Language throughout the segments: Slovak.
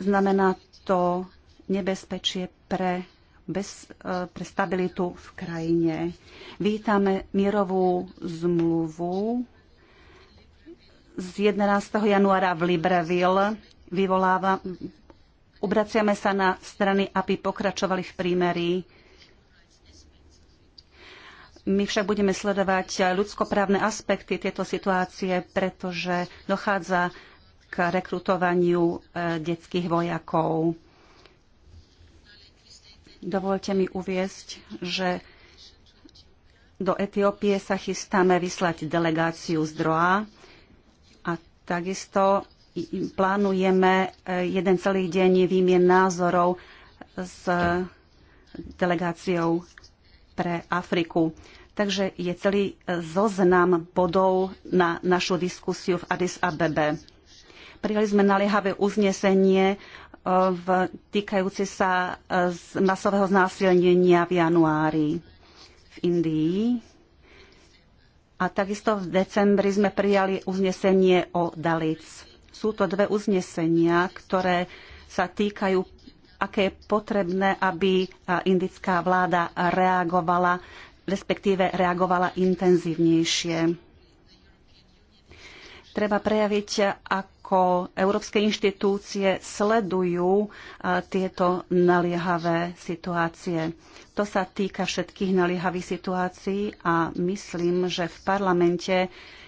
Znamená to nebezpečie pre, bez, e, pre stabilitu v krajine. Vítame mierovú zmluvu z 11. januára v Libreville. Vyvoláva, obraciame sa na strany, aby pokračovali v prímeri. My však budeme sledovať ľudskoprávne aspekty tieto situácie, pretože dochádza k rekrutovaniu e, detských vojakov. Dovolte mi uviesť, že do Etiópie sa chystáme vyslať delegáciu z DROA a takisto plánujeme e, jeden celý deň výmien názorov s delegáciou pre Afriku. Takže je celý e, zoznam bodov na našu diskusiu v Addis Abebe. Prijali sme naliehavé uznesenie e, v týkajúce sa e, z masového znásilnenia v januári v Indii. A takisto v decembri sme prijali uznesenie o Dalic. Sú to dve uznesenia, ktoré sa týkajú, aké je potrebné, aby e, indická vláda reagovala, respektíve reagovala intenzívnejšie treba prejaviť, ako európske inštitúcie sledujú tieto naliehavé situácie. To sa týka všetkých naliehavých situácií a myslím, že v parlamente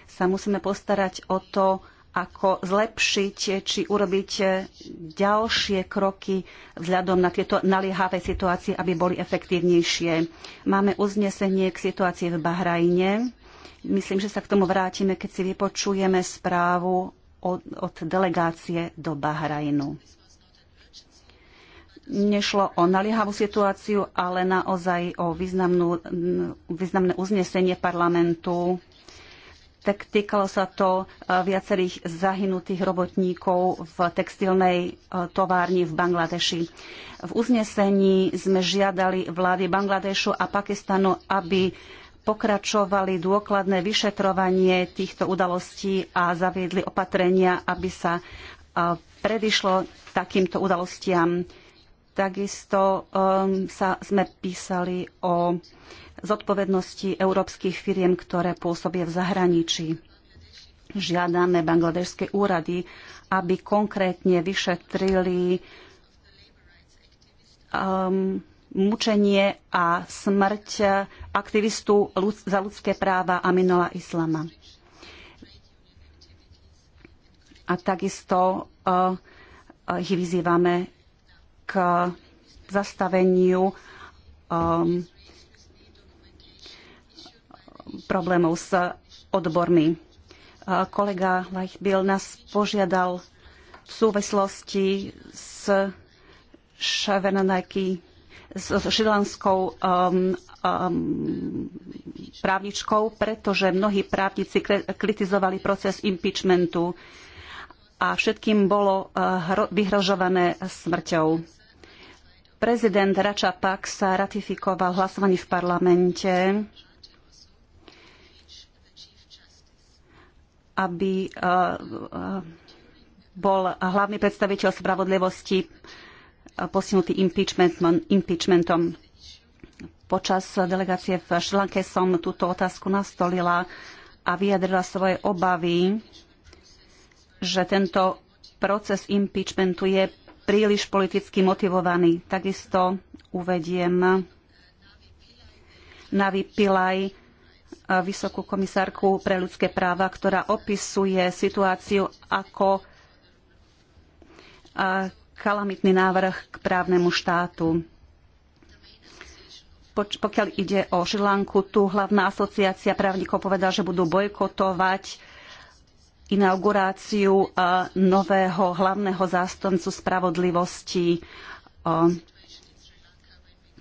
sa musíme postarať o to, ako zlepšiť či urobiť ďalšie kroky vzhľadom na tieto naliehavé situácie, aby boli efektívnejšie. Máme uznesenie k situácii v Bahrajne Myslím, že sa k tomu vrátime, keď si vypočujeme správu od, od delegácie do Bahrajnu. Nešlo o naliehavú situáciu, ale naozaj o významnú, významné uznesenie parlamentu tak týkalo sa to e, viacerých zahynutých robotníkov v textilnej e, továrni v Bangladeši. V uznesení sme žiadali vlády Bangladešu a Pakistanu, aby pokračovali dôkladné vyšetrovanie týchto udalostí a zaviedli opatrenia, aby sa predišlo takýmto udalostiam. Takisto um, sa sme písali o zodpovednosti európskych firiem, ktoré pôsobia v zahraničí. Žiadame bangladežské úrady, aby konkrétne vyšetrili um, mučenie a smrť aktivistu za ľudské práva Aminola Islama. A takisto eh, ich vyzývame k zastaveniu ehm, problémov s odbormi. Eh, kolega Lajchbil nás požiadal v súvislosti s Ševenanajky s šrilanskou um, um, právničkou, pretože mnohí právnici kritizovali proces impeachmentu a všetkým bolo uh, vyhrožované smrťou. Prezident Rača Pak sa ratifikoval hlasovaní v parlamente, aby uh, uh, bol hlavný predstaviteľ spravodlivosti postihnutý impeachmentom. impeachmentom. Počas delegácie v Šlanke som túto otázku nastolila a vyjadrila svoje obavy, že tento proces impeachmentu je príliš politicky motivovaný. Takisto uvediem Navi Pilaj, e, vysokú komisárku pre ľudské práva, ktorá opisuje situáciu ako kalamitný návrh k právnemu štátu. Pokiaľ ide o Šrilanku, tu hlavná asociácia právnikov povedala, že budú bojkotovať inauguráciu e, nového hlavného zástancu spravodlivosti e,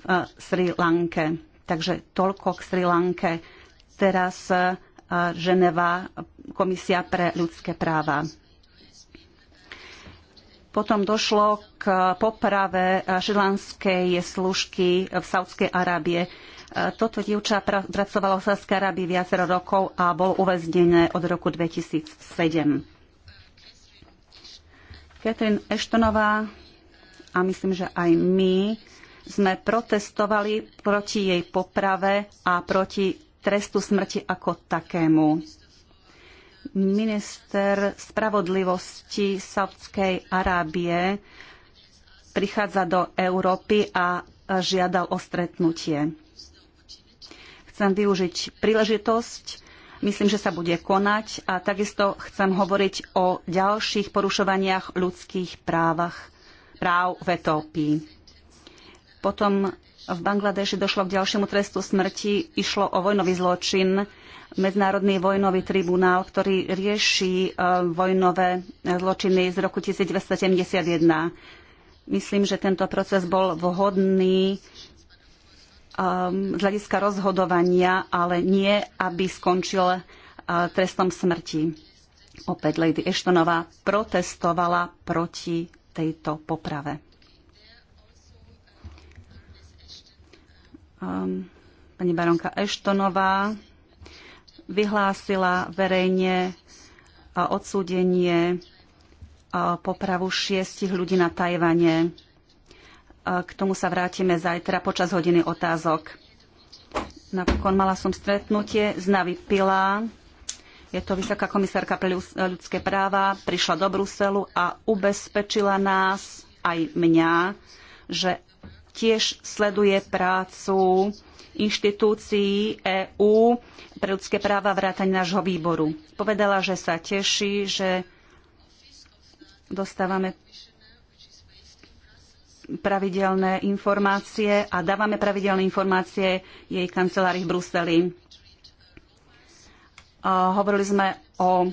v Sri Lanke. Takže toľko k Sri Lanke. Teraz e, Ženeva, Komisia pre ľudské práva. Potom došlo k poprave šilanskej služky v Saudskej Arábie. Toto dievča pracovalo v Saudskej Arábii viacero rokov a bolo uväznené od roku 2007. Katrin Eštonová a myslím, že aj my sme protestovali proti jej poprave a proti trestu smrti ako takému Minister spravodlivosti Saudskej Arábie prichádza do Európy a žiadal o stretnutie. Chcem využiť príležitosť, myslím, že sa bude konať a takisto chcem hovoriť o ďalších porušovaniach ľudských právach, práv v Etópii. Potom v Bangladeši došlo k ďalšiemu trestu smrti, išlo o vojnový zločin Medzinárodný vojnový tribunál, ktorý rieši e, vojnové e, zločiny z roku 1971. Myslím, že tento proces bol vhodný ehm, z hľadiska rozhodovania, ale nie, aby skončil e, trestom smrti. Opäť Lady Ashtonová protestovala proti tejto poprave. Ehm, pani baronka Ashtonová vyhlásila verejne odsúdenie popravu šiestich ľudí na Tajvane. K tomu sa vrátime zajtra počas hodiny otázok. Napokon mala som stretnutie s Navi Pila. je to vysoká komisárka pre ľudské práva, prišla do Bruselu a ubezpečila nás, aj mňa, že tiež sleduje prácu inštitúcií EÚ pre ľudské práva vrátane nášho výboru. Povedala, že sa teší, že dostávame pravidelné informácie a dávame pravidelné informácie jej kancelárii v Bruseli. Hovorili sme o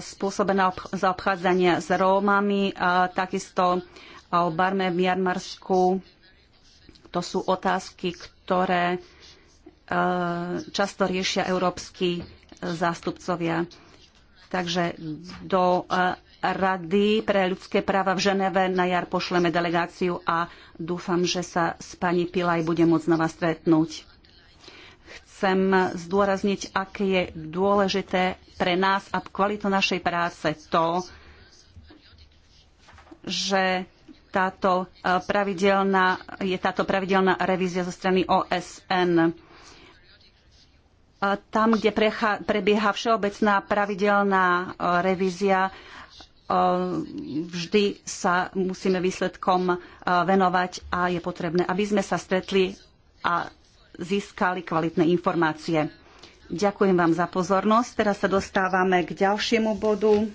spôsobe zaobchádzania s Rómami, a takisto o barme v Mianmarsku. To sú otázky, ktoré E, často riešia európsky zástupcovia. Takže do e, Rady pre ľudské práva v Ženeve na jar pošleme delegáciu a dúfam, že sa s pani Pilaj bude môcť vás stretnúť. Chcem zdôrazniť, aké je dôležité pre nás a kvalitu našej práce to, že táto e, pravidelná, je táto pravidelná revízia zo strany OSN tam, kde prebieha všeobecná pravidelná e, revízia, e, vždy sa musíme výsledkom e, venovať a je potrebné, aby sme sa stretli a získali kvalitné informácie. Ďakujem vám za pozornosť. Teraz sa dostávame k ďalšiemu bodu.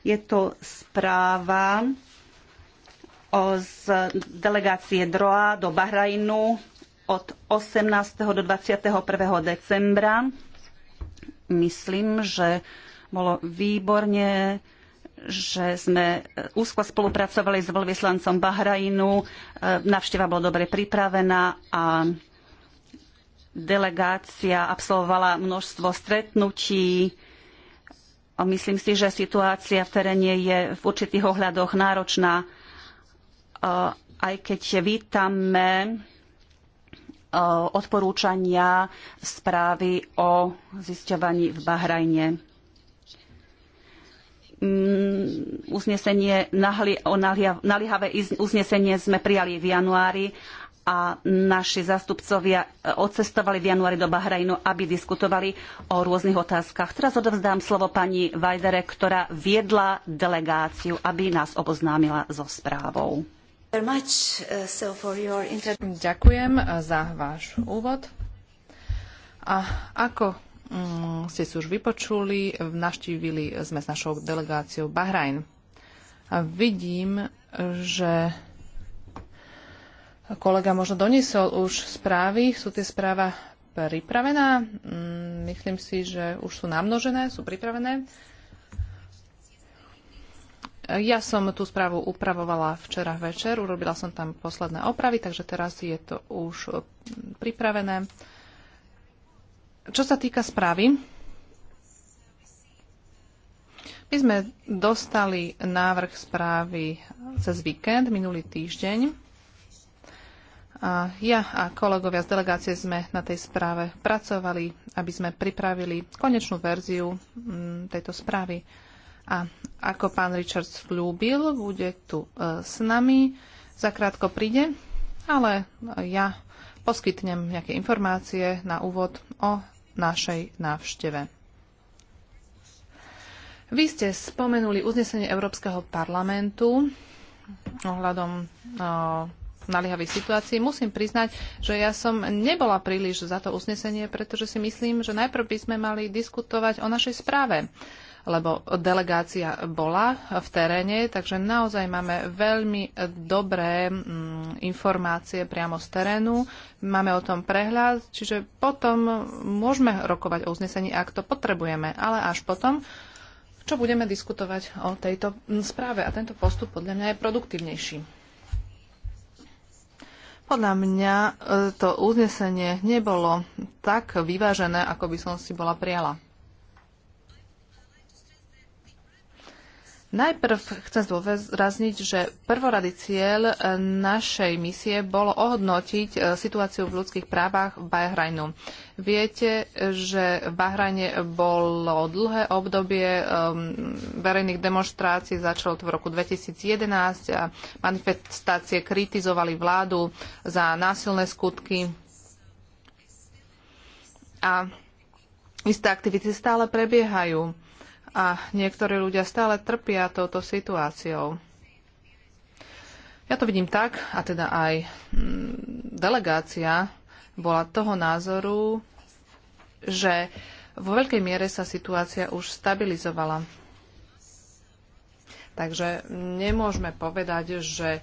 Je to správa z delegácie DROA do Bahrajnu od 18. do 21. decembra. Myslím, že bolo výborne, že sme e, úzko spolupracovali s veľvyslancom Bahrajinu, e, Navšteva bola dobre pripravená a delegácia absolvovala množstvo stretnutí. Myslím si, že situácia v teréne je v určitých ohľadoch náročná, e, aj keď vítame Eh, odporúčania správy o zisťovaní v Bahrajne. Mm, uznesenie, nahli, o naliehavé uznesenie sme prijali v januári a naši zastupcovia eh, odcestovali v januári do Bahrajnu, aby diskutovali o rôznych otázkach. Teraz odovzdám slovo pani Vajdere, ktorá viedla delegáciu, aby nás oboznámila so správou. Uh, Ďakujem uh, za váš úvod. A ako mm, ste si už vypočuli, navštívili sme s našou delegáciou Bahrajn. A vidím, že kolega možno doniesol už správy. Sú tie správa pripravená? Mm, myslím si, že už sú namnožené, sú pripravené. Ja som tú správu upravovala včera večer, urobila som tam posledné opravy, takže teraz je to už pripravené. Čo sa týka správy, my sme dostali návrh správy cez víkend, minulý týždeň. A ja a kolegovia z delegácie sme na tej správe pracovali, aby sme pripravili konečnú verziu mm, tejto správy. A ako pán Richard, slúbil, bude tu e, s nami. Zakrátko príde, ale ja poskytnem nejaké informácie na úvod o našej návšteve. Vy ste spomenuli uznesenie Európskeho parlamentu ohľadom e, naliehavej situácii. situácií. Musím priznať, že ja som nebola príliš za to uznesenie, pretože si myslím, že najprv by sme mali diskutovať o našej správe. Uh, lebo delegácia bola v teréne, takže naozaj máme veľmi dobré mm, informácie priamo z terénu, máme o tom prehľad, čiže potom môžeme rokovať o uznesení, ak to potrebujeme, ale až potom, čo budeme diskutovať o tejto mm, správe. A tento postup podľa mňa je produktívnejší. Podľa mňa e, to uznesenie nebolo tak vyvážené, ako by som si bola prijala. Najprv chcem zdôrazniť, že prvorady cieľ eh, našej misie bolo ohodnotiť eh, situáciu v ľudských právach v Bahrajnu. Viete, že v Bahrajne bolo dlhé obdobie ehm, verejných demonstrácií, začalo to v roku 2011 a manifestácie kritizovali vládu za násilné skutky. A isté aktivity stále prebiehajú a niektorí ľudia stále trpia touto situáciou. Ja to vidím tak, a teda aj mm, delegácia bola toho názoru, že vo veľkej miere sa situácia už stabilizovala. Takže nemôžeme povedať, že e,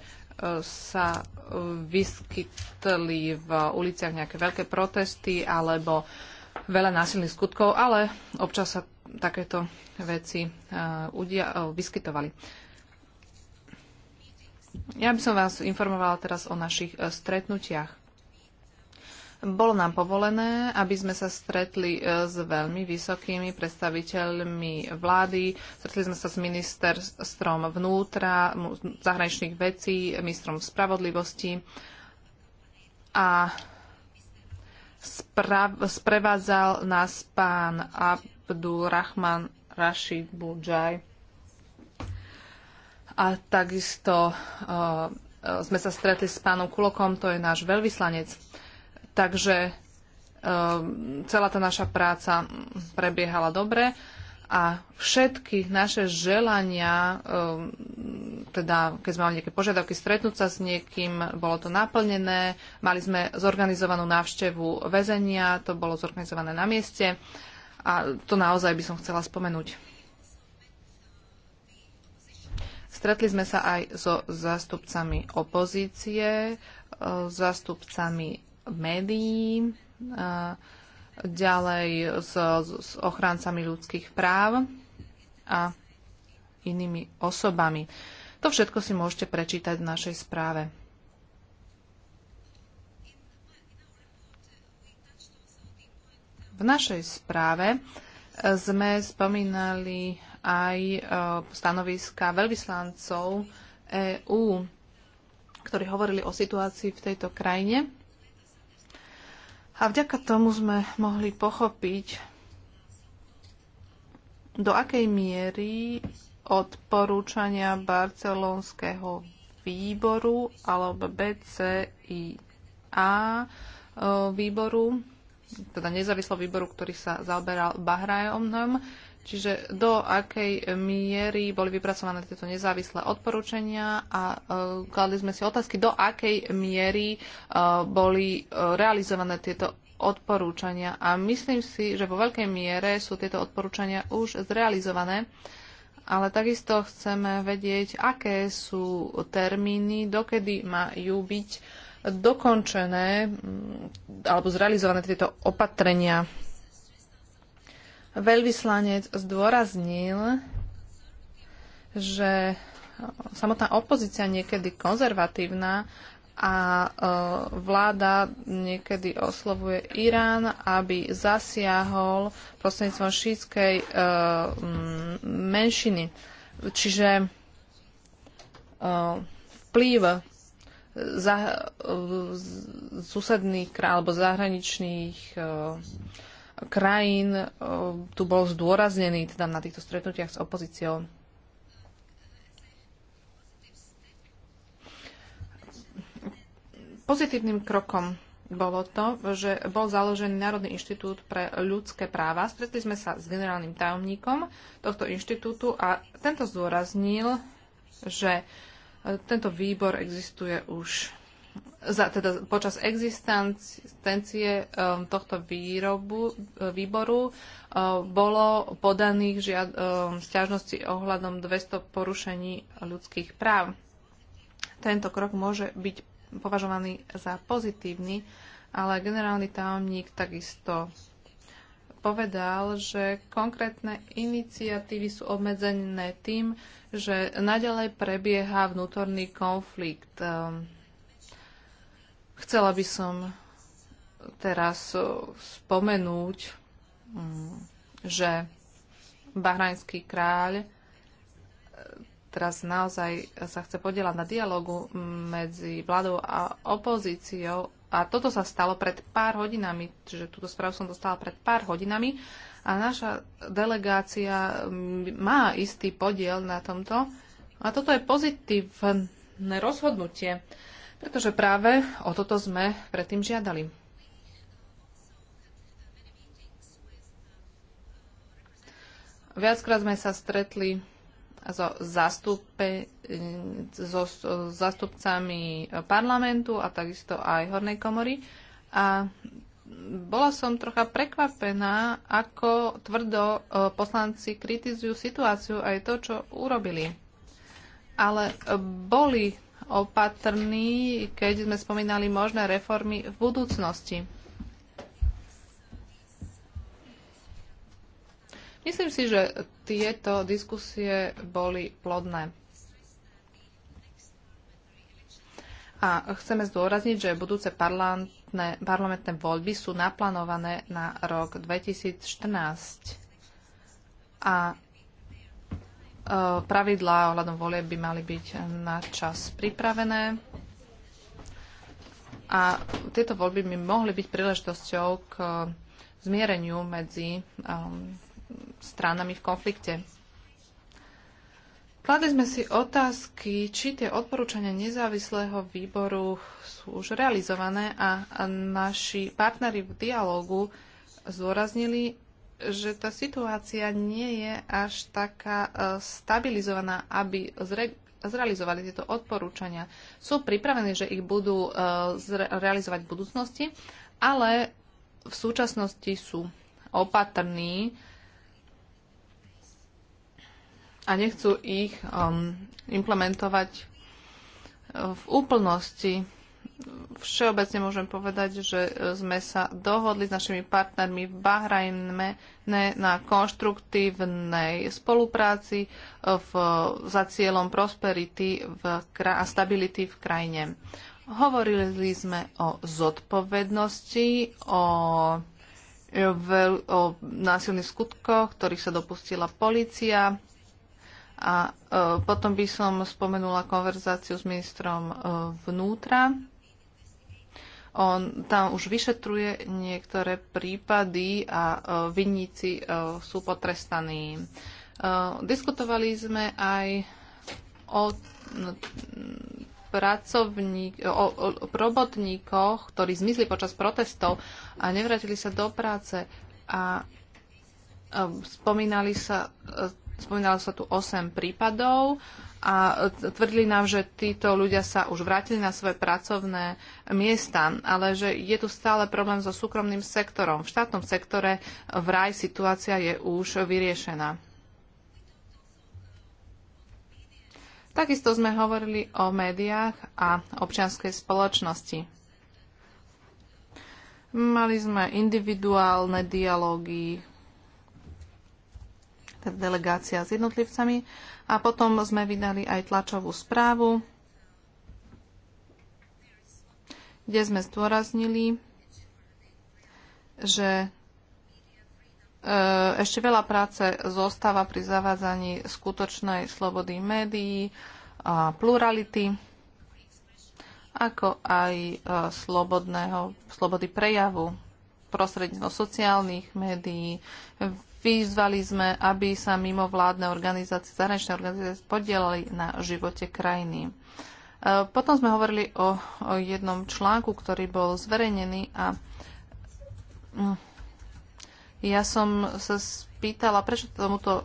sa vyskytli v uliciach nejaké veľké protesty alebo veľa násilných skutkov, ale občas sa takéto veci eh, udia- eh, vyskytovali. Ja by som vás informovala teraz o našich eh, stretnutiach. Bolo nám povolené, aby sme sa stretli s veľmi vysokými predstaviteľmi vlády. Stretli sme sa s ministerstvom vnútra, zahraničných vecí, ministrom spravodlivosti a sprevádzal nás pán Abdul Rahman Rashid Bujaj. A takisto uh, sme sa stretli s pánom Kulokom, to je náš veľvyslanec. Takže uh, celá tá naša práca prebiehala dobre a všetky naše želania, eh, teda keď sme mali nejaké požiadavky stretnúť sa s niekým, bolo to naplnené, mali sme zorganizovanú návštevu väzenia, to bolo zorganizované na mieste a to naozaj by som chcela spomenúť. Stretli sme sa aj so zástupcami opozície, eh, zástupcami médií, eh, ďalej s, s ochráncami ľudských práv a inými osobami. To všetko si môžete prečítať v našej správe. V našej správe e, sme spomínali aj e, stanoviska veľvyslancov EÚ, ktorí hovorili o situácii v tejto krajine. A vďaka tomu sme mohli pochopiť, do akej miery odporúčania barcelonského výboru alebo BCIA e, výboru teda nezávislého výboru, ktorý sa zaoberal Bahrajomnom, Čiže do akej miery boli vypracované tieto nezávislé odporúčania a uh, kladli sme si otázky, do akej miery uh, boli uh, realizované tieto odporúčania. A myslím si, že vo veľkej miere sú tieto odporúčania už zrealizované, ale takisto chceme vedieť, aké sú termíny, dokedy majú byť uh, dokončené alebo zrealizované tieto opatrenia. Veľvyslanec zdôraznil, že samotná opozícia niekedy konzervatívna a e, vláda niekedy oslovuje Irán, aby zasiahol prostredníctvom šítskej e, menšiny. Čiže e, vplyv za, susedných alebo zahraničných e, krajín e, tu bol zdôraznený teda na týchto stretnutiach s opozíciou. Pozitívnym krokom bolo to, že bol založený Národný inštitút pre ľudské práva. Stretli sme sa s generálnym tajomníkom tohto inštitútu a tento zdôraznil, že tento výbor existuje už za, teda počas existencie um, tohto výrobu, e, výboru um, bolo podaných žiad, um, e, stiažnosti ohľadom 200 porušení ľudských práv. Tento krok môže byť považovaný za pozitívny, ale generálny tajomník takisto povedal, že konkrétne iniciatívy sú obmedzené tým, že naďalej prebieha vnútorný konflikt. Ehm, chcela by som teraz e, spomenúť, mm, že bahrajnský kráľ e, teraz naozaj sa chce podielať na dialogu medzi vládou a opozíciou a toto sa stalo pred pár hodinami, čiže túto správu som dostala pred pár hodinami a naša delegácia mm, má istý podiel na tomto. A toto je pozitívne rozhodnutie, pretože práve o toto sme predtým žiadali. Viackrát sme sa stretli so, zastupe, so, so zastupcami parlamentu a takisto aj hornej komory. A bola som trocha prekvapená, ako tvrdo e, poslanci kritizujú situáciu aj to, čo urobili. Ale e, boli opatrní, keď sme spomínali možné reformy v budúcnosti. Myslím si, že tieto diskusie boli plodné. A chceme zdôrazniť, že budúce parlamentné, parlamentné voľby sú naplánované na rok 2014. A e, pravidlá ohľadom volie by mali byť na čas pripravené. A tieto voľby by mohli byť príležitosťou k zmiereniu medzi um, stranami v konflikte. Kladli sme si otázky, či tie odporúčania nezávislého výboru sú už realizované a, naši partnery v dialogu zdôraznili, že tá situácia nie je až taká e, stabilizovaná, aby zre, zrealizovali tieto odporúčania. Sú pripravení, že ich budú e, zre, realizovať v budúcnosti, ale v súčasnosti sú opatrní a nechcú ich um, implementovať uh, v úplnosti. Všeobecne môžem povedať, že uh, sme sa dohodli s našimi partnermi v Bahrajne na konštruktívnej spolupráci uh, v, za cieľom prosperity v, a stability v krajine. Hovorili sme o zodpovednosti, o o násilných skutkoch, ktorých sa dopustila policia, a e, potom by som spomenula konverzáciu s ministrom e, vnútra. On tam už vyšetruje niektoré prípady a e, vinníci sú potrestaní. Diskutovali sme aj o pracovník, o, o robotníkoch, ktorí zmizli počas protestov a nevrátili sa do práce a spomínali sa Spomínalo sa tu 8 prípadov a tvrdili nám, že títo ľudia sa už vrátili na svoje pracovné miesta, ale že je tu stále problém so súkromným sektorom. V štátnom sektore vraj situácia je už vyriešená. Takisto sme hovorili o médiách a občianskej spoločnosti. Mali sme individuálne dialógy, teda delegácia s jednotlivcami. A potom sme vydali aj tlačovú správu, kde sme zdôraznili, že e, ešte veľa práce zostáva pri zavádzaní skutočnej slobody médií a plurality, ako aj e, slobodného, slobody prejavu prostredníctvom sociálnych médií, Vyzvali sme, aby sa mimovládne organizácie, zahraničné organizácie podielali na živote krajiny. E, potom sme hovorili o, o jednom článku, ktorý bol zverejnený a mm, ja som sa spýtala, prečo tomuto e,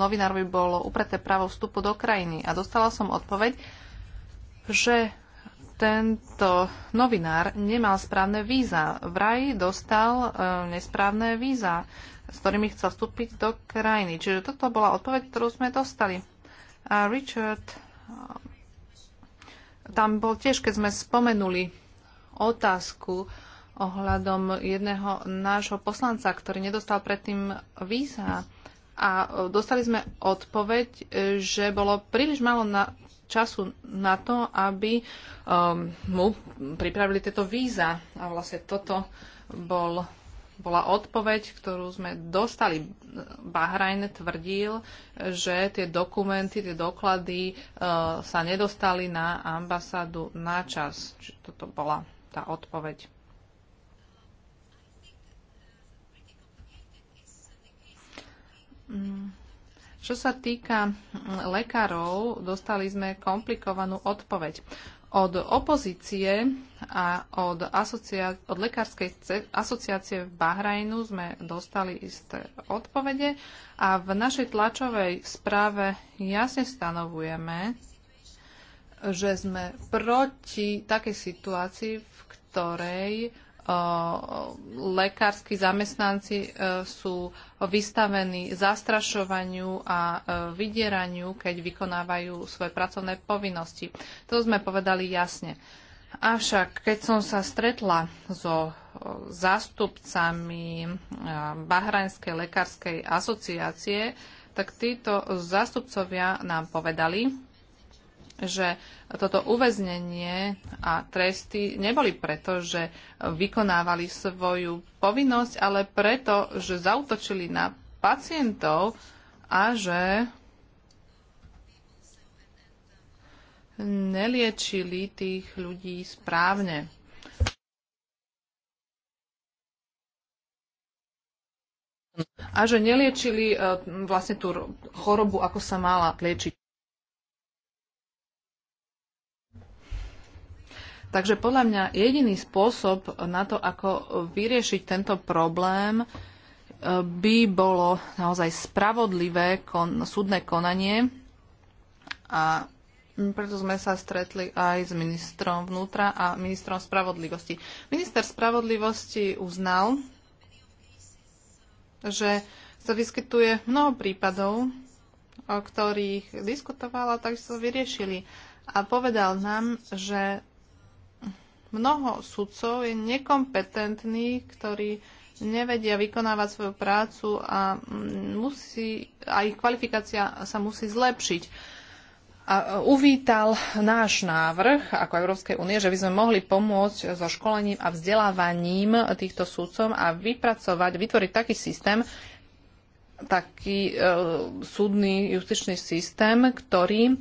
novinárovi bolo upreté právo vstupu do krajiny a dostala som odpoveď, že tento novinár nemal správne víza. Vraj dostal e, nesprávne víza, s ktorými chcel vstúpiť do krajiny. Čiže toto bola odpoveď, ktorú sme dostali. A Richard, e, tam bol tiež, keď sme spomenuli otázku ohľadom jedného nášho poslanca, ktorý nedostal predtým víza. A dostali sme odpoveď, e, že bolo príliš málo na času na to, aby um, mu pripravili tieto víza. A vlastne toto bol, bola odpoveď, ktorú sme dostali. Bahrajn tvrdil, že tie dokumenty, tie doklady uh, sa nedostali na ambasádu na čas. Čiže toto bola tá odpoveď. Mm. Čo sa týka mm, lekárov, dostali sme komplikovanú odpoveď od opozície a od, asocia- od lekárskej asociácie v Bahrajnu sme dostali isté odpovede a v našej tlačovej správe jasne stanovujeme, že sme proti takej situácii, v ktorej lekársky zamestnanci e, sú vystavení zastrašovaniu a e, vydieraniu, keď vykonávajú svoje pracovné povinnosti. To sme povedali jasne. Avšak, keď som sa stretla so e, zástupcami Bahrajnskej lekárskej asociácie, tak títo zástupcovia nám povedali, že toto uväznenie a tresty neboli preto, že vykonávali svoju povinnosť, ale preto, že zautočili na pacientov a že neliečili tých ľudí správne. A že neliečili e, vlastne tú chorobu, ako sa mala liečiť. Takže podľa mňa jediný spôsob na to, ako vyriešiť tento problém, e, by bolo naozaj spravodlivé kon, súdne konanie. A preto sme sa stretli aj s ministrom vnútra a ministrom spravodlivosti. Minister spravodlivosti uznal, že sa vyskytuje mnoho prípadov, o ktorých diskutovala, tak sa vyriešili. A povedal nám, že mnoho sudcov je nekompetentných, ktorí nevedia vykonávať svoju prácu a, mm, musí, a ich kvalifikácia sa musí zlepšiť. A e, uvítal náš návrh ako Európskej únie, že by sme mohli pomôcť so školením a vzdelávaním týchto súdcom a vypracovať, vytvoriť taký systém, taký e, súdny justičný systém, ktorý e,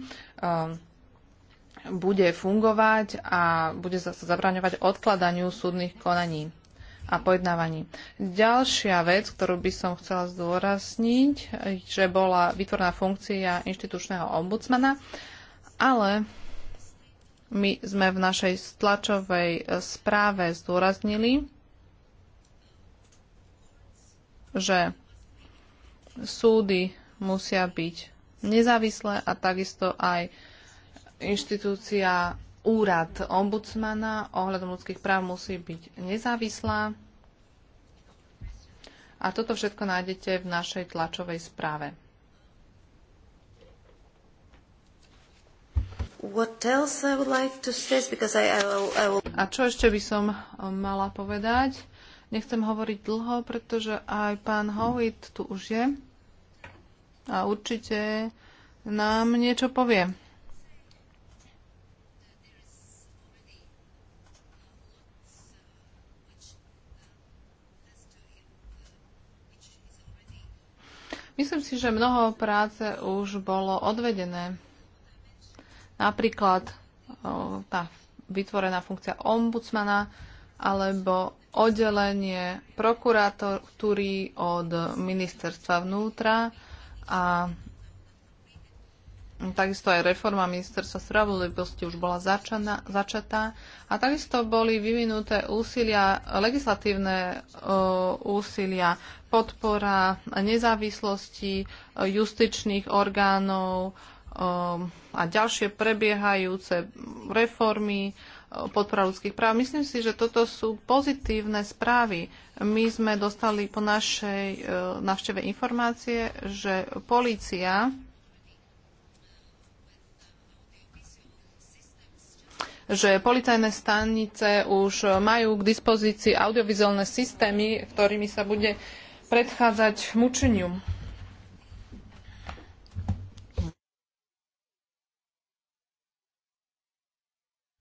bude fungovať a bude sa zabraňovať odkladaniu súdnych konaní a pojednávaní. Ďalšia vec, ktorú by som chcela zdôrazniť, že bola vytvorná funkcia inštitučného ombudsmana, ale my sme v našej tlačovej e, správe zdôraznili, že súdy musia byť nezávislé a takisto aj inštitúcia úrad ombudsmana ohľadom ľudských práv musí byť nezávislá. A toto všetko nájdete v našej tlačovej správe. Like I, I will, I will... A čo ešte by som mala povedať? Nechcem hovoriť dlho, pretože aj pán Howitt tu už je a určite nám niečo povie. Myslím si, že mnoho práce už bolo odvedené. Napríklad tá vytvorená funkcia ombudsmana alebo oddelenie prokuratúry od ministerstva vnútra a Takisto aj reforma ministerstva spravodlivosti už bola začaná, začatá a takisto boli vyvinuté úsilia, legislatívne uh, úsilia, podpora nezávislosti uh, justičných orgánov uh, a ďalšie prebiehajúce reformy, podpora ľudských práv. Myslím si, že toto sú pozitívne správy. My sme dostali po našej návšteve informácie, že polícia že policajné stanice už majú k dispozícii audiovizuálne systémy, ktorými sa bude predchádzať mučeniu.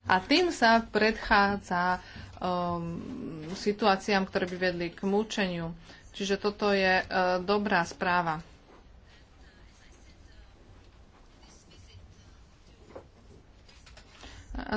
A tým sa predchádza um, situáciám, ktoré by vedli k mučeniu. Čiže toto je uh, dobrá správa.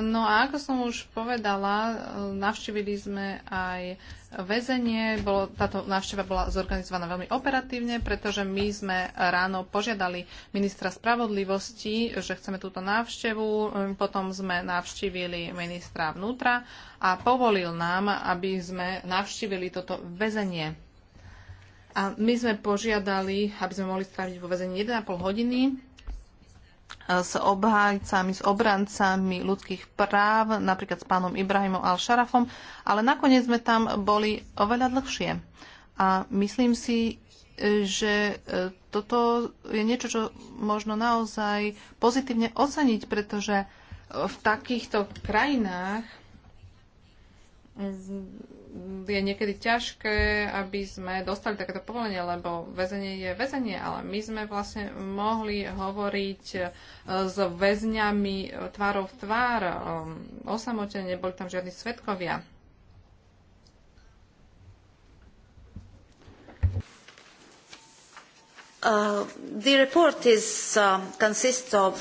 No a ako som už povedala, navštívili sme aj väzenie. Bolo, táto návšteva bola zorganizovaná veľmi operatívne, pretože my sme ráno požiadali ministra spravodlivosti, že chceme túto návštevu. Potom sme navštívili ministra vnútra a povolil nám, aby sme navštívili toto väzenie. A my sme požiadali, aby sme mohli stráviť vo väzení 1,5 hodiny s obhájcami, s obrancami ľudských práv, napríklad s pánom Ibrahimom Al-Sharafom, ale nakoniec sme tam boli oveľa dlhšie. A myslím si, že e, toto je niečo, čo možno naozaj pozitívne oceniť, pretože v takýchto krajinách je niekedy ťažké, aby sme dostali takéto povolenie, lebo väzenie je väzenie, ale my sme vlastne mohli hovoriť e, s väzňami tvárov v tvár, e, osamotene, neboli tam žiadni svetkovia. Uh, the report is, uh, consists of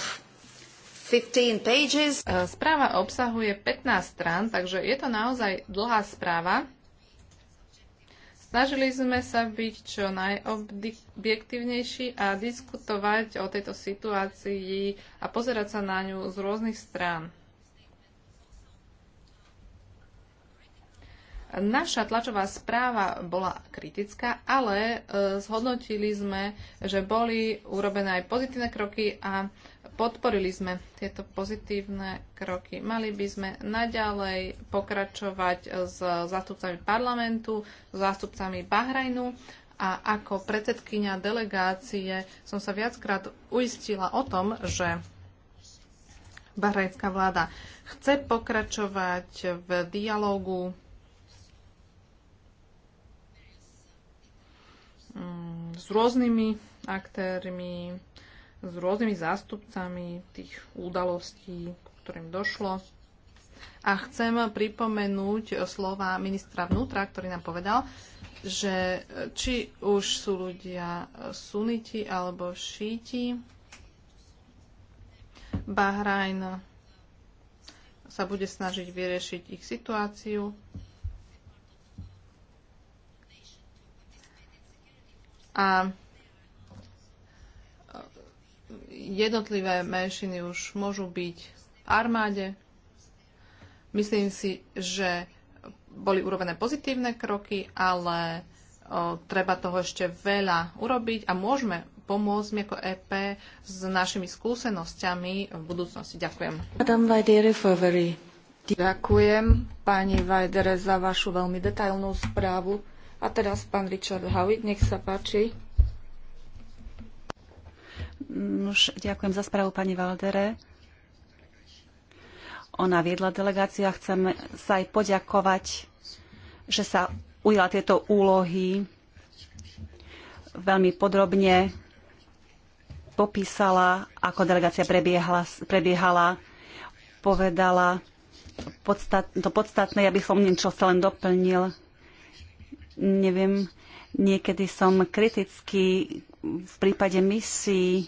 15 pages. E, správa obsahuje 15 strán, takže je to naozaj dlhá správa. Snažili sme sa byť čo najobjektívnejší a diskutovať o tejto situácii a pozerať sa na ňu z rôznych strán. Naša tlačová správa bola kritická, ale e, zhodnotili sme, že boli urobené aj pozitívne kroky a podporili sme tieto pozitívne kroky. Mali by sme naďalej pokračovať s zástupcami parlamentu, s zástupcami Bahrajnu a ako predsedkynia delegácie som sa viackrát uistila o tom, že bahrajnská vláda chce pokračovať v dialogu. Mm, s rôznymi aktérmi, s rôznymi zástupcami tých udalostí, ktorým došlo. A chcem pripomenúť slova ministra vnútra, ktorý nám povedal, že či už sú ľudia suniti alebo šíti, Bahrajn sa bude snažiť vyriešiť ich situáciu. A jednotlivé menšiny už môžu byť v armáde. Myslím si, že boli urobené pozitívne kroky, ale o, treba toho ešte veľa urobiť a môžeme pomôcť mi ako EP s našimi skúsenosťami v budúcnosti. Ďakujem. Ďakujem pani Vajdere za vašu veľmi detailnú správu. A teraz pán Richard Howitt, nech sa páči. Už ďakujem za správu pani Valdere. Ona viedla delegáciu a chcem sa aj poďakovať, že sa ujala tieto úlohy. Veľmi podrobne popísala, ako delegácia prebiehala, prebiehala povedala podstat, to podstatné, ja by som niečo sa len doplnil. Neviem, niekedy som kritický v prípade misií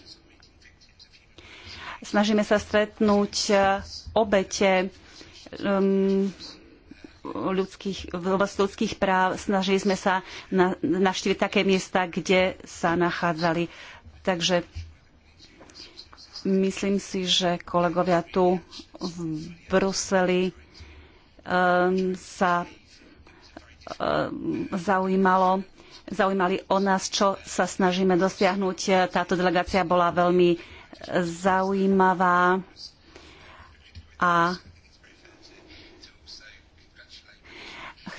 snažíme sa stretnúť e, obete um, ľudských, v oblasti ľudských práv. Snažili sme sa na, navštíviť také miesta, kde sa nachádzali. Takže myslím si, že kolegovia tu v Bruseli um, sa um, zaujímalo zaujímali o nás, čo sa snažíme dosiahnuť. Táto delegácia bola veľmi zaujímavá a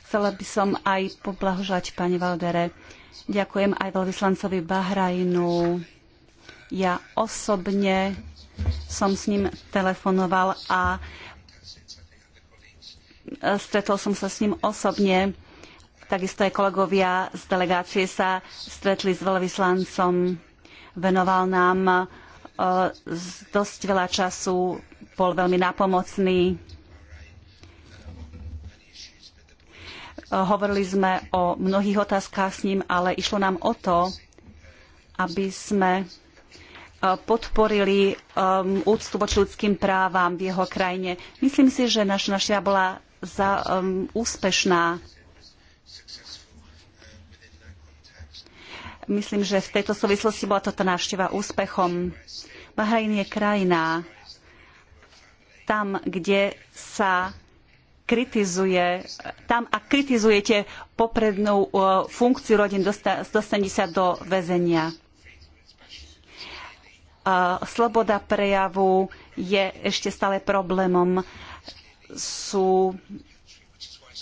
chcela by som aj poblahožať pani Valdere. Ďakujem aj veľvyslancovi Bahrajnu. Ja osobne som s ním telefonoval a stretol som sa s ním osobne Takisto aj kolegovia z delegácie sa stretli s veľvyslancom. Venoval nám e, dosť veľa času, bol veľmi napomocný. Hovorili sme o mnohých otázkach s ním, ale išlo nám o to, aby sme e, podporili um, úctu voči ľudským právam v jeho krajine. Myslím si, že naša návšteva bola za, um, úspešná. Myslím, že v tejto súvislosti bola toto návšteva úspechom. Bahrajn je krajina tam, kde sa kritizuje, tam ak kritizujete poprednú e, funkciu rodín, dostane sa do väzenia. E, sloboda prejavu je ešte stále problémom. Sú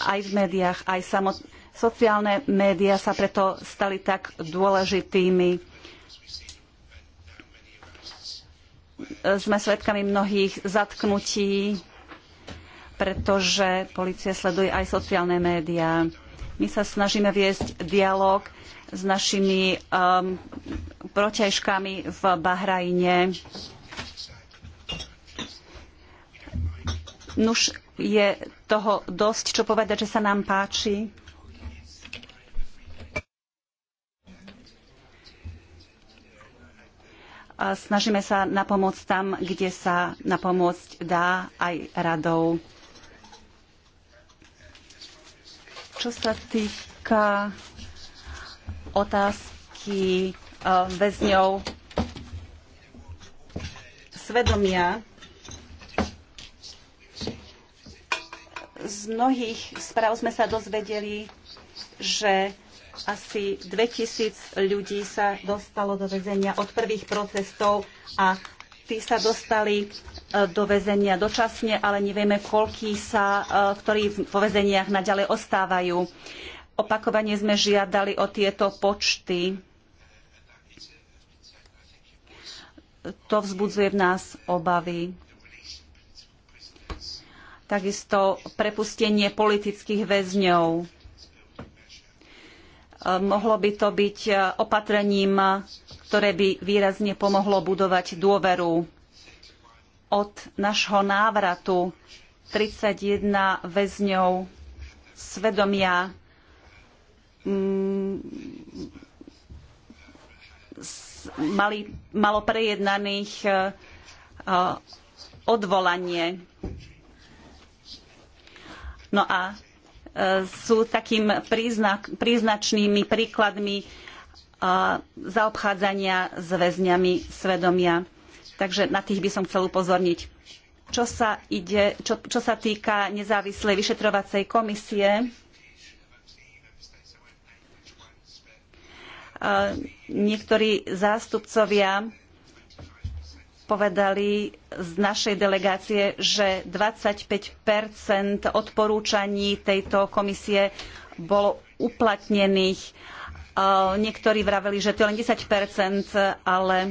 aj v médiách, aj samotné Sociálne médiá sa preto stali tak dôležitými. Sme svedkami mnohých zatknutí, pretože policia sleduje aj sociálne médiá. My sa snažíme viesť dialog s našimi um, protiažkami v Bahrajne. Nuž je toho dosť, čo povedať, že sa nám páči. snažíme sa napomôcť tam, kde sa napomôcť dá aj radou. Čo sa týka otázky e, väzňov svedomia, z mnohých správ sme sa dozvedeli, že asi 2000 ľudí sa dostalo do väzenia od prvých protestov a tí sa dostali e, do väzenia dočasne, ale nevieme, koľkí sa, e, ktorí vo väzeniach naďalej ostávajú. Opakovane sme žiadali o tieto počty. To vzbudzuje v nás obavy. Takisto prepustenie politických väzňov Mohlo by to byť e, opatrením, ktoré by výrazne pomohlo budovať dôveru. Od nášho návratu 31 väzňov svedomia mm, mali, malo prejednaných e, odvolanie. No a sú takým príznak, príznačnými príkladmi zaobchádzania s väzňami svedomia. Takže na tých by som chcel upozorniť. Čo sa, ide, čo, čo sa týka nezávislej vyšetrovacej komisie, niektorí zástupcovia povedali z našej delegácie, že 25 odporúčaní tejto komisie bolo uplatnených. E, niektorí vraveli, že to je len 10 ale e,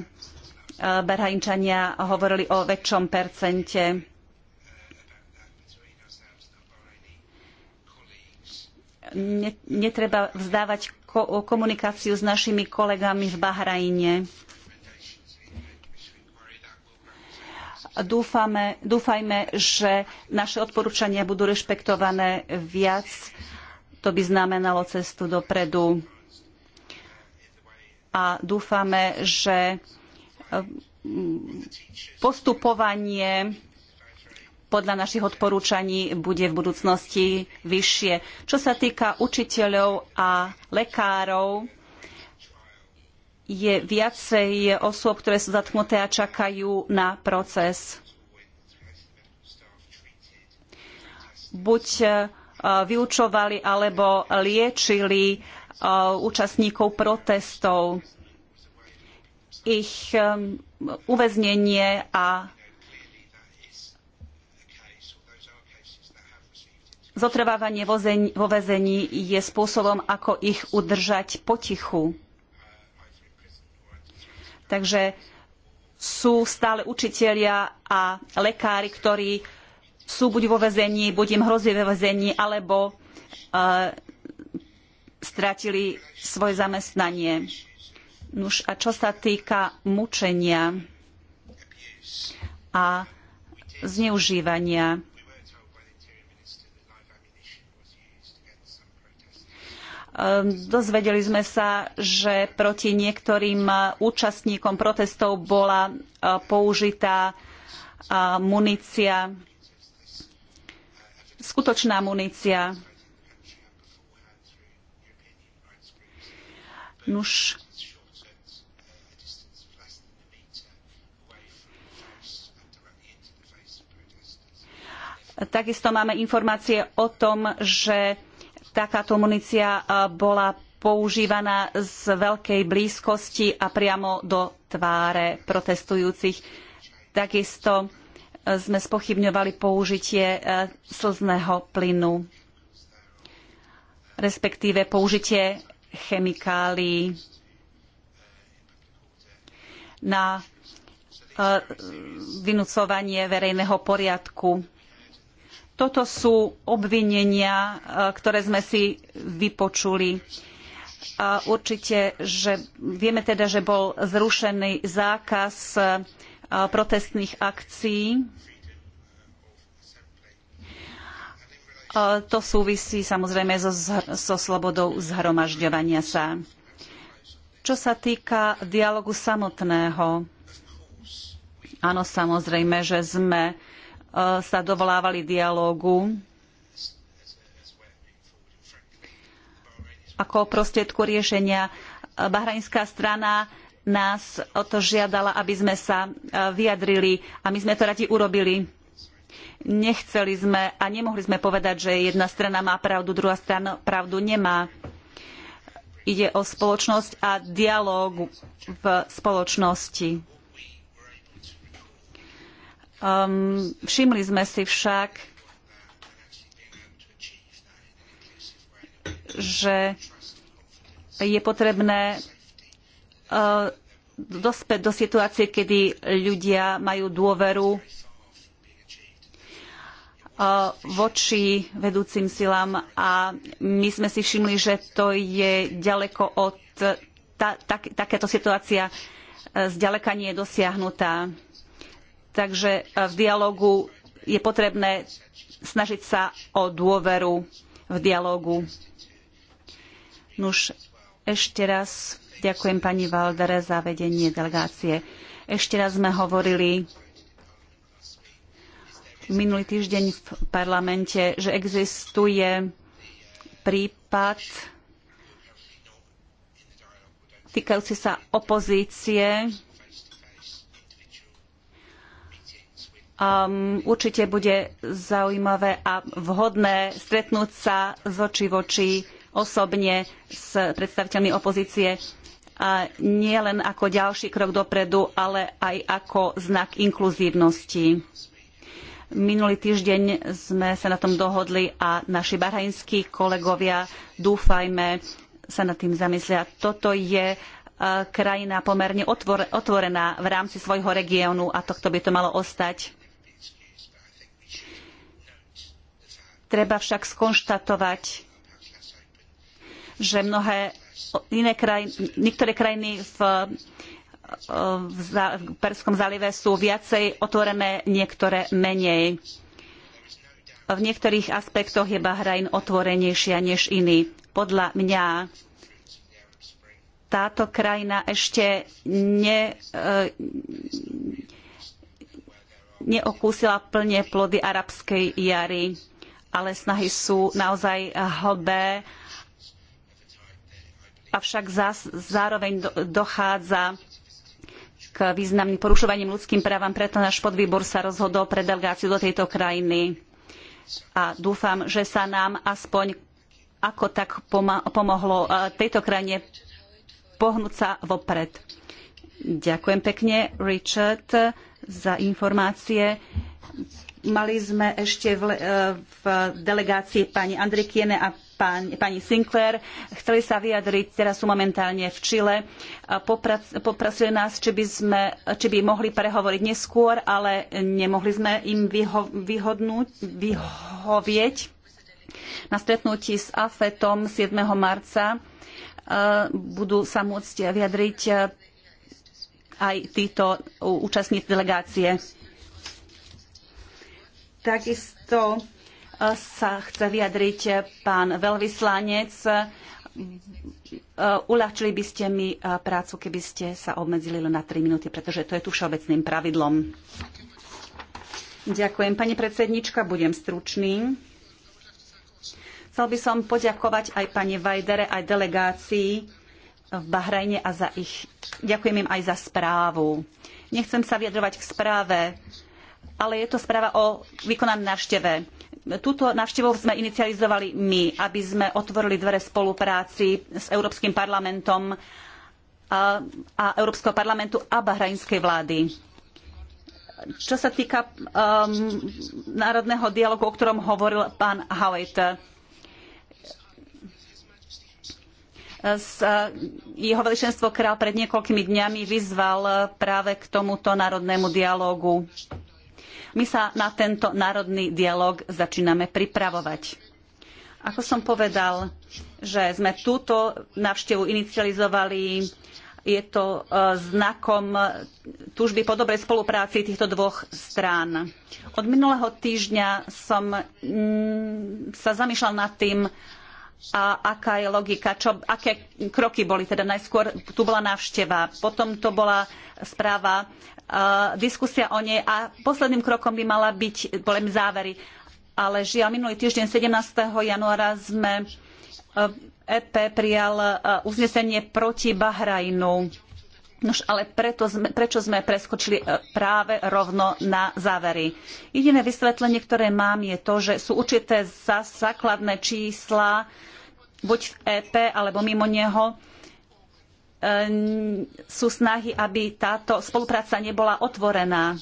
Berhajnčania hovorili o väčšom percente. Netreba vzdávať komunikáciu s našimi kolegami v Bahrajne. dúfajme, že naše odporúčania budú rešpektované viac. To by znamenalo cestu dopredu. A dúfame, že eh, postupovanie podľa našich odporúčaní bude v budúcnosti vyššie. Čo sa týka učiteľov a lekárov, je viacej osôb, ktoré sú zatknuté a čakajú na proces. Buď e, vyučovali alebo liečili e, účastníkov protestov. Ich e, uväznenie a zotrvávanie vo väzení je spôsobom, ako ich udržať potichu. Takže sú stále učitelia a lekári, ktorí sú buď vo väzení, buď im hrozí vo väzení, alebo uh, stratili svoje zamestnanie. Nuž a čo sa týka mučenia a zneužívania, Ehm, dozvedeli sme sa, že proti niektorým eh, účastníkom protestov bola eh, použitá eh, munícia, skutočná munícia. Nuž, Takisto máme informácie o tom, že takáto munícia e, bola používaná z veľkej blízkosti a priamo do tváre protestujúcich. Takisto e, sme spochybňovali použitie e, slzného plynu, respektíve použitie chemikálií na vynúcovanie verejného poriadku toto sú obvinenia, e, ktoré sme si vypočuli. A e, určite, že vieme teda, že bol zrušený zákaz e, protestných akcií. To súvisí samozrejme so, so slobodou zhromažďovania sa. Čo sa týka dialogu samotného, áno, samozrejme, že sme E, sa dovolávali dialógu ako prostriedku riešenia. E, bahrajnská strana nás o to žiadala, aby sme sa e, vyjadrili a my sme to radi urobili. Nechceli sme a nemohli sme povedať, že jedna strana má pravdu, druhá strana pravdu nemá. Ide o spoločnosť a dialóg v spoločnosti. Um, všimli sme si však, že je potrebné uh, eh, dospäť do situácie, kedy ľudia majú dôveru eh, voči vedúcim silám a my sme si všimli, že to je ďaleko od... tak, takáto situácia eh, zďaleka nie je dosiahnutá. Takže e, v dialogu je potrebné snažiť sa o dôveru v dialogu. Nuž, ešte raz ďakujem pani Valdere za vedenie delegácie. Ešte raz sme hovorili minulý týždeň v parlamente, že existuje prípad týkajúci sa opozície Um, určite bude zaujímavé a vhodné stretnúť sa z očí v oči osobne s predstaviteľmi opozície a nie len ako ďalší krok dopredu, ale aj ako znak inkluzívnosti. Minulý týždeň sme sa na tom dohodli a naši bahrajnskí kolegovia, dúfajme, sa nad tým zamyslia. Toto je krajina pomerne otvorená v rámci svojho regiónu a tohto by to malo ostať. Treba však skonštatovať, že mnohé iné krajiny, niektoré krajiny v, v, v Perskom zálive sú viacej otvorené, niektoré menej. V niektorých aspektoch je Bahrajn otvorenejšia než iný. Podľa mňa táto krajina ešte ne, e, neokúsila plne plody arabskej jary ale snahy sú naozaj hlbé, avšak zároveň dochádza k významným porušovaním ľudským právam, preto náš podvýbor sa rozhodol pre delegáciu do tejto krajiny. A dúfam, že sa nám aspoň ako tak pomohlo e, tejto krajine pohnúť sa vopred. Ďakujem pekne, Richard, za informácie. Mali sme ešte v, e, v delegácii pani Andrikiene a pán, pani Sinclair. Chceli sa vyjadriť, teraz sú momentálne v Čile. E, Poprasili nás, či by, sme, či by mohli prehovoriť neskôr, ale nemohli sme im vyho, vyhodnúť, vyhovieť. Na stretnutí s AFETom 7. marca e, budú sa môcť vyjadriť aj títo účastníci delegácie. Takisto e, sa chce vyjadriť pán veľvyslanec. E, uľahčili by ste mi e, prácu, keby ste sa obmedzili len na 3 minúty, pretože to je tu všeobecným pravidlom. Ďakujem, pani predsednička, budem stručný. Chcel by som poďakovať aj pani Vajdere, aj delegácii v Bahrajne a za ich... Ďakujem im aj za správu. Nechcem sa vyjadrovať k správe, ale je to správa o vykonanej návšteve. Túto návštevu sme inicializovali my, aby sme otvorili dvere spolupráci s Európskym parlamentom a, a Európskeho parlamentu a bahrajnskej vlády. Čo sa týka um, národného dialogu, o ktorom hovoril pán Howitt, s, uh, jeho veličenstvo král pred niekoľkými dňami vyzval uh, práve k tomuto národnému dialógu. My sa na tento národný dialog začíname pripravovať. Ako som povedal, že sme túto návštevu inicializovali, je to e, znakom túžby po dobrej spolupráci týchto dvoch strán. Od minulého týždňa som mm, sa zamýšľal nad tým, a aká je logika, čo, aké kroky boli. Teda najskôr tu bola návšteva, potom to bola správa, uh, diskusia o nej a posledným krokom by mala byť, boli závery. Ale žiaľ, minulý týždeň 17. januára sme uh, e, EP prijal uh, uznesenie proti Bahrajnu Nož ale preto sme, prečo sme preskočili e, práve rovno na závery? Jediné vysvetlenie, ktoré mám, je to, že sú určité základné čísla, buď v EP alebo mimo neho, e, sú snahy, aby táto spolupráca nebola otvorená.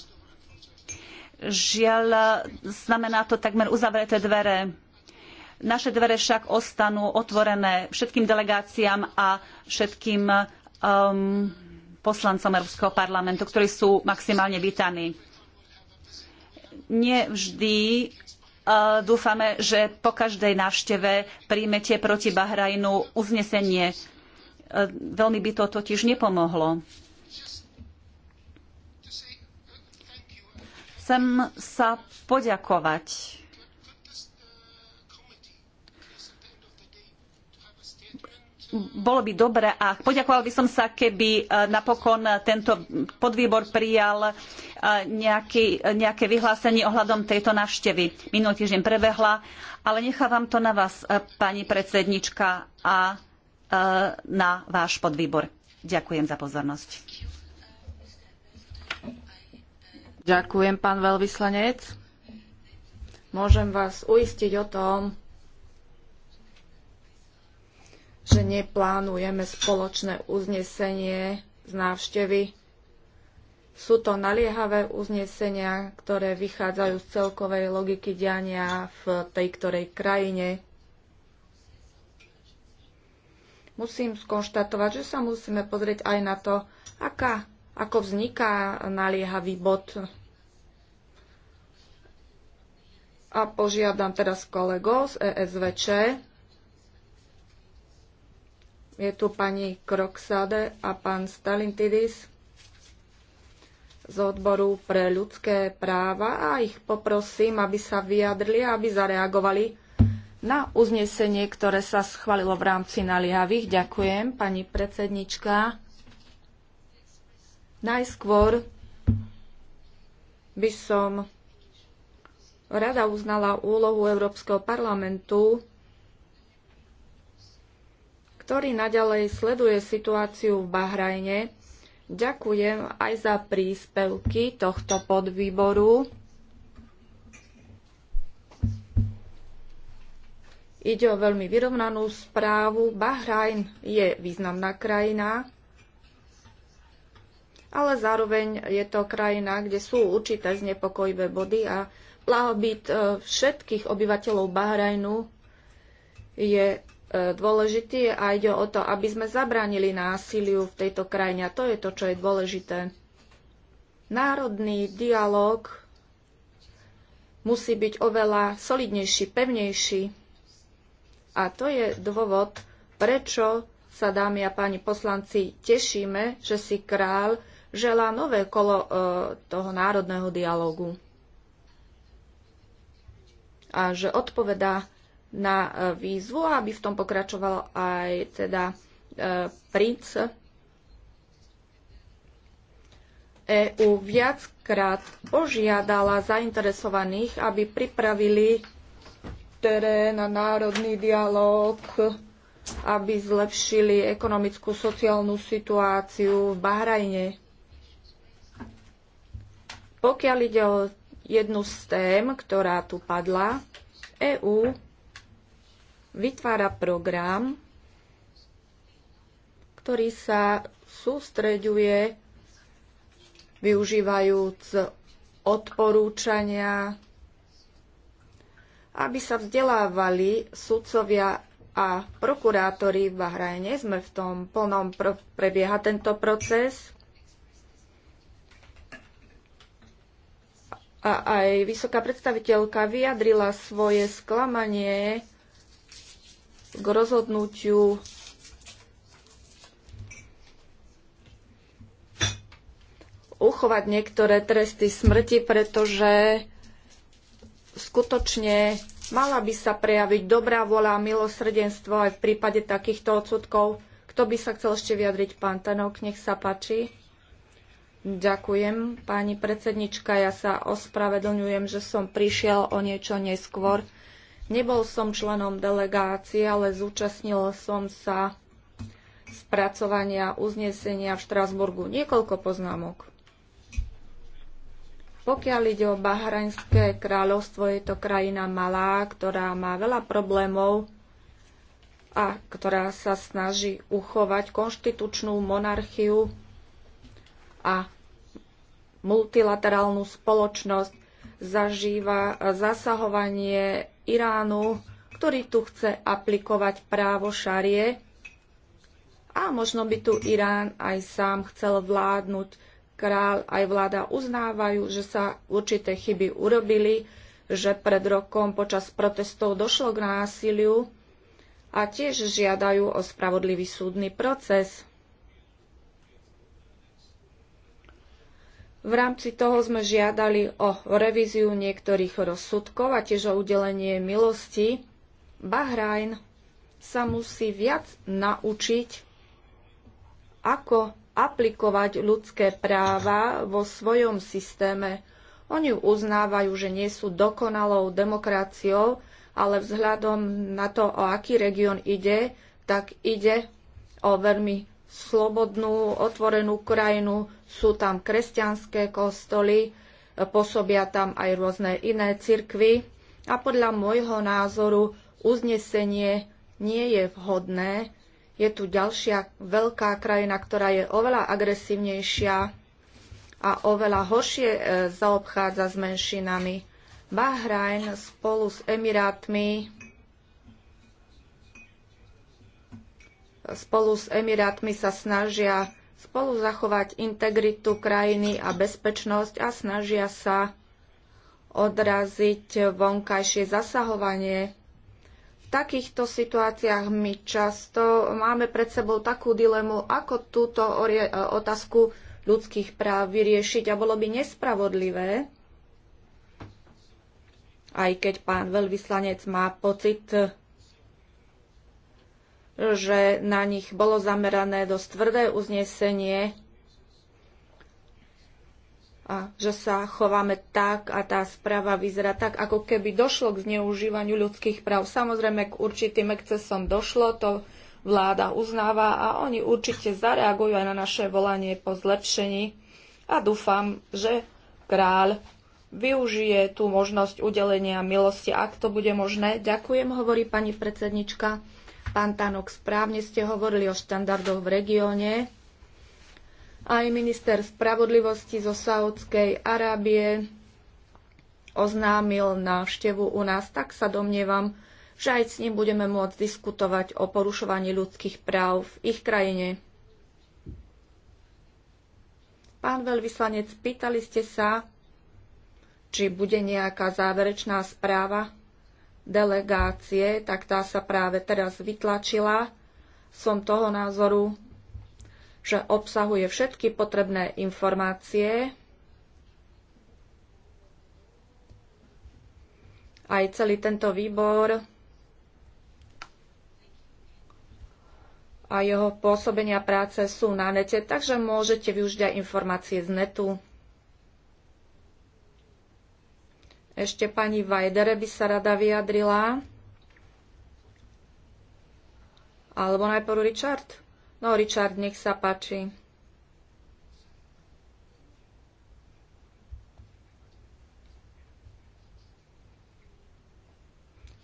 Žiaľ, znamená to takmer uzavreté dvere. Naše dvere však ostanú otvorené všetkým delegáciám a všetkým um, poslancom Európskeho parlamentu, ktorí sú maximálne vítaní. Nie vždy e, dúfame, že po každej návšteve príjmete proti Bahrajnu uznesenie. E, veľmi by to totiž nepomohlo. Chcem sa poďakovať bolo by dobre a poďakoval by som sa, keby e, napokon tento podvýbor prijal e, nejaký, e, nejaké vyhlásenie ohľadom tejto návštevy. Minulý týždeň prebehla, ale nechávam to na vás, pani predsednička, a na váš podvýbor. Ďakujem za pozornosť. Ďakujem, pán veľvyslanec. Môžem vás uistiť o tom, že neplánujeme spoločné uznesenie z návštevy. Sú to naliehavé uznesenia, ktoré vychádzajú z celkovej logiky diania v tej ktorej krajine. Musím skonštatovať, že sa musíme pozrieť aj na to, aká, ako vzniká naliehavý bod. A požiadam teraz kolegov z ESVČ, je tu pani Kroksade a pán Stalintidis z odboru pre ľudské práva a ich poprosím, aby sa vyjadrili a aby zareagovali na uznesenie, ktoré sa schválilo v rámci naliavých. Ďakujem, pani predsednička. Najskôr by som rada uznala úlohu Európskeho parlamentu ktorý naďalej sleduje situáciu v Bahrajne. Ďakujem aj za príspevky tohto podvýboru. Ide o veľmi vyrovnanú správu. Bahrajn je významná krajina, ale zároveň je to krajina, kde sú určité znepokojivé body a blahobyt eh, všetkých obyvateľov Bahrajnu je dôležitý a ide o to, aby sme zabránili násiliu v tejto krajine. A to je to, čo je dôležité. Národný dialog musí byť oveľa solidnejší, pevnejší. A to je dôvod, prečo sa, dámy a páni poslanci, tešíme, že si král želá nové kolo e, toho národného dialogu a že odpovedá na e, výzvu, aby v tom pokračoval aj teda e, princ EÚ viackrát požiadala zainteresovaných, aby pripravili terén a národný dialog, aby zlepšili ekonomickú sociálnu situáciu v Bahrajne. Pokiaľ ide o jednu z tém, ktorá tu padla, EU vytvára program, ktorý sa sústreďuje využívajúc odporúčania, aby sa vzdelávali sudcovia a prokurátori v Bahrajne. Sme v tom plnom, prebieha tento proces. a aj vysoká predstaviteľka vyjadrila svoje sklamanie k rozhodnutiu uchovať niektoré tresty smrti, pretože skutočne mala by sa prejaviť dobrá vola a milosrdenstvo aj v prípade takýchto odsudkov. Kto by sa chcel ešte vyjadriť? Pán Tanok, nech sa páči. Ďakujem, pani predsednička. Ja sa ospravedlňujem, že som prišiel o niečo neskôr. Nebol som členom delegácie, ale zúčastnil som sa spracovania uznesenia v Štrasburgu. Niekoľko poznámok. Pokiaľ ide o Bahrajnské kráľovstvo, je to krajina malá, ktorá má veľa problémov a ktorá sa snaží uchovať konštitučnú monarchiu a multilaterálnu spoločnosť zažíva zasahovanie Iránu, ktorý tu chce aplikovať právo šarie a možno by tu Irán aj sám chcel vládnuť. Král aj vláda uznávajú, že sa určité chyby urobili, že pred rokom počas protestov došlo k násiliu a tiež žiadajú o spravodlivý súdny proces. V rámci toho sme žiadali o revíziu niektorých rozsudkov a tiež o udelenie milosti. Bahrajn sa musí viac naučiť, ako aplikovať ľudské práva vo svojom systéme. Oni uznávajú, že nie sú dokonalou demokraciou, ale vzhľadom na to, o aký región ide, tak ide o veľmi slobodnú, otvorenú krajinu. Sú tam kresťanské kostoly, pôsobia tam aj rôzne iné cirkvy. A podľa môjho názoru uznesenie nie je vhodné. Je tu ďalšia veľká krajina, ktorá je oveľa agresívnejšia a oveľa horšie e, zaobchádza s menšinami. Bahrajn spolu s Emirátmi spolu s Emirátmi sa snažia spolu zachovať integritu krajiny a bezpečnosť a snažia sa odraziť vonkajšie zasahovanie. V takýchto situáciách my často máme pred sebou takú dilemu, ako túto e, otázku ľudských práv vyriešiť a bolo by nespravodlivé, aj keď pán veľvyslanec má pocit, že na nich bolo zamerané dosť tvrdé uznesenie a že sa chováme tak a tá správa vyzerá tak, ako keby došlo k zneužívaniu ľudských práv. Samozrejme, k určitým excesom došlo, to vláda uznáva a oni určite zareagujú aj na naše volanie po zlepšení a dúfam, že kráľ využije tú možnosť udelenia milosti, ak to bude možné. Ďakujem, hovorí pani predsednička. Pán Tanok, správne ste hovorili o štandardoch v regióne. Aj minister spravodlivosti zo Saudskej Arábie oznámil návštevu u nás, tak sa domnievam, že aj s ním budeme môcť diskutovať o porušovaní ľudských práv v ich krajine. Pán veľvyslanec, pýtali ste sa, či bude nejaká záverečná správa delegácie, tak tá sa práve teraz vytlačila. Som toho názoru, že obsahuje všetky potrebné informácie, aj celý tento výbor a jeho pôsobenia práce sú na nete, takže môžete využiť aj informácie z netu. Ešte pani Vajdere by sa rada vyjadrila. Alebo najprv Richard? No, Richard, nech sa páči.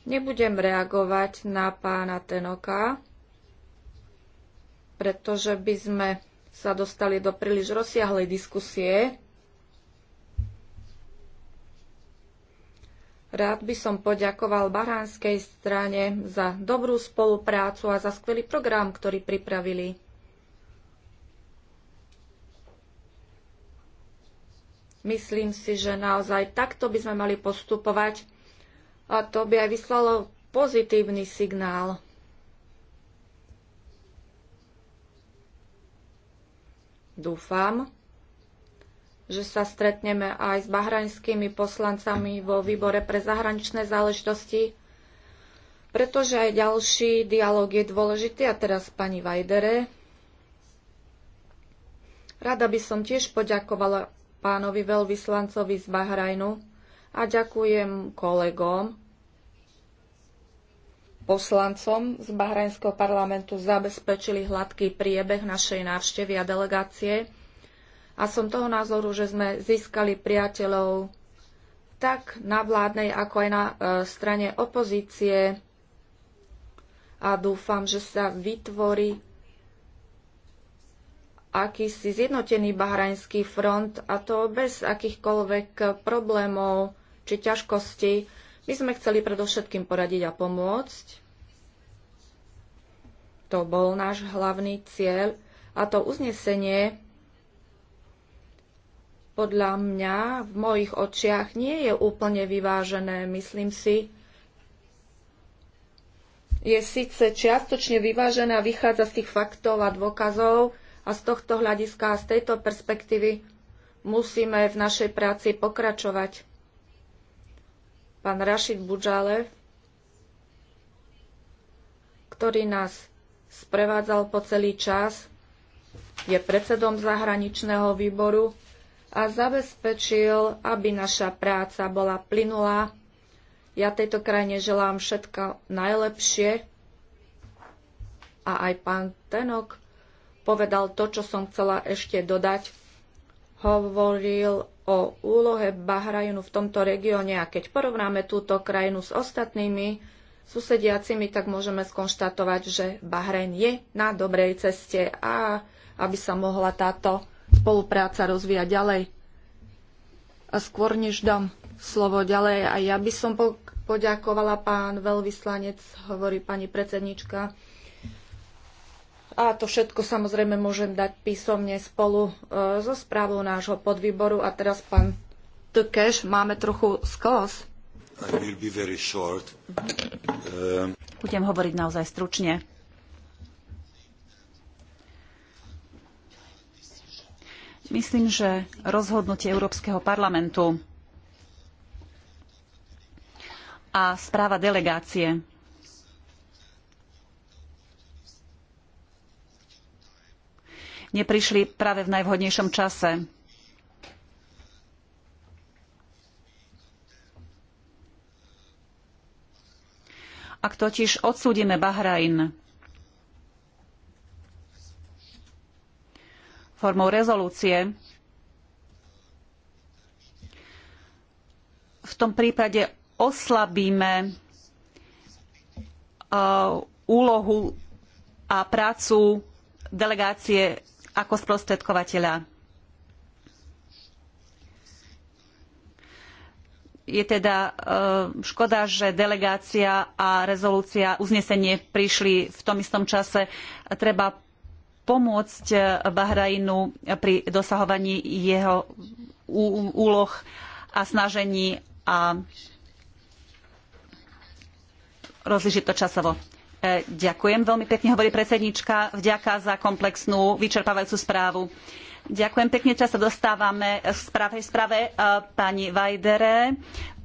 Nebudem reagovať na pána Tenoka, pretože by sme sa dostali do príliš rozsiahlej diskusie. Rád by som poďakoval baránskej strane za dobrú spoluprácu a za skvelý program, ktorý pripravili. Myslím si, že naozaj takto by sme mali postupovať a to by aj vyslalo pozitívny signál. Dúfam, že sa stretneme aj s bahrajnskými poslancami vo výbore pre zahraničné záležitosti, pretože aj ďalší dialog je dôležitý. A teraz pani Vajdere. Rada by som tiež poďakovala pánovi veľvyslancovi z Bahrajnu a ďakujem kolegom, poslancom z Bahrajnského parlamentu zabezpečili hladký priebeh našej návštevy a delegácie a som toho názoru, že sme získali priateľov tak na vládnej, ako aj na e, strane opozície a dúfam, že sa vytvorí akýsi zjednotený bahrajnský front a to bez akýchkoľvek problémov či ťažkostí. My sme chceli predovšetkým poradiť a pomôcť. To bol náš hlavný cieľ a to uznesenie podľa mňa v mojich očiach nie je úplne vyvážené. Myslím si, je síce čiastočne vyvážené a vychádza z tých faktov a dôkazov a z tohto hľadiska a z tejto perspektívy musíme v našej práci pokračovať. Pán Rašid Budžalev, ktorý nás sprevádzal po celý čas, je predsedom zahraničného výboru a zabezpečil, aby naša práca bola plynulá. Ja tejto krajine želám všetko najlepšie a aj pán Tenok povedal to, čo som chcela ešte dodať. Hovoril o úlohe Bahrajnu v tomto regióne a keď porovnáme túto krajinu s ostatnými susediacimi, tak môžeme skonštatovať, že Bahrajn je na dobrej ceste a aby sa mohla táto spolupráca rozvíja ďalej. A skôr než dám slovo ďalej, a ja by som poďakovala pán veľvyslanec, hovorí pani predsednička. A to všetko samozrejme môžem dať písomne spolu e, so správou nášho podvýboru. A teraz pán Tkeš, máme trochu skos. Um... Budem hovoriť naozaj stručne. Myslím, že rozhodnutie Európskeho parlamentu a správa delegácie neprišli práve v najvhodnejšom čase. Ak totiž odsúdime Bahrajn formou rezolúcie. V tom prípade oslabíme e, úlohu a prácu delegácie ako sprostredkovateľa. je teda e, škoda, že delegácia a rezolúcia, uznesenie prišli v tom istom čase. Treba pomôcť eh, Bahrajnu pri dosahovaní jeho úloh a snažení a rozlišiť to časovo. Eh, ďakujem veľmi pekne, hovorí predsednička. Vďaka za komplexnú, vyčerpávajúcu správu. Ďakujem pekne, čas sa dostávame v správe, správe eh, pani Vajdere.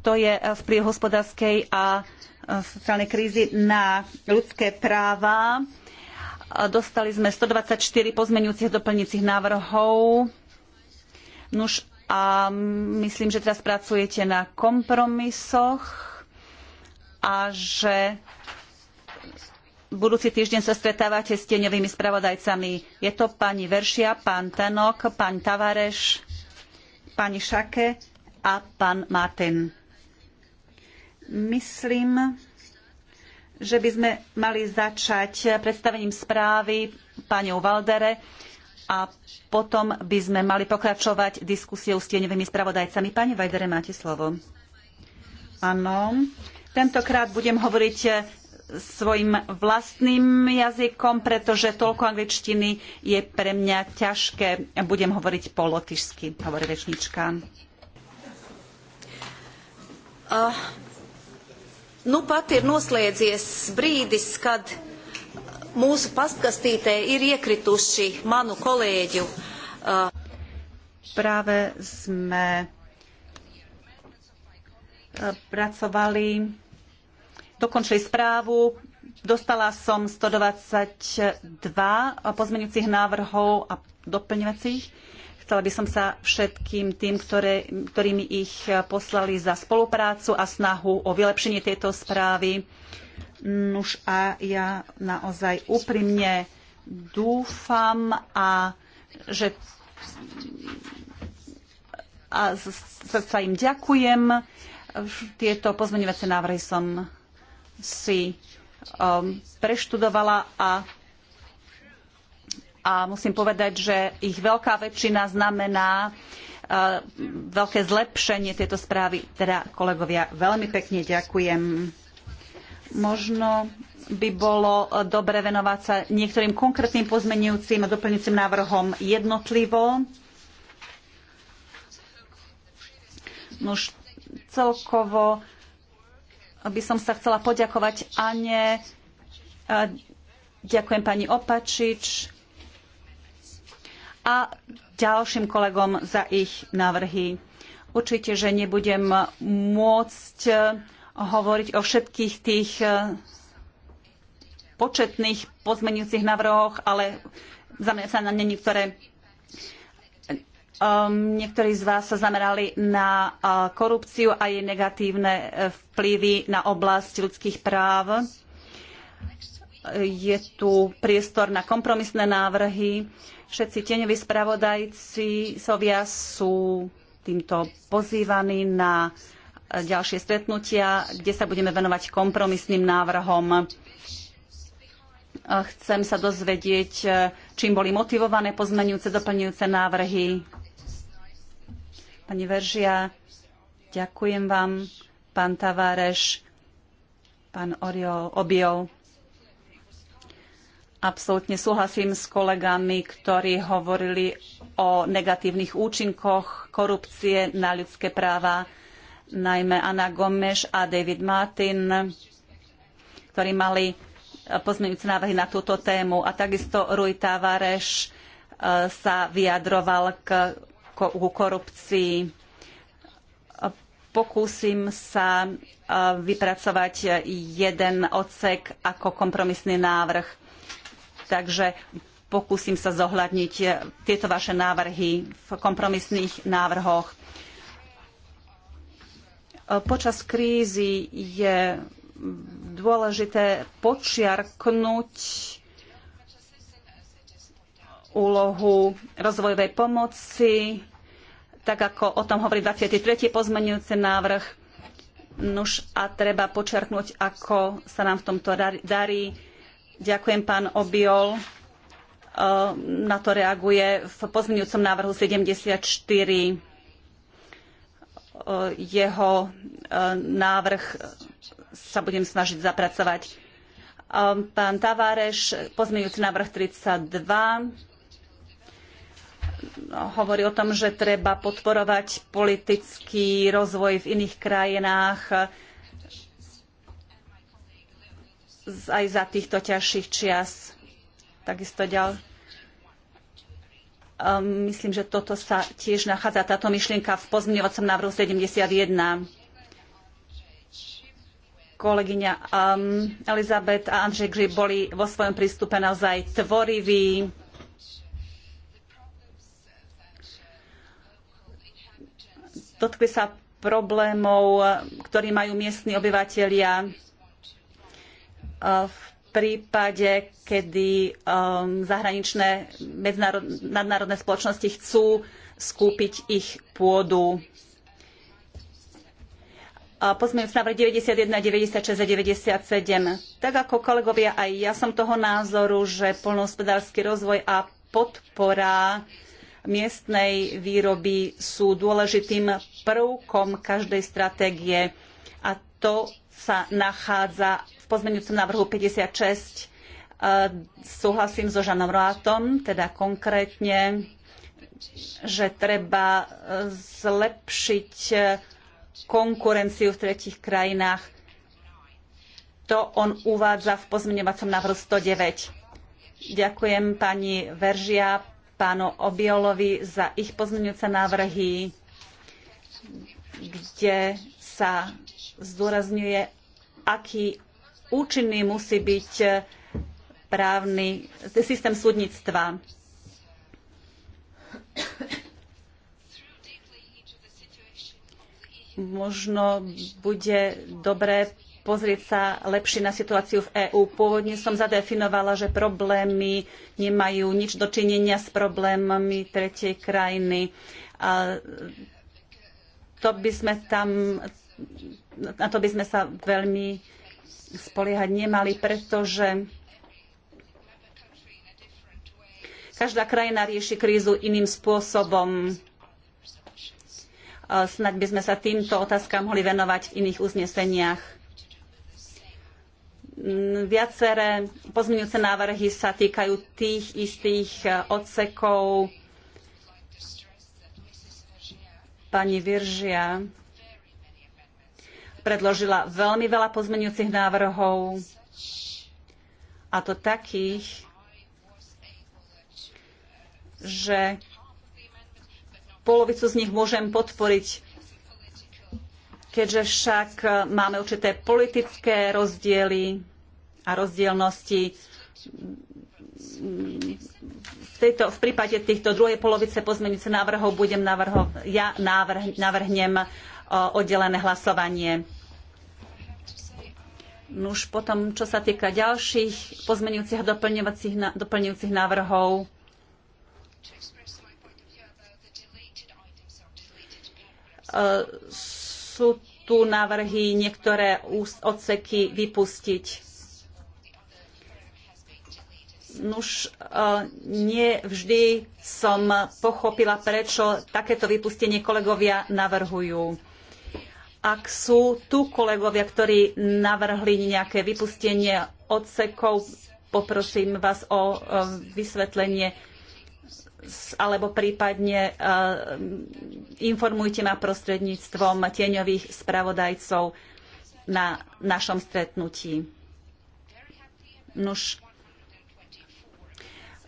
To je v hospodárskej a sociálnej krízy na ľudské práva Dostali sme 124 pozmenujúcich doplňujúcich návrhov. Nuž a myslím, že teraz pracujete na kompromisoch a že budúci týždeň sa stretávate s tieňovými spravodajcami. Je to pani Veršia, pán Tenok, pán Tavareš, pani Šake a pán Martin. Myslím, že by sme mali začať predstavením správy pani Valdere a potom by sme mali pokračovať diskusiou s tieňovými spravodajcami. Pani Valdere, máte slovo. Áno. Tentokrát budem hovoriť svojim vlastným jazykom, pretože toľko angličtiny je pre mňa ťažké. Budem hovoriť po lotyšsky, hovorí rečnička. Uh nu pat ir noslēdzies brīdis, kad mūsu pastkastītē ir iekrituši manu kolēģu. Práve sme pracovali, dokončili správu, dostala som 122 pozmeňujúcich návrhov a doplňovacích. Chcela by som sa všetkým tým, ktoré, ktorými ich poslali za spoluprácu a snahu o vylepšenie tejto správy. Nuž a ja naozaj úprimne dúfam a že a z srdca im ďakujem. Tieto pozmeňovacie návrhy som si um, preštudovala a a musím povedať, že ich veľká väčšina znamená eh, veľké zlepšenie tejto správy. Teda, kolegovia, veľmi pekne ďakujem. Možno by bolo eh, dobre venovať sa niektorým konkrétnym pozmenujúcim a doplňujúcim návrhom jednotlivo. Nož celkovo eh, by som sa chcela poďakovať Ane, ďakujem pani Opačič, a ďalším kolegom za ich návrhy. Určite, že nebudem môcť eh, hovoriť o všetkých tých eh, početných pozmenujúcich návrhoch, ale zamerať sa na ne niektoré. Um, niektorí z vás sa zamerali na eh, korupciu a jej negatívne vplyvy na oblasť ľudských práv je tu priestor na kompromisné návrhy. Všetci tieňoví spravodajci sovia sú týmto pozývaní na ďalšie stretnutia, kde sa budeme venovať kompromisným návrhom. Chcem sa dozvedieť, čím boli motivované pozmenujúce, doplňujúce návrhy. Pani Veržia, ďakujem vám. Pán Tavareš, pán Oriol, Obiol. Absolútne súhlasím s kolegami, ktorí hovorili o negatívnych účinkoch korupcie na ľudské práva, najmä Anna Gomes a David Martin, ktorí mali e, pozmeňujúce návrhy na túto tému. A takisto Rui Tavares e, sa vyjadroval k, ku korupcii. E, pokúsim sa vypracovať jeden odsek ako kompromisný návrh Takže pokúsim sa zohľadniť eh, tieto vaše návrhy v kompromisných návrhoch. Eh, počas krízy je dôležité počiarknúť úlohu rozvojovej pomoci, tak ako o tom hovorí 23. pozmenujúci návrh. Nuž a treba počerknúť, ako sa nám v tomto darí Ďakujem, pán Obiol. Ehm, na to reaguje v pozmeňujúcom návrhu four ehm, jeho ehm, návrh sa budem snažiť zapracovať. Pán Tavares, pozmeňujúci návrh 32 hovorí o tom, že treba podporovať politický rozvoj v iných krajinách aj za týchto ťažších čias. Takisto ďal. Um, myslím, že toto sa tiež nachádza, táto myšlienka v pozmňovacom návrhu 71. Kolegyňa um, Elizabeth a Andrej Grip boli vo svojom prístupe naozaj tvoriví. Dotkli sa problémov, ktorý majú miestni obyvatelia v prípade, kedy um, zahraničné nadnárodné spoločnosti chcú skúpiť ich pôdu. sa návrh 91, 96 a 97. Tak ako kolegovia, aj ja som toho názoru, že poľnohospodársky rozvoj a podpora miestnej výroby sú dôležitým prvkom každej stratégie a to sa nachádza v pozmeňujúcom návrhu 56. E, súhlasím so Žanom Roátom, teda konkrétne, že treba e, zlepšiť e, konkurenciu v tretich krajinách. To on uvádza v pozmeňovacom návrhu 109. Ďakujem pani Veržia, pánu Obiolovi za ich pozmeňujúce návrhy, kde sa zdôrazňuje, aký účinný musí byť eh, právny systém súdnictva. Možno bude dobré pozrieť sa lepšie na situáciu v EÚ. Pôvodne som zadefinovala, že problémy nemajú nič dočinenia s problémami tretej krajiny. A to by sme tam na to by sme sa veľmi spoliehať nemali, pretože každá krajina rieši krízu iným spôsobom. Snaď by sme sa týmto otázkam mohli venovať v iných uzneseniach. Viaceré pozmeňujúce návrhy sa týkajú tých istých e, odsekov. Pani Viržia predložila veľmi veľa pozmeňujúcich návrhov, a to takých, že polovicu z nich môžem podporiť, keďže však máme určité politické rozdiely a rozdielnosti. V, tejto, v prípade týchto druhej polovice pozmenice návrhov budem navrho, ja návrh, navrhnem oddelené hlasovanie. Nuž no potom, čo sa týka ďalších pozmenujúcich a doplňujúcich, doplňujúcich návrhov, e, sú tu návrhy niektoré odseky vypustiť. Nuž e, nie vždy som pochopila, prečo takéto vypustenie kolegovia navrhujú ak sú tu kolegovia, ktorí navrhli nejaké vypustenie odsekov, poprosím vás o e, vysvetlenie alebo prípadne e, informujte ma prostredníctvom tieňových spravodajcov na našom stretnutí. Nuž,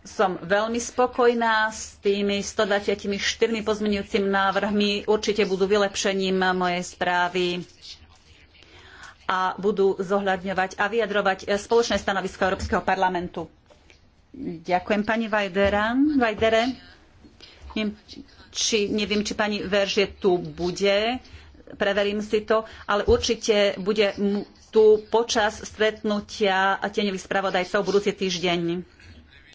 som veľmi spokojná s tými 124 pozmeňujúcimi návrhmi. Určite budú vylepšením mojej správy a budú zohľadňovať a vyjadrovať spoločné stanovisko Európskeho parlamentu. Ďakujem pani Vajderan. Vajdere. Neviem, či, neviem, či pani verže tu bude. Preverím si to, ale určite bude tu počas stretnutia tieňových spravodajcov budúci týždeň.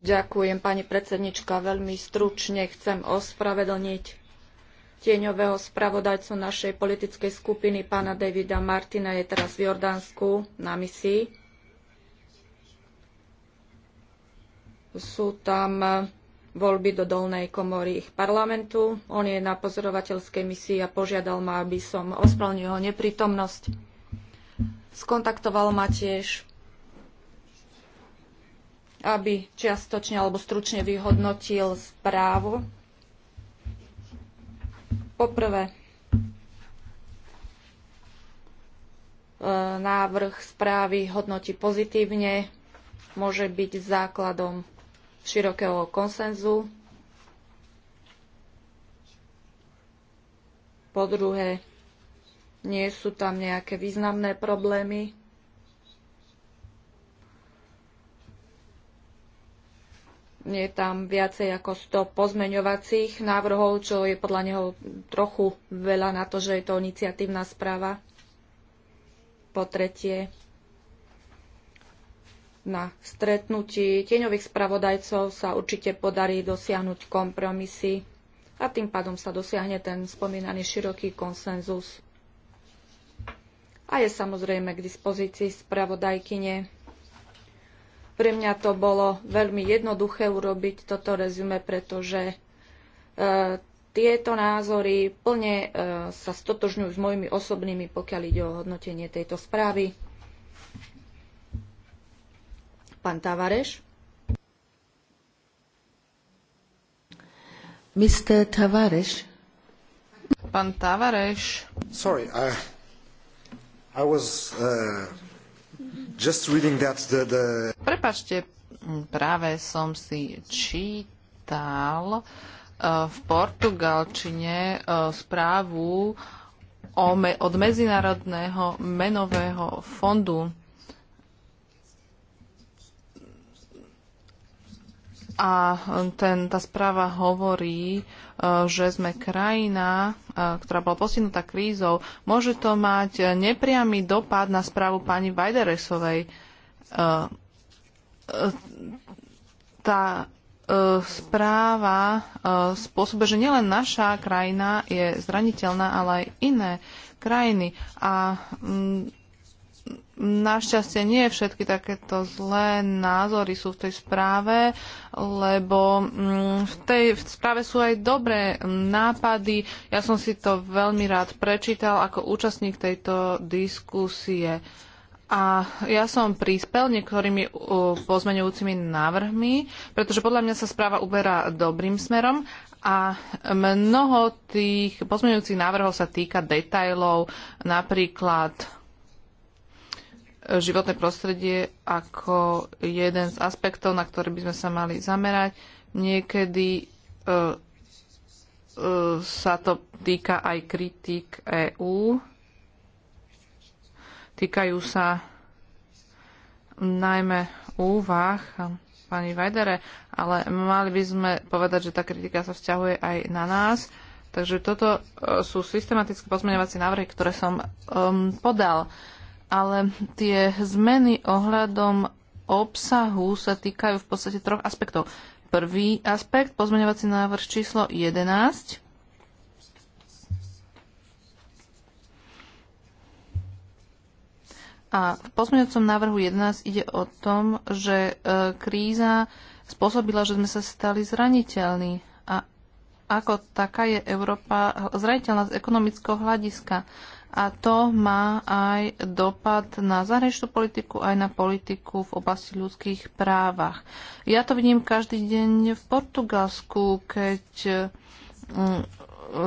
Ďakujem, pani predsednička. Veľmi stručne chcem ospravedlniť tieňového spravodajcu našej politickej skupiny, pána Davida Martina, je teraz v Jordánsku na misii. Sú tam eh, voľby do dolnej komory ich parlamentu. On je na pozorovateľskej misii a požiadal ma, aby som ospravedlnil jeho neprítomnosť. Skontaktoval ma tiež aby čiastočne alebo stručne vyhodnotil správu. Poprvé, e, návrh správy hodnotí pozitívne, môže byť základom širokého konsenzu. Po druhé, nie sú tam nejaké významné problémy. je tam viacej ako 100 pozmeňovacích návrhov, čo je podľa neho trochu veľa na to, že je to iniciatívna správa. Po tretie, na stretnutí tieňových spravodajcov sa určite podarí dosiahnuť kompromisy a tým pádom sa dosiahne ten spomínaný široký konsenzus. A je samozrejme k dispozícii spravodajkyne pre mňa to bolo veľmi jednoduché urobiť toto rezume, pretože e, tieto názory plne e, sa stotožňujú s mojimi osobnými, pokiaľ ide o hodnotenie tejto správy. Pán Tavareš. Mr. Tavareš. Pán Tavareš. Sorry, I, I was uh, Just reading that the, the... Prepačte, práve som si čítal e, v portugalčine e, správu od Medzinárodného menového fondu A ten, tá správa hovorí, e, že sme krajina, e, ktorá bola postihnutá krízou. Môže to mať e, nepriamy dopad na správu pani Vajderesovej. Tá správa spôsobuje, že nielen naša krajina je zraniteľná, ale aj iné krajiny. A mm, Našťastie nie všetky takéto zlé názory sú v tej správe, lebo mm, v tej správe sú aj dobré nápady. Ja som si to veľmi rád prečítal ako účastník tejto diskusie. A ja som prispel niektorými pozmeňujúcimi návrhmi, pretože podľa mňa sa správa uberá dobrým smerom a mnoho tých pozmeňujúcich návrhov sa týka detajlov, napríklad životné prostredie ako jeden z aspektov, na ktorý by sme sa mali zamerať. Niekedy uh, uh, sa to týka aj kritik EÚ. Týkajú sa najmä úvah pani Vajdere, ale mali by sme povedať, že tá kritika sa vzťahuje aj na nás. Takže toto e, sú systematické pozmeňovacie návrhy, ktoré som um, podal. Uh, ale tie zmeny ohľadom obsahu sa týkajú v podstate troch aspektov. Prvý aspekt, pozmeňovací návrh číslo 11. A v pozmeňovacom návrhu 11 ide o tom, že e, kríza spôsobila, že sme sa stali zraniteľní. A ako taká je Európa zraniteľná z ekonomického hľadiska a to má aj dopad na zahraničnú politiku, aj na politiku v oblasti ľudských právach. Ja to vidím každý deň v Portugalsku, keď mm, e,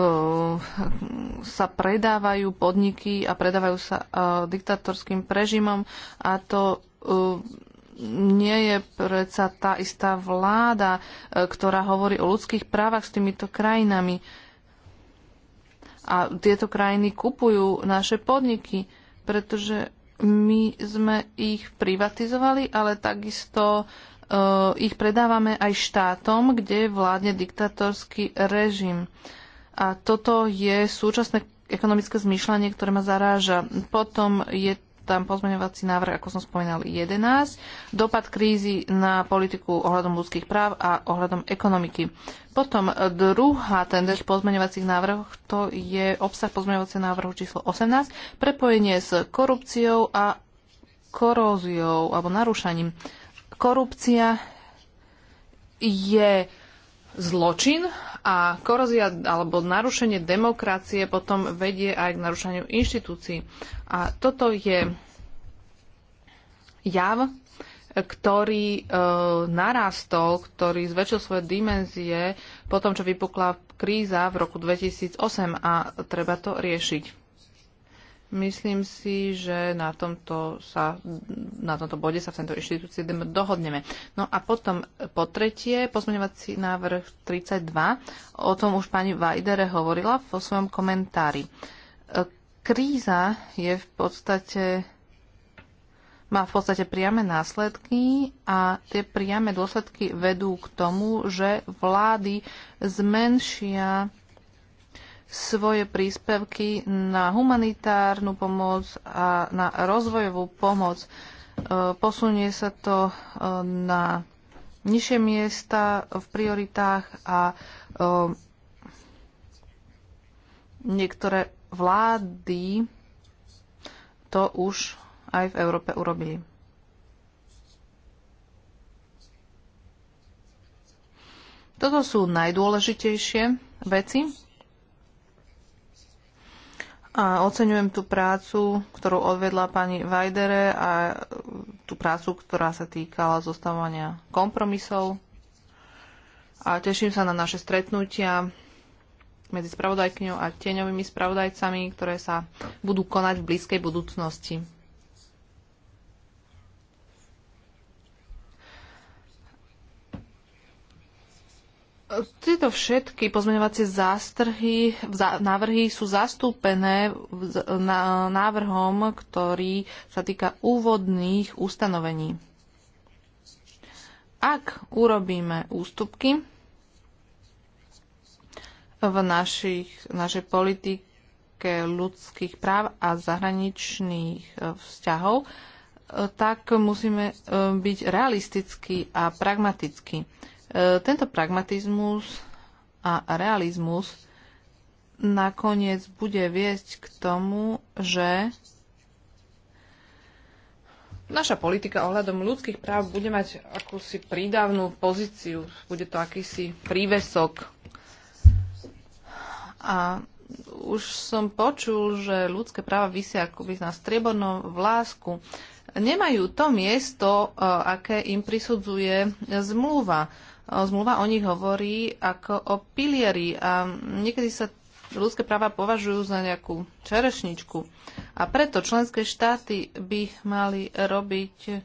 sa predávajú podniky a predávajú sa e, diktatorským prežimom, a to e, nie je predsa tá istá vláda, ktorá hovorí o ľudských právach s týmito krajinami. A tieto krajiny kupujú naše podniky, pretože my sme ich privatizovali, ale takisto uh, ich predávame aj štátom, kde vládne diktatorský režim. A toto je súčasné ekonomické zmýšľanie, ktoré ma zaráža. Potom je tam pozmeňovací návrh, ako som spomínal, 11. Dopad krízy na politiku ohľadom ľudských práv a ohľadom ekonomiky. Potom druhá tendencia pozmeňovacích návrhov, to je obsah pozmeňovacieho návrhu číslo 18, prepojenie s korupciou a koróziou alebo narušaním. Korupcia je zločin a korozia alebo narušenie demokracie potom vedie aj k narušaniu inštitúcií. A toto je jav, ktorý e, narastol, ktorý zväčšil svoje dimenzie po tom, čo vypukla kríza v roku 2008 a treba to riešiť. Myslím si, že na tomto, sa, na tomto bode sa v tejto inštitúcii dohodneme. No a potom po tretie, pozmeňovací návrh 32, o tom už pani Vajdere hovorila vo svojom komentári. E, kríza je v podstate má v podstate priame následky a tie priame dôsledky vedú k tomu, že vlády zmenšia svoje príspevky na humanitárnu pomoc a na rozvojovú pomoc. E, posunie sa to e, na nižšie miesta v prioritách a e, niektoré vlády to už aj v Európe urobili. Toto sú najdôležitejšie veci, a oceňujem tú prácu, ktorú odvedla pani Vajdere a tú prácu, ktorá sa týkala zostávania kompromisov. A teším sa na naše stretnutia medzi spravodajkňou a tieňovými spravodajcami, ktoré sa budú konať v blízkej budúcnosti. Tieto všetky pozmeňovacie zástrhy, návrhy sú zastúpené návrhom, ktorý sa týka úvodných ustanovení. Ak urobíme ústupky v našich, našej politike ľudských práv a zahraničných e, vzťahov, e, tak musíme e, byť realistickí a pragmatickí E, tento pragmatizmus a realizmus nakoniec bude viesť k tomu, že naša politika ohľadom ľudských práv bude mať akúsi prídavnú pozíciu, bude to akýsi prívesok. A už som počul, že ľudské práva vysia akoby na striebornom vlásku. Nemajú to miesto, e, aké im prisudzuje zmluva zmluva o nich hovorí ako o pilieri a niekedy sa ľudské práva považujú za nejakú čerešničku. A preto členské štáty by mali robiť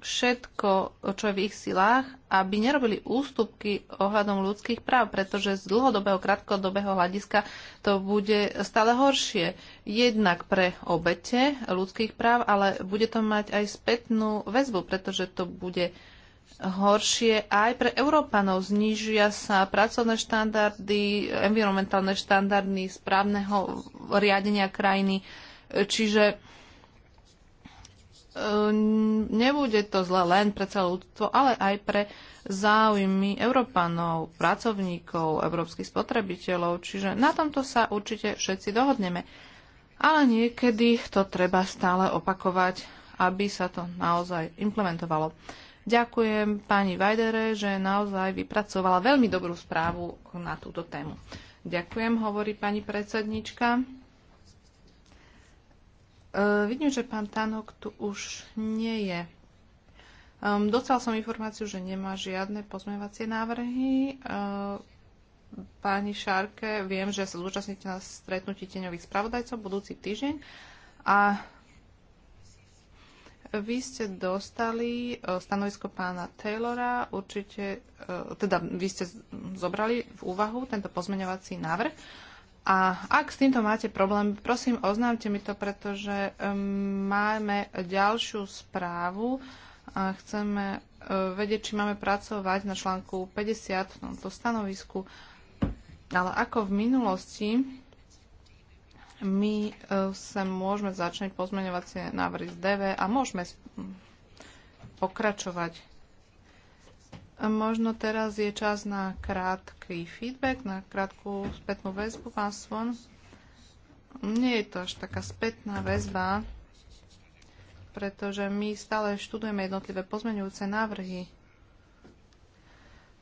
všetko, čo je v ich silách, aby nerobili ústupky ohľadom ľudských práv, pretože z dlhodobého, krátkodobého hľadiska to bude stále horšie. Jednak pre obete ľudských práv, ale bude to mať aj spätnú väzbu, pretože to bude horšie aj pre Európanov. Znižia sa pracovné štandardy, environmentálne štandardy správneho riadenia krajiny. Čiže e, nebude to zle len pre celé ľudstvo, ale aj pre záujmy Európanov, pracovníkov, európskych spotrebiteľov. Čiže na tomto sa určite všetci dohodneme. Ale niekedy to treba stále opakovať, aby sa to naozaj implementovalo. Ďakujem pani Vajdere, že naozaj vypracovala veľmi dobrú správu na túto tému. Ďakujem, hovorí pani predsednička. E, vidím, že pán Tanok tu už nie je. Um, dostal som informáciu, že nemá žiadne pozmevacie návrhy. E, pani Šárke, viem, že sa zúčastníte na stretnutí teňových spravodajcov budúci týždeň a vy ste dostali e, stanovisko pána Taylora, určite, e, teda vy ste zobrali v úvahu tento pozmeňovací návrh. A ak s týmto máte problém, prosím, oznámte mi to, pretože e, máme ďalšiu správu a chceme vedieť, či máme pracovať na článku 50 v tomto stanovisku. Ale ako v minulosti, my e, sa môžeme začať pozmeňovacie návrhy z DV a môžeme pokračovať. E, možno teraz je čas na krátky feedback, na krátku spätnú väzbu, pán Svon. Nie je to až taká spätná väzba, pretože my stále študujeme jednotlivé pozmeňujúce návrhy.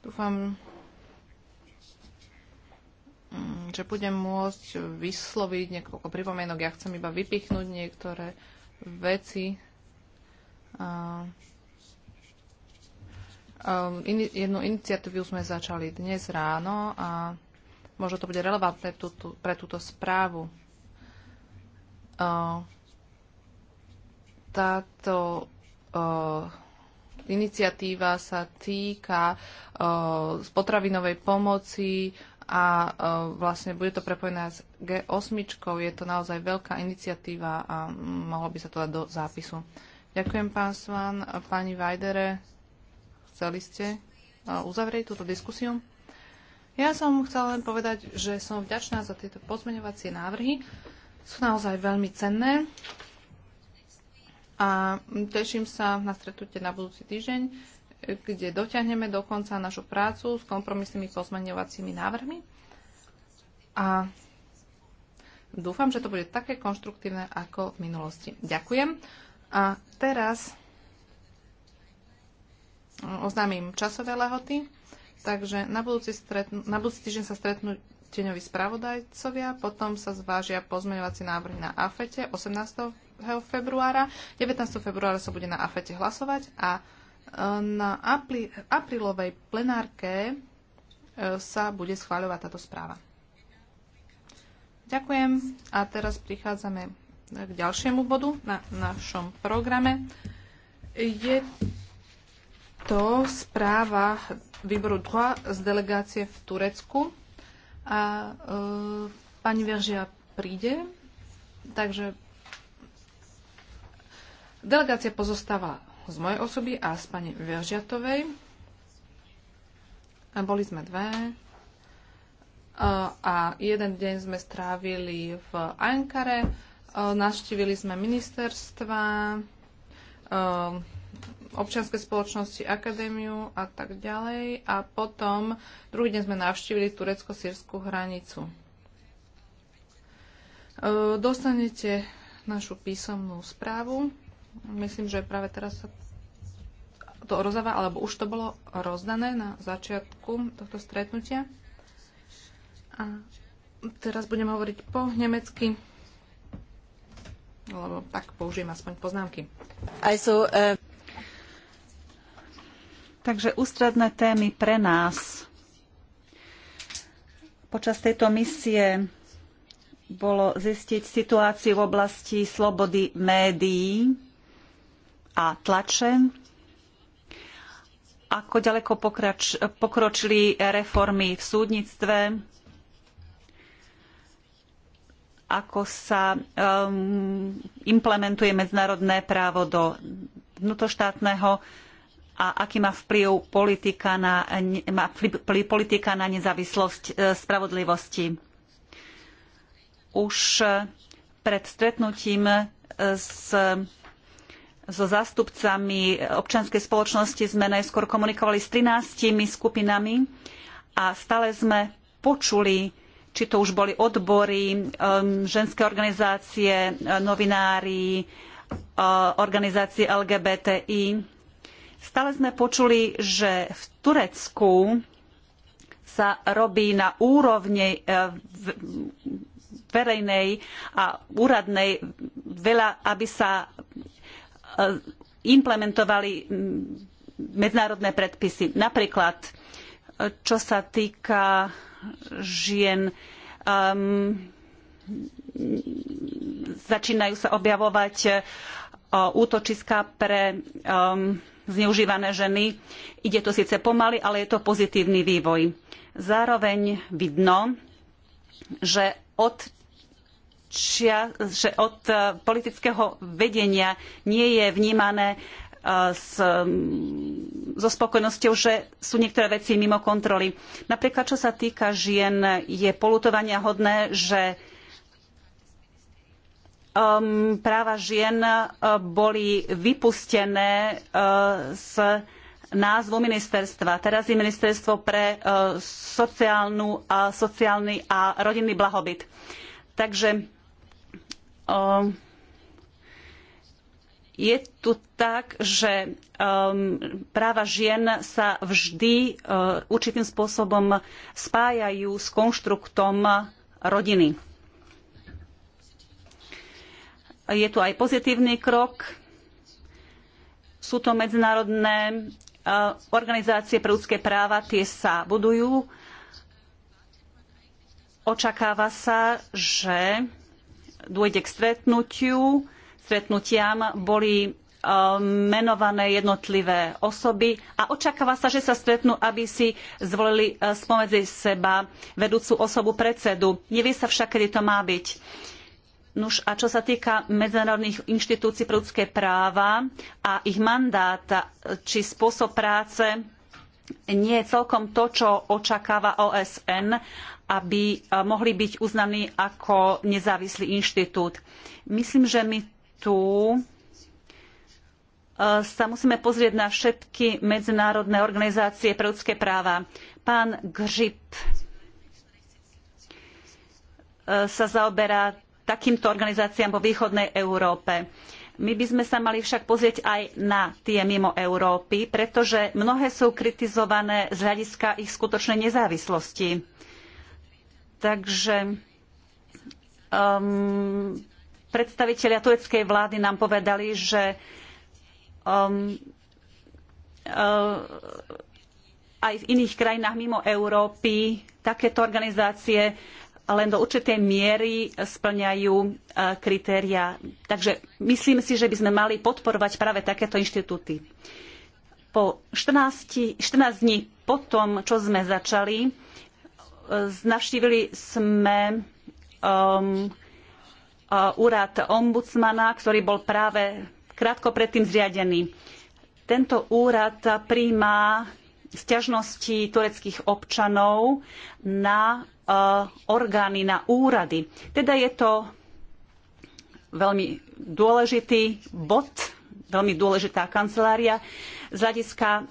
Dúfam, Mm, že budem môcť vysloviť niekoľko pripomienok. Ja chcem iba vypichnúť niektoré veci. Um, jednu iniciatívu sme začali dnes ráno a možno to bude relevantné pre túto správu táto iniciatíva sa týka potravinovej pomoci a e, vlastne bude to prepojené s G8. Je to naozaj veľká iniciatíva a mohlo by sa to dať do zápisu. Ďakujem, pán Svan. Pani Vajdere, chceli ste e, uzavrieť túto diskusiu? Ja som chcela len povedať, že som vďačná za tieto pozmeňovacie návrhy. Sú naozaj veľmi cenné a teším sa na stretnutie na budúci týždeň kde dotiahneme do konca našu prácu s kompromisnými pozmeňovacími návrhmi. A dúfam, že to bude také konštruktívne ako v minulosti. Ďakujem. A teraz oznámim časové lehoty. Takže na budúci, stretn- na budúci týždeň sa stretnú tieňoví spravodajcovia, potom sa zvážia pozmeňovacie návrhy na AFETE e 18. februára, 19. februára sa bude na AFETE e hlasovať a na aprílovej plenárke e, sa bude schváľovať táto správa. Ďakujem a teraz prichádzame k ďalšiemu bodu na našom programe. Je to správa výboru 2 z delegácie v Turecku a e, pani Veržia príde, takže delegácia pozostáva z mojej osoby a z pani Veržiatovej. A boli sme dve. A jeden deň sme strávili v Ankare, navštívili sme ministerstva, občianske spoločnosti, akadémiu a tak ďalej. A potom druhý deň sme navštívili turecko-sírskú hranicu. Dostanete našu písomnú správu. Myslím, že práve teraz sa to rozdáva, alebo už to bolo rozdané na začiatku tohto stretnutia. A teraz budem hovoriť po nemecky, lebo tak použijem aspoň poznámky. Also, uh... E, Takže ústredné témy pre nás počas tejto misie bolo zistiť situáciu v oblasti slobody médií, a tlače, ako ďaleko pokrač, pokročili reformy v súdnictve, ako sa um, implementuje medzinárodné právo do vnútroštátneho a aký má vplyv politika na, má vplyv politika na nezávislosť e, spravodlivosti. Už pred stretnutím e, s so zástupcami občianskej spoločnosti sme najskôr komunikovali s trinástimi skupinami a stále sme počuli, či to už boli odbory, um, ženské organizácie, um, novinári, uh, organizácie LGBTI. Stále sme počuli, že v Turecku sa robí na úrovni uh, verejnej a úradnej veľa, aby sa Eh, implementovali mm, medzinárodné predpisy. Napríklad, eh, čo sa týka žien, um, začínajú sa objavovať eh, útočiská pre um, zneužívané ženy. Ide to síce pomaly, ale je to pozitívny vývoj. Zároveň vidno, že od čia, že od eh, politického vedenia nie je vnímané eh, s, mm, so spokojnosťou, že sú niektoré veci mimo kontroly. Napríklad, čo sa týka žien, je polutovania hodné, že um, práva žien eh, boli vypustené uh, z názvu ministerstva. Teraz je ministerstvo pre uh, sociálnu, uh, sociálny a rodinný blahobyt. Takže je tu tak, že um, práva žien sa vždy uh, určitým spôsobom spájajú s konštruktom rodiny. Je tu aj pozitívny krok. Sú to medzinárodné uh, organizácie pre ľudské práva, tie sa budujú. Očakáva sa, že dôjde k stretnutiu, stretnutiam boli e, menované jednotlivé osoby a očakáva sa, že sa stretnú, aby si zvolili e, spomedzi seba vedúcu osobu predsedu. Nevie sa však, kedy to má byť. Nuž a čo sa týka medzinárodných inštitúcií pre ľudské práva a ich mandáta e, či spôsob práce nie je celkom to, čo očakáva OSN, aby eh, mohli byť uznaní ako nezávislý inštitút. Myslím, že my tu eh, sa musíme pozrieť na všetky medzinárodné organizácie pre ľudské práva. Pán Grip eh, sa zaoberá takýmto organizáciám vo východnej Európe. My by sme sa mali však pozrieť aj na tie mimo Európy, pretože mnohé sú kritizované z hľadiska ich skutočnej nezávislosti. Takže um, predstavitelia tureckej vlády nám povedali, že um, uh, aj v iných krajinách mimo Európy takéto organizácie len do určitej miery splňajú e, kritéria. Takže myslím si, že by sme mali podporovať práve takéto inštitúty. Po 14, 14 dní po tom, čo sme začali, e, navštívili sme um, e, úrad ombudsmana, ktorý bol práve krátko predtým zriadený. Tento úrad príjma sťažnosti tureckých občanov na eh, orgány, na úrady. Teda je to veľmi dôležitý bod, veľmi dôležitá kancelária z hľadiska eh,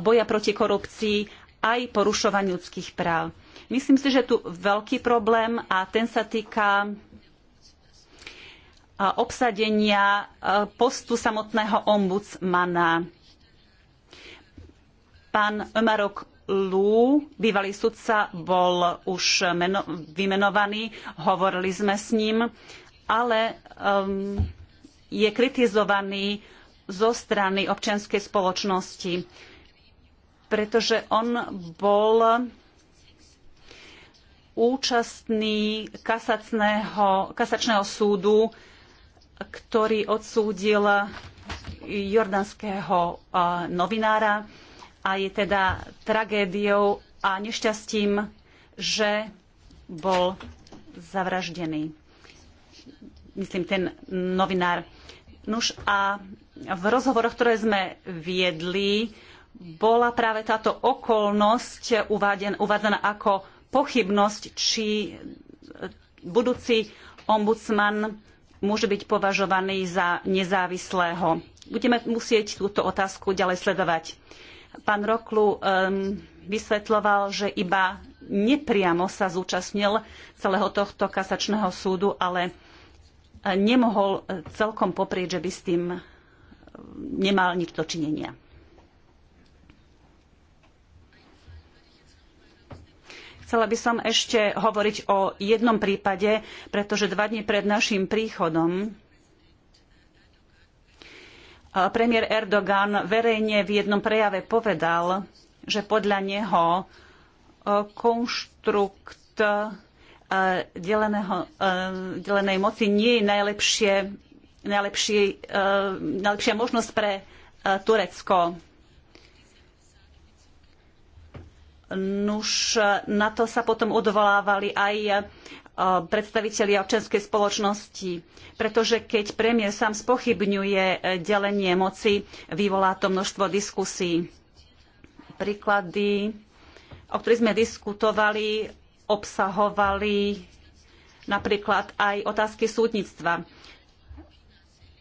boja proti korupcii aj porušovaniu ľudských práv. Myslím si, že tu veľký problém a ten sa týka eh, obsadenia postu samotného ombudsmana. Pán Ömarok Lú, bývalý sudca, bol už meno, vymenovaný, hovorili sme s ním, ale um, je kritizovaný zo strany občianskej spoločnosti, pretože on bol účastný kasačného, kasačného súdu, ktorý odsúdil jordanského novinára, a je teda tragédiou a nešťastím, že bol zavraždený. Myslím, ten novinár. Nuž a v rozhovoroch, ktoré sme viedli, bola práve táto okolnosť uváden, uvádzaná ako pochybnosť, či budúci ombudsman môže byť považovaný za nezávislého. Budeme musieť túto otázku ďalej sledovať. Pán Roklu um, vysvetloval, že iba nepriamo sa zúčastnil celého tohto kasačného súdu, ale e, nemohol e, celkom poprieť, že by s tým e, nemal nič dočinenia. Chcela by som ešte hovoriť o jednom prípade, pretože dva dni pred našim príchodom Premiér Erdogan verejne v jednom prejave povedal, že podľa neho e, konštrukt e, e, delenej moci nie je najlepšie, najlepšie, najlepšia možnosť pre Turecko. Nuž na to sa potom odvolávali aj E, predstavitelia občianskej spoločnosti, pretože keď premiér sám spochybňuje e, delenie moci, vyvolá to množstvo diskusí. Príklady, o ktorých sme diskutovali, obsahovali napríklad aj otázky súdnictva.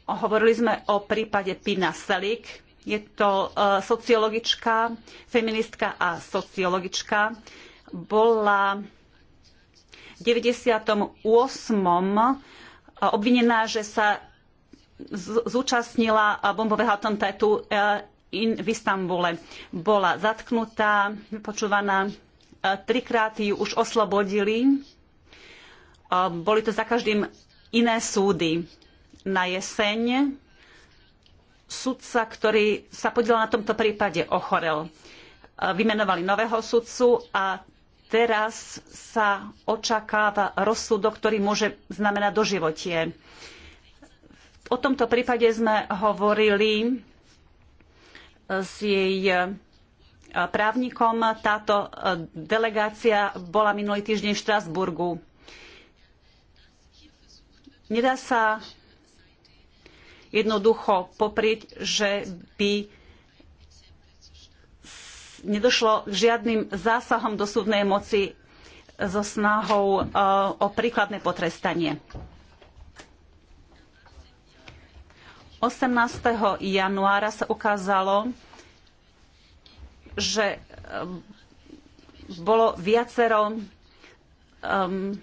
Hovorili sme o prípade Pina Selik. Je to e, sociologička, feministka a sociologička. Bola 98. obvinená, že sa zúčastnila bombového atentátu e, v Istambule. Bola zatknutá, vypočúvaná, e, trikrát ju už oslobodili. Boli to za každým iné súdy. Na jeseň sudca, ktorý sa podielal na tomto prípade, ochorel. E, vymenovali nového sudcu a teraz sa očakáva rozsudok, ktorý môže znamenať doživotie. O tomto prípade sme hovorili eh, s jej eh, právnikom. Táto eh, delegácia bola minulý týždeň v Štrasburgu. Nedá sa jednoducho poprieť, že by nedošlo k žiadnym zásahom do súdnej moci so snahou e, o príkladné potrestanie. 18. januára sa ukázalo, že e, bolo viacero um,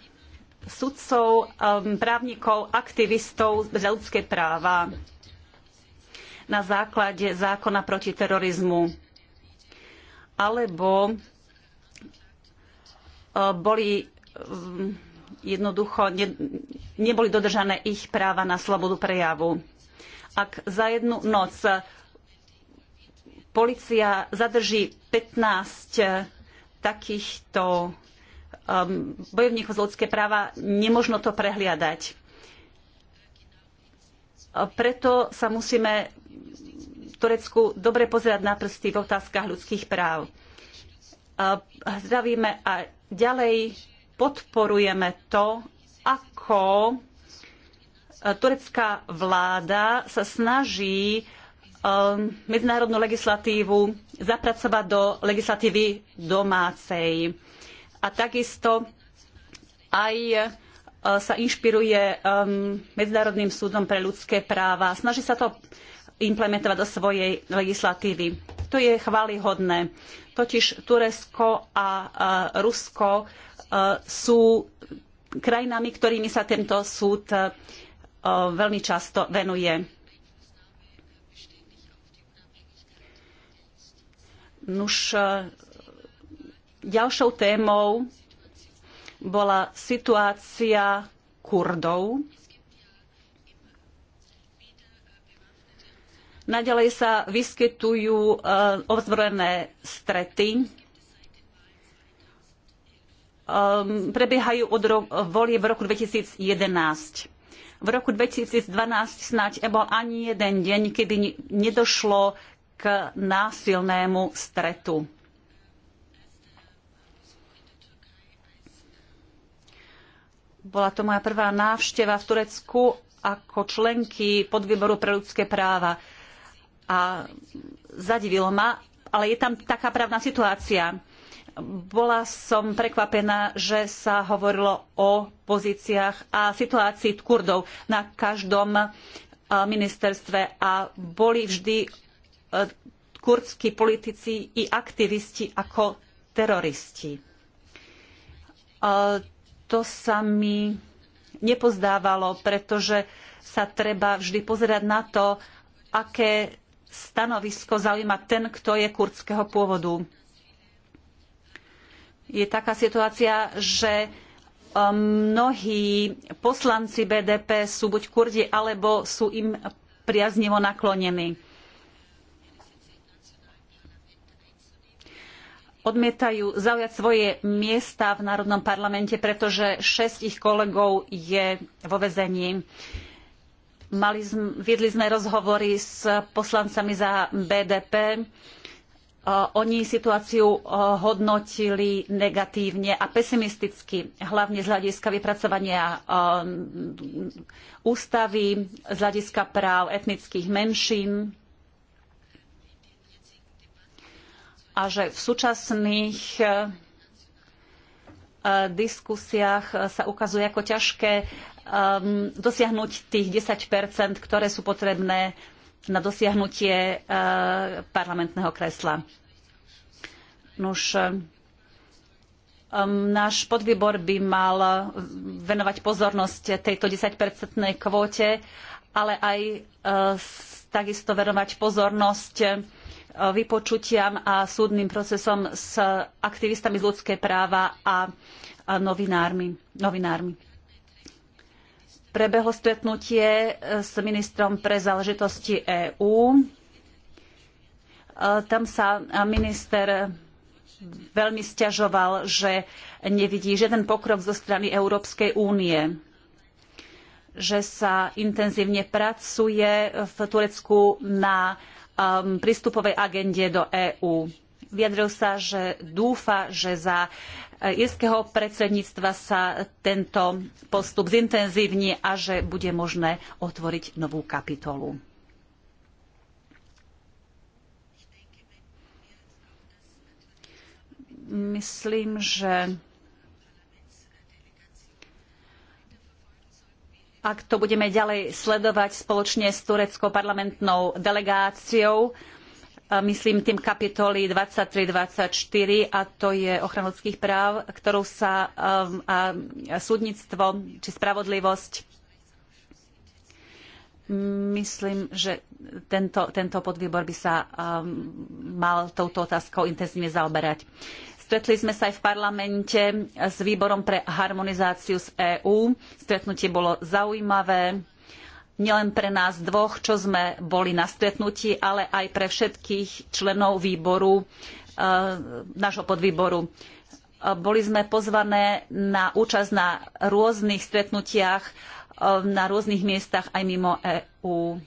sudcov, um, právnikov, aktivistov za ľudské práva na základe zákona proti terorizmu alebo e, boli mm, jednoducho ne, neboli dodržané ich práva na slobodu prejavu. Ak za jednu noc policia zadrží 15 takýchto bojovníkov za ľudské práva, nemožno to prehliadať. E, preto sa musíme Turecku dobre pozerať na prsty v otázkach ľudských práv. Zdravíme a ďalej podporujeme to, ako turecká vláda sa snaží um, medzinárodnú legislatívu zapracovať do legislatívy domácej. A takisto aj uh, sa inšpiruje um, Medzinárodným súdom pre ľudské práva. Snaží sa to implementovať do svojej legislatívy. To je chválihodné. Totiž Turecko a Rusko e, sú krajinami, ktorými sa tento súd e, veľmi často venuje. Nuž, e, ďalšou témou bola situácia Kurdov Naďalej sa vyskytujú e, ozbrojené strety. Ehm, prebiehajú od volie v roku 2011. V roku 2012 snáď nebol ani jeden deň, kedy nedošlo k násilnému stretu. Bola to moja prvá návšteva v Turecku ako členky podvýboru pre ľudské práva. A zadivilo ma, ale je tam taká právna situácia. Bola som prekvapená, že sa hovorilo o pozíciách a situácii Kurdov na každom e, ministerstve a boli vždy e, kurdskí politici i aktivisti ako teroristi. E, to sa mi nepozdávalo, pretože sa treba vždy pozerať na to, aké stanovisko zaujíma ten, kto je kurdského pôvodu. Je taká situácia, že e, mnohí poslanci BDP sú buď kurdi, alebo sú im priaznivo naklonení. Odmietajú zaujať svoje miesta v Národnom parlamente, pretože šesť ich kolegov je vo väzení. Mali, viedli sme rozhovory s poslancami za BDP. Oni situáciu hodnotili negatívne a pesimisticky, hlavne z hľadiska vypracovania ústavy, z hľadiska práv etnických menšín a že v súčasných e, e, diskusiách e, sa ukazuje ako ťažké um, dosiahnuť tých 10 ktoré sú potrebné na dosiahnutie uh, parlamentného kresla. Nož, um, náš podvýbor by mal venovať pozornosť tejto 10-percentnej kvóte, ale aj uh, takisto venovať pozornosť uh, vypočutiam a súdnym procesom s aktivistami z ľudské práva a novinármi. novinármi Prebehlo stretnutie e, s ministrom pre záležitosti EÚ. E, tam sa minister veľmi stiažoval, že nevidí žiaden pokrok zo strany Európskej únie že sa intenzívne pracuje v Turecku na um, prístupovej agende do EÚ vyjadril sa, že dúfa, že za e, írskeho predsedníctva sa tento postup zintenzívni a že bude možné otvoriť novú kapitolu. Myslím, že ak to budeme ďalej sledovať spoločne s tureckou parlamentnou delegáciou, myslím tým kapitoly twenty four a to je ochrana ľudských práv, ktorou sa um, a súdnictvo či spravodlivosť Myslím, že tento, tento podvýbor by sa um, mal touto otázkou intenzívne zaoberať. Stretli sme sa aj v parlamente s výborom pre harmonizáciu z EÚ. Stretnutie bolo zaujímavé nielen pre nás dvoch, čo sme boli na stretnutí, ale aj pre všetkých členov výboru, e, nášho podvýboru. E, boli sme pozvané na účasť na rôznych stretnutiach, e, na rôznych miestach aj mimo EÚ.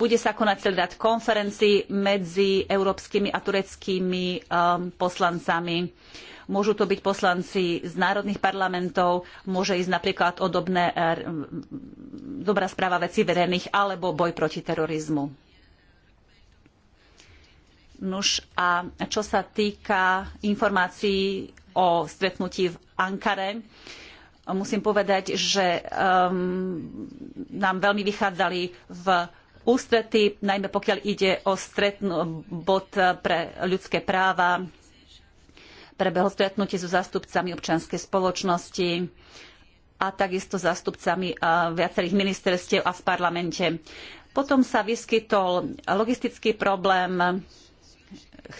Bude sa konať celý rad konferencií medzi európskymi a tureckými poslancami Môžu to byť poslanci z národných parlamentov, môže ísť napríklad o dobné, e, dobrá správa vecí verejných alebo boj proti terorizmu. Nuž a čo sa týka informácií o stretnutí v Ankare, musím povedať, že um, nám veľmi vychádzali v ústrety, najmä pokiaľ ide o bod pre ľudské práva, prebehlo stretnutie so zástupcami občianskej spoločnosti a takisto zástupcami viacerých ministerstiev a v parlamente. Potom sa vyskytol logistický problém.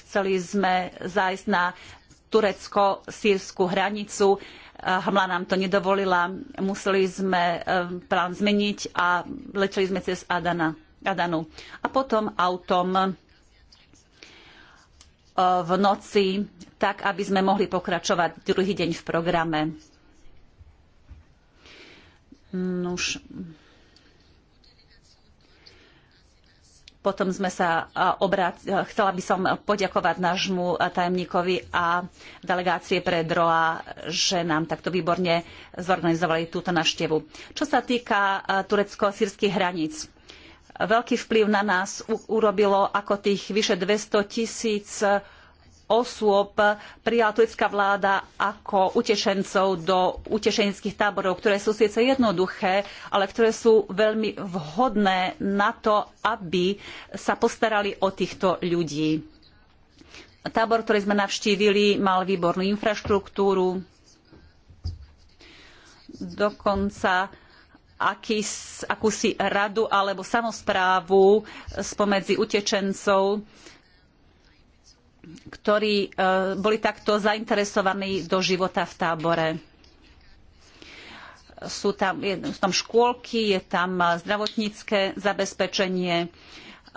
Chceli sme zájsť na turecko-sírskú hranicu. Hmla nám to nedovolila. Museli sme e, plán zmeniť a leteli sme cez Adana, Adanu. A potom autom v noci, tak aby sme mohli pokračovať druhý deň v programe. Nuž. Potom sme sa obrát... Chcela by som poďakovať nášmu tajemníkovi a delegácie pre DROA, že nám takto výborne zorganizovali túto návštevu. Čo sa týka turecko-sírskych hraníc, veľký vplyv na nás urobilo, ako tých vyše 200 tisíc osôb prijala turecká vláda ako utečencov do utečeneckých táborov, ktoré sú síce jednoduché, ale ktoré sú veľmi vhodné na to, aby sa postarali o týchto ľudí. Tábor, ktorý sme navštívili, mal výbornú infraštruktúru. Dokonca akúsi radu alebo samosprávu spomedzi utečencov, ktorí e, boli takto zainteresovaní do života v tábore. Sú tam, sú tam škôlky, je tam zdravotnícke zabezpečenie. E,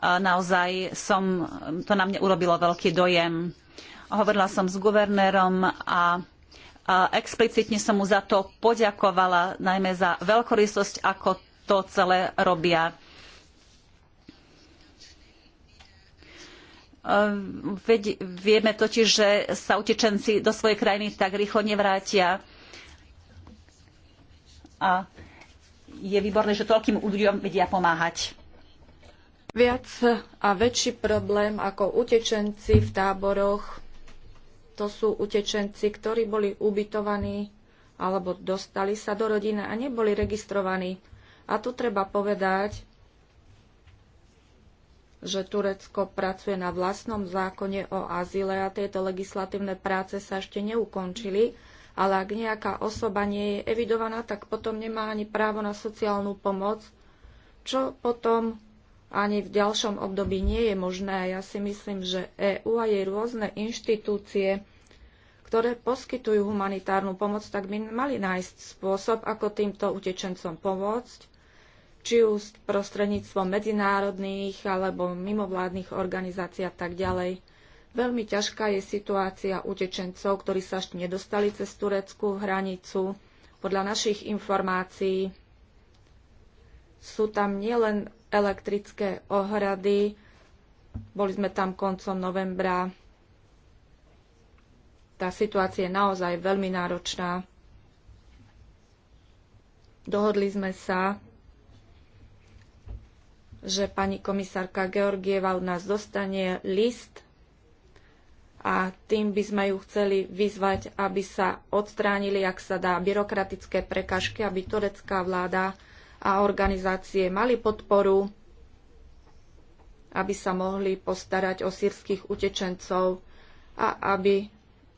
naozaj som, to na mňa urobilo veľký dojem. Hovorila som s guvernérom a a explicitne som mu za to poďakovala, najmä za veľkorysosť, ako to celé robia. Ehm, vieme totiž, že sa utečenci do svojej krajiny tak rýchlo nevrátia. A je výborné, že toľkým ľuďom vedia pomáhať. Viac a väčší problém ako utečenci v táboroch to sú utečenci, ktorí boli ubytovaní alebo dostali sa do rodiny a neboli registrovaní. A tu treba povedať, že Turecko pracuje na vlastnom zákone o azyle a tieto legislatívne práce sa ešte neukončili, ale ak nejaká osoba nie je evidovaná, tak potom nemá ani právo na sociálnu pomoc, čo potom ani v ďalšom období nie je možné. Ja si myslím, že EÚ a jej rôzne inštitúcie ktoré poskytujú humanitárnu pomoc, tak by mali nájsť spôsob, ako týmto utečencom pomôcť, či už prostredníctvom medzinárodných alebo mimovládnych organizácií a tak ďalej. Veľmi ťažká je situácia utečencov, ktorí sa ešte nedostali cez tureckú hranicu. Podľa našich informácií sú tam nielen elektrické ohrady, boli sme tam koncom novembra, tá situácia je naozaj veľmi náročná. Dohodli sme sa, že pani komisárka Georgieva od nás dostane list a tým by sme ju chceli vyzvať, aby sa odstránili, ak sa dá, byrokratické prekažky, aby turecká vláda a organizácie mali podporu, aby sa mohli postarať o sírskych utečencov a aby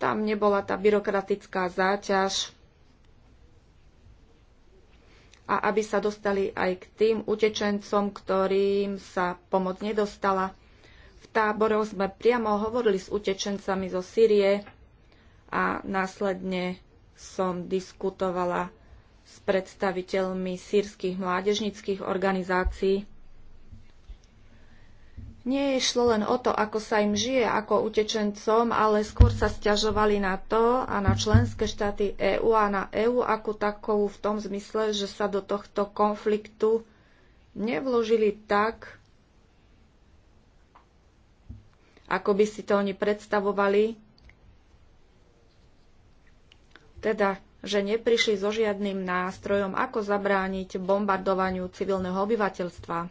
tam nebola tá byrokratická záťaž a aby sa dostali aj k tým utečencom, ktorým sa pomoc nedostala. V táboroch sme priamo hovorili s utečencami zo Sýrie a následne som diskutovala s predstaviteľmi sírskych mládežnických organizácií. Nie išlo len o to, ako sa im žije ako utečencom, ale skôr sa stiažovali na to a na členské štáty EÚ a na EÚ ako takovú v tom zmysle, že sa do tohto konfliktu nevložili tak, ako by si to oni predstavovali. Teda, že neprišli so žiadnym nástrojom, ako zabrániť bombardovaniu civilného obyvateľstva.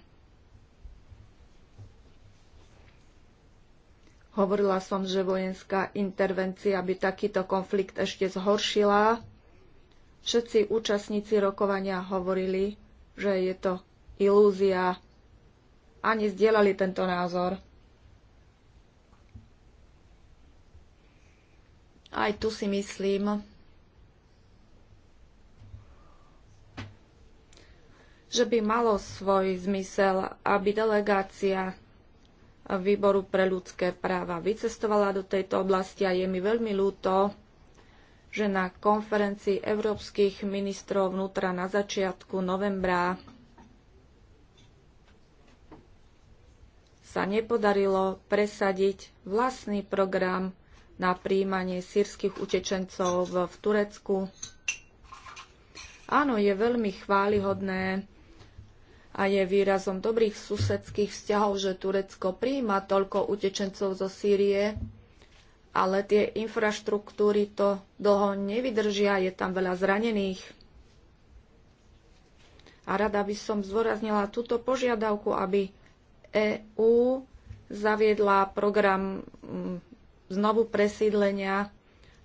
Hovorila som, že vojenská intervencia by takýto konflikt ešte zhoršila. Všetci účastníci rokovania hovorili, že je to ilúzia. Ani zdieľali tento názor. Aj tu si myslím, že by malo svoj zmysel, aby delegácia výboru pre ľudské práva vycestovala do tejto oblasti a je mi veľmi ľúto, že na konferencii európskych ministrov vnútra na začiatku novembra sa nepodarilo presadiť vlastný program na príjmanie sírskych utečencov v Turecku. Áno, je veľmi chválihodné, a je výrazom dobrých susedských vzťahov, že Turecko príjma toľko utečencov zo Sýrie, ale tie infraštruktúry to dlho nevydržia, je tam veľa zranených. A rada by som zdôraznila túto požiadavku, aby EÚ zaviedla program mm, znovu presídlenia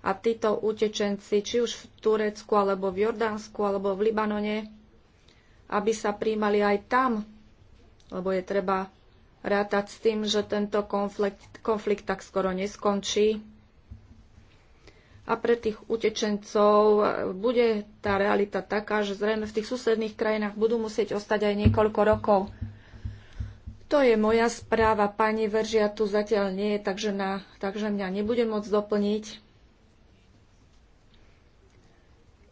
a títo utečenci, či už v Turecku, alebo v Jordánsku, alebo v Libanone, aby sa príjmali aj tam, lebo je treba rátať s tým, že tento konflikt, konflikt tak skoro neskončí. A pre tých utečencov bude tá realita taká, že zrejme v tých susedných krajinách budú musieť ostať aj niekoľko rokov. To je moja správa, pani Veržia tu zatiaľ nie je, takže, takže mňa nebude môcť doplniť.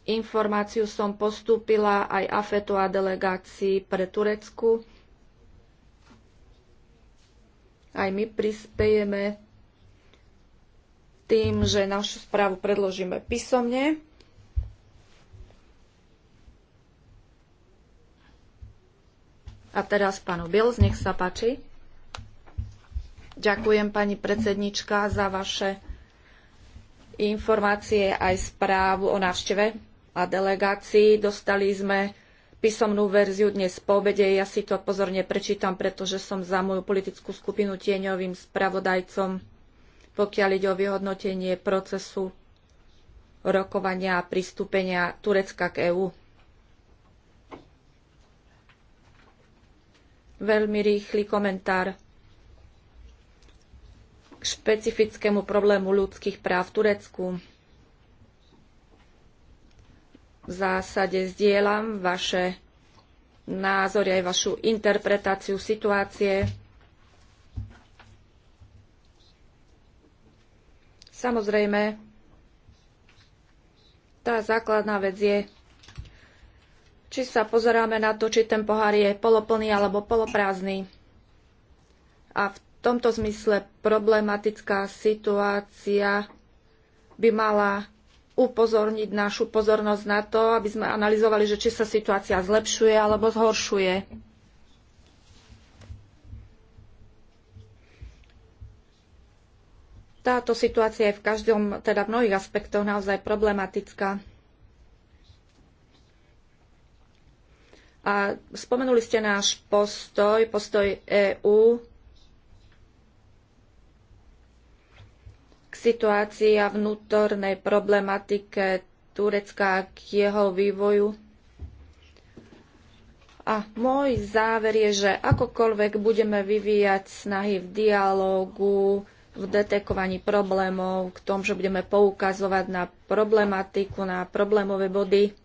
Informáciu som postúpila aj AFETu a delegácii pre Turecku. Aj my prispejeme tým, že našu správu predložíme písomne. A teraz pánu Biels, nech sa páči. Ďakujem pani predsednička za vaše informácie aj správu o návšteve a delegácií. Dostali sme písomnú verziu dnes po obede. Ja si to pozorne prečítam, pretože som za moju politickú skupinu tieňovým spravodajcom, pokiaľ ide o vyhodnotenie procesu rokovania a pristúpenia Turecka k EÚ. Veľmi rýchly komentár k špecifickému problému ľudských práv v Turecku. V zásade zdieľam vaše názory aj vašu interpretáciu situácie. Samozrejme, tá základná vec je, či sa pozeráme na to, či ten pohár je poloplný alebo poloprázdny. A v tomto zmysle problematická situácia by mala upozorniť našu pozornosť na to, aby sme analyzovali, že či sa situácia zlepšuje alebo zhoršuje. Táto situácia je v každom, teda v mnohých aspektoch naozaj problematická. A spomenuli ste náš postoj, postoj EÚ situácii a vnútornej problematike Turecka a k jeho vývoju. A môj záver je, že akokoľvek budeme vyvíjať snahy v dialógu, v detekovaní problémov, k tomu, že budeme poukazovať na problematiku, na problémové body,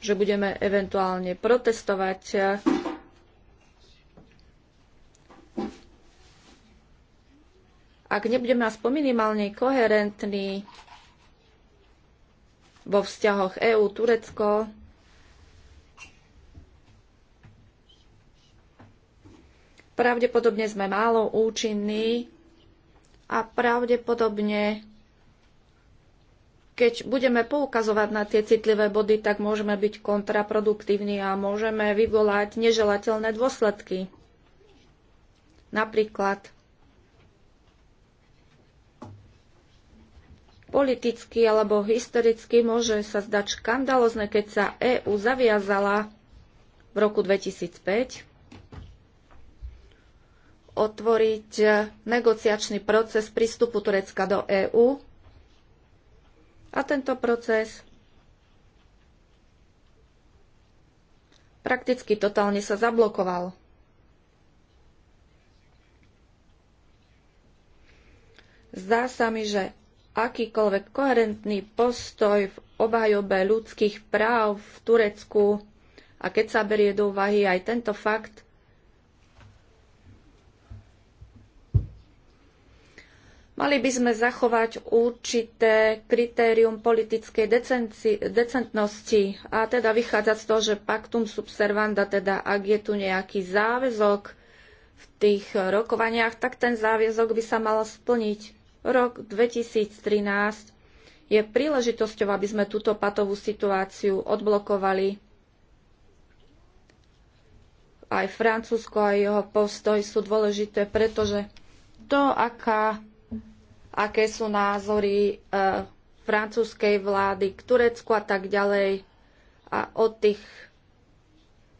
že budeme eventuálne protestovať, ak nebudeme aspoň minimálne koherentní vo vzťahoch EÚ-Turecko, pravdepodobne sme málo účinní a pravdepodobne, keď budeme poukazovať na tie citlivé body, tak môžeme byť kontraproduktívni a môžeme vyvolať neželateľné dôsledky. Napríklad Politicky alebo historicky môže sa zdať škandalozne, keď sa EÚ zaviazala v roku 2005 otvoriť negociačný proces prístupu Turecka do EÚ. A tento proces prakticky totálne sa zablokoval. Zdá sa mi, že akýkoľvek koherentný postoj v obhajobe ľudských práv v Turecku a keď sa berie do úvahy aj tento fakt, mali by sme zachovať určité kritérium politickej decenci, decentnosti a teda vychádzať z toho, že pactum subservanda, teda ak je tu nejaký záväzok v tých rokovaniach, tak ten záväzok by sa mal splniť. Rok 2013 je príležitosťou, aby sme túto patovú situáciu odblokovali. Aj Francúzsko a jeho postoj sú dôležité, pretože to, aká, aké sú názory e, francúzskej vlády k Turecku a tak ďalej a od tých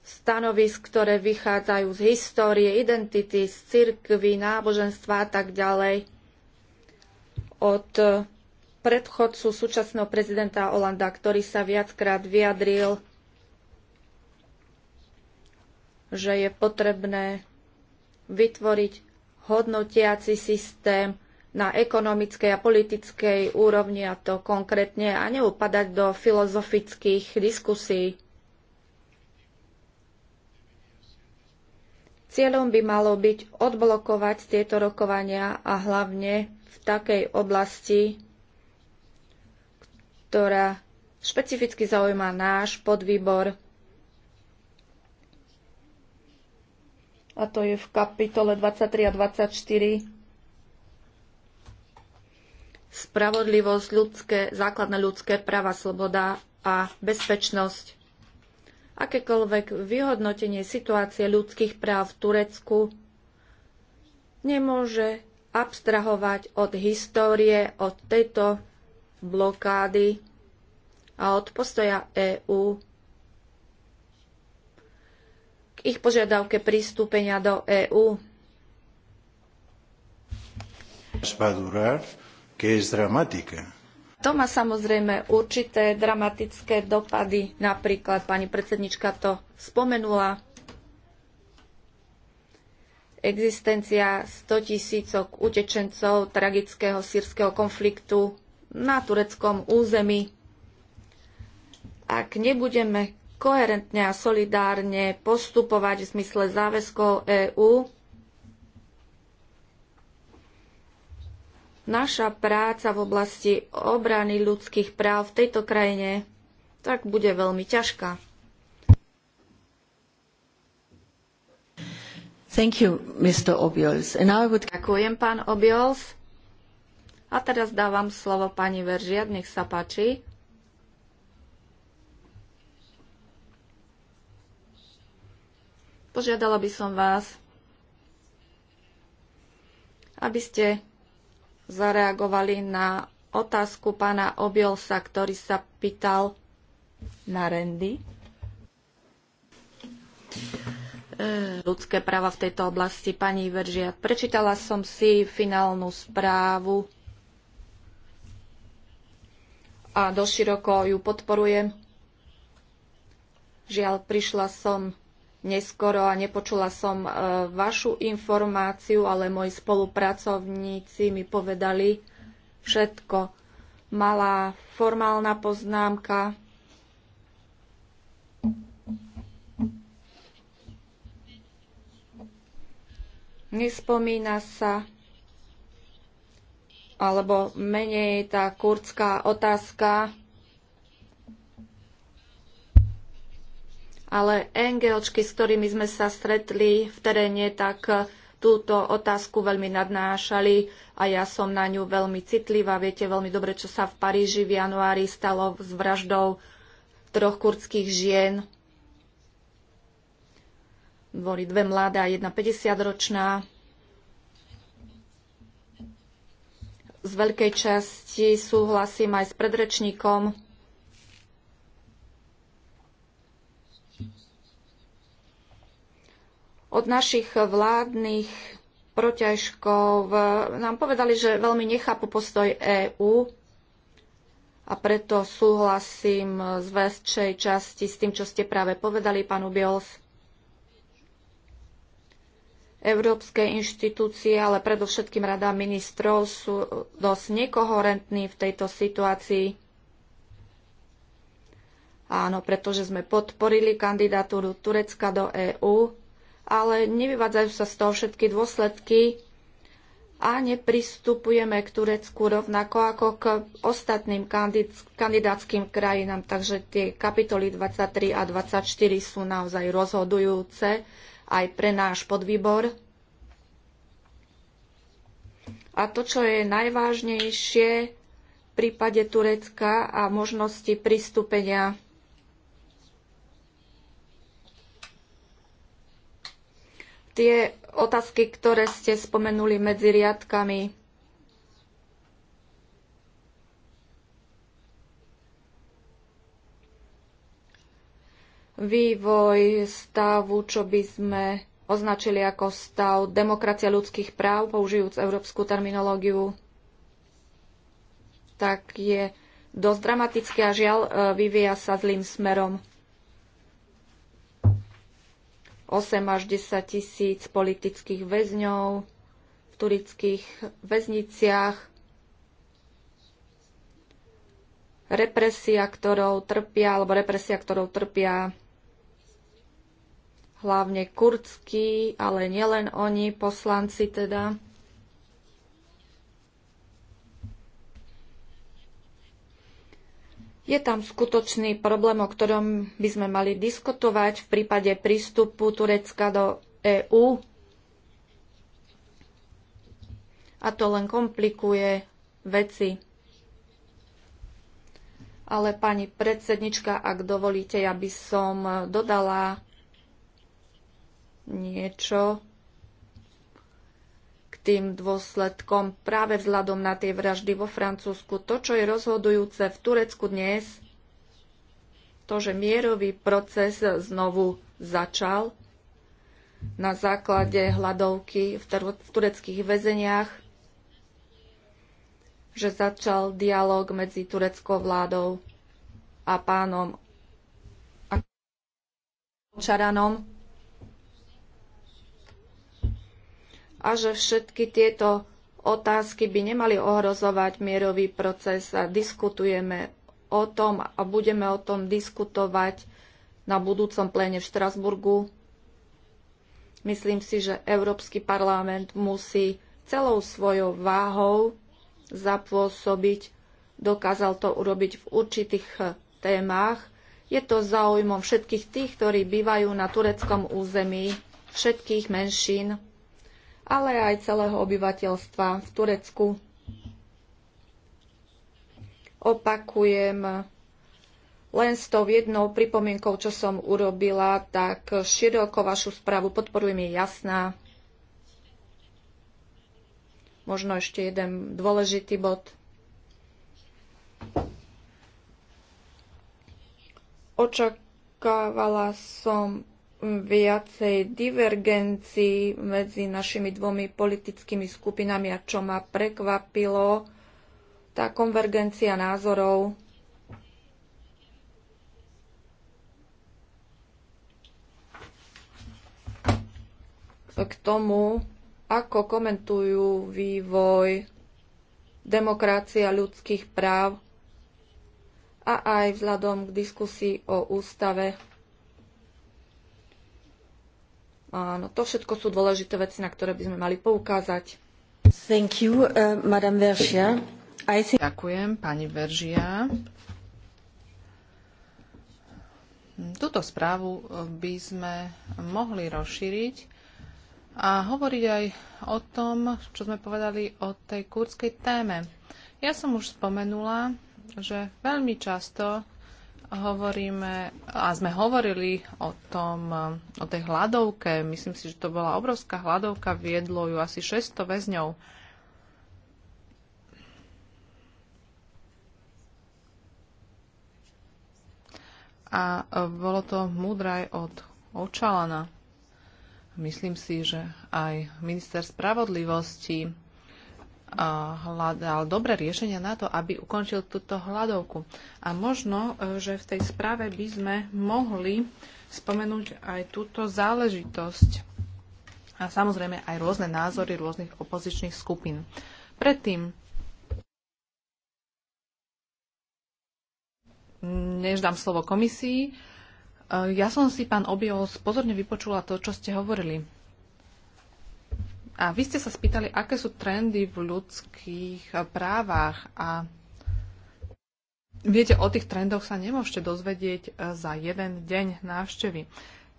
stanovisk, ktoré vychádzajú z histórie, identity, z cirkvy, náboženstva a tak ďalej, od predchodcu súčasného prezidenta Olanda, ktorý sa viackrát vyjadril, že je potrebné vytvoriť hodnotiaci systém na ekonomickej a politickej úrovni a to konkrétne a neupadať do filozofických diskusí. Cieľom by malo byť odblokovať tieto rokovania a hlavne takej oblasti, ktorá špecificky zaujíma náš podvýbor. A to je v kapitole 23 a 24. Spravodlivosť, ľudské, základné ľudské práva, sloboda a bezpečnosť. Akékoľvek vyhodnotenie situácie ľudských práv v Turecku nemôže abstrahovať od histórie, od tejto blokády a od postoja EÚ k ich požiadavke pristúpenia do EÚ. To má samozrejme určité dramatické dopady. Napríklad pani predsednička to spomenula Existencia 100 tisícok utečencov tragického sírskeho konfliktu na tureckom území. Ak nebudeme koherentne a solidárne postupovať v zmysle záväzkov EÚ, naša práca v oblasti obrany ľudských práv v tejto krajine tak bude veľmi ťažká. Thank you, Mr. Obiols. And I would... Ďakujem, pán Obiols. A teraz dávam slovo pani Veržiad, nech sa páči. Požiadala by som vás, aby ste zareagovali na otázku pána Obiolsa, ktorý sa pýtal na rendy. Eh, ľudské práva v tejto oblasti. Pani Veržia, prečítala som si finálnu správu a doširoko ju podporujem. Žiaľ, prišla som neskoro a nepočula som eh, vašu informáciu, ale moji spolupracovníci mi povedali všetko. Malá formálna poznámka Nespomína sa alebo menej tá kurdská otázka, ale engelčky, s ktorými sme sa stretli v teréne, tak túto otázku veľmi nadnášali a ja som na ňu veľmi citlivá. Viete veľmi dobre, čo sa v Paríži v januári stalo s vraždou troch kurdských žien. Boli dve mladé a jedna 50-ročná. Z veľkej časti súhlasím aj s predrečníkom. Od našich vládnych protiažkov eh, nám povedali, že veľmi nechápu postoj EÚ a preto súhlasím z väčšej časti s tým, čo ste práve povedali, pán Ubiols. Európske inštitúcie, ale predovšetkým Rada ministrov sú dosť nekohorentní v tejto situácii. Áno, pretože sme podporili kandidatúru Turecka do EÚ, ale nevyvádzajú sa z toho všetky dôsledky a nepristupujeme k Turecku rovnako ako k ostatným kandidátským krajinám. Takže tie kapitoly 23 a 24 sú naozaj rozhodujúce aj pre náš podvýbor. A to, čo je najvážnejšie v prípade Turecka a možnosti pristúpenia tie otázky, ktoré ste spomenuli medzi riadkami vývoj stavu, čo by sme označili ako stav demokracia ľudských práv, použijúc európsku terminológiu, tak je dosť dramatický a žiaľ e, vyvíja sa zlým smerom. 8 až 10 tisíc politických väzňov v turických väzniciach, represia, ktorou trpia, alebo represia, ktorou trpia hlavne kurdskí, ale nielen oni, poslanci teda. Je tam skutočný problém, o ktorom by sme mali diskutovať v prípade prístupu Turecka do EÚ. A to len komplikuje veci. Ale pani predsednička, ak dovolíte, ja by som dodala niečo k tým dôsledkom práve vzhľadom na tie vraždy vo Francúzsku. To, čo je rozhodujúce v Turecku dnes, to, že mierový proces znovu začal na základe hľadovky v tureckých väzeniach, že začal dialog medzi tureckou vládou a pánom Čaranom a že všetky tieto otázky by nemali ohrozovať mierový proces a diskutujeme o tom a budeme o tom diskutovať na budúcom pléne v Štrasburgu. Myslím si, že Európsky parlament musí celou svojou váhou zapôsobiť. Dokázal to urobiť v určitých témach. Je to záujmom všetkých tých, ktorí bývajú na tureckom území, všetkých menšín ale aj celého obyvateľstva v Turecku. Opakujem len s tou jednou pripomienkou, čo som urobila, tak široko vašu správu podporujem je jasná. Možno ešte jeden dôležitý bod. Očakávala som viacej divergencií medzi našimi dvomi politickými skupinami a čo ma prekvapilo, tá konvergencia názorov. k tomu, ako komentujú vývoj demokracia ľudských práv a aj vzhľadom k diskusii o ústave Áno, to všetko sú dôležité veci, na ktoré by sme mali poukázať. Thank you, uh, Madame think... Ďakujem, pani Veržia. Túto správu uh, by sme mohli rozšíriť a hovoriť aj o tom, čo sme povedali o tej kurdskej téme. Ja som už spomenula, že veľmi často hovoríme a sme hovorili o tom, o tej hladovke. Myslím si, že to bola obrovská hladovka, viedlo ju asi 600 väzňov. A bolo to múdraj od Očalana. Myslím si, že aj minister spravodlivosti hľadal dobré riešenia na to, aby ukončil túto hľadovku. A možno, e, že v tej správe by sme mohli spomenúť aj túto záležitosť a samozrejme aj rôzne názory rôznych opozičných skupín. Predtým, než dám slovo komisii, e, ja som si, pán Obiol, pozorne vypočula to, čo ste hovorili. A vy ste sa spýtali, aké sú trendy v ľudských eh, právach a viete, o tých trendoch sa nemôžete dozvedieť eh, za jeden deň návštevy.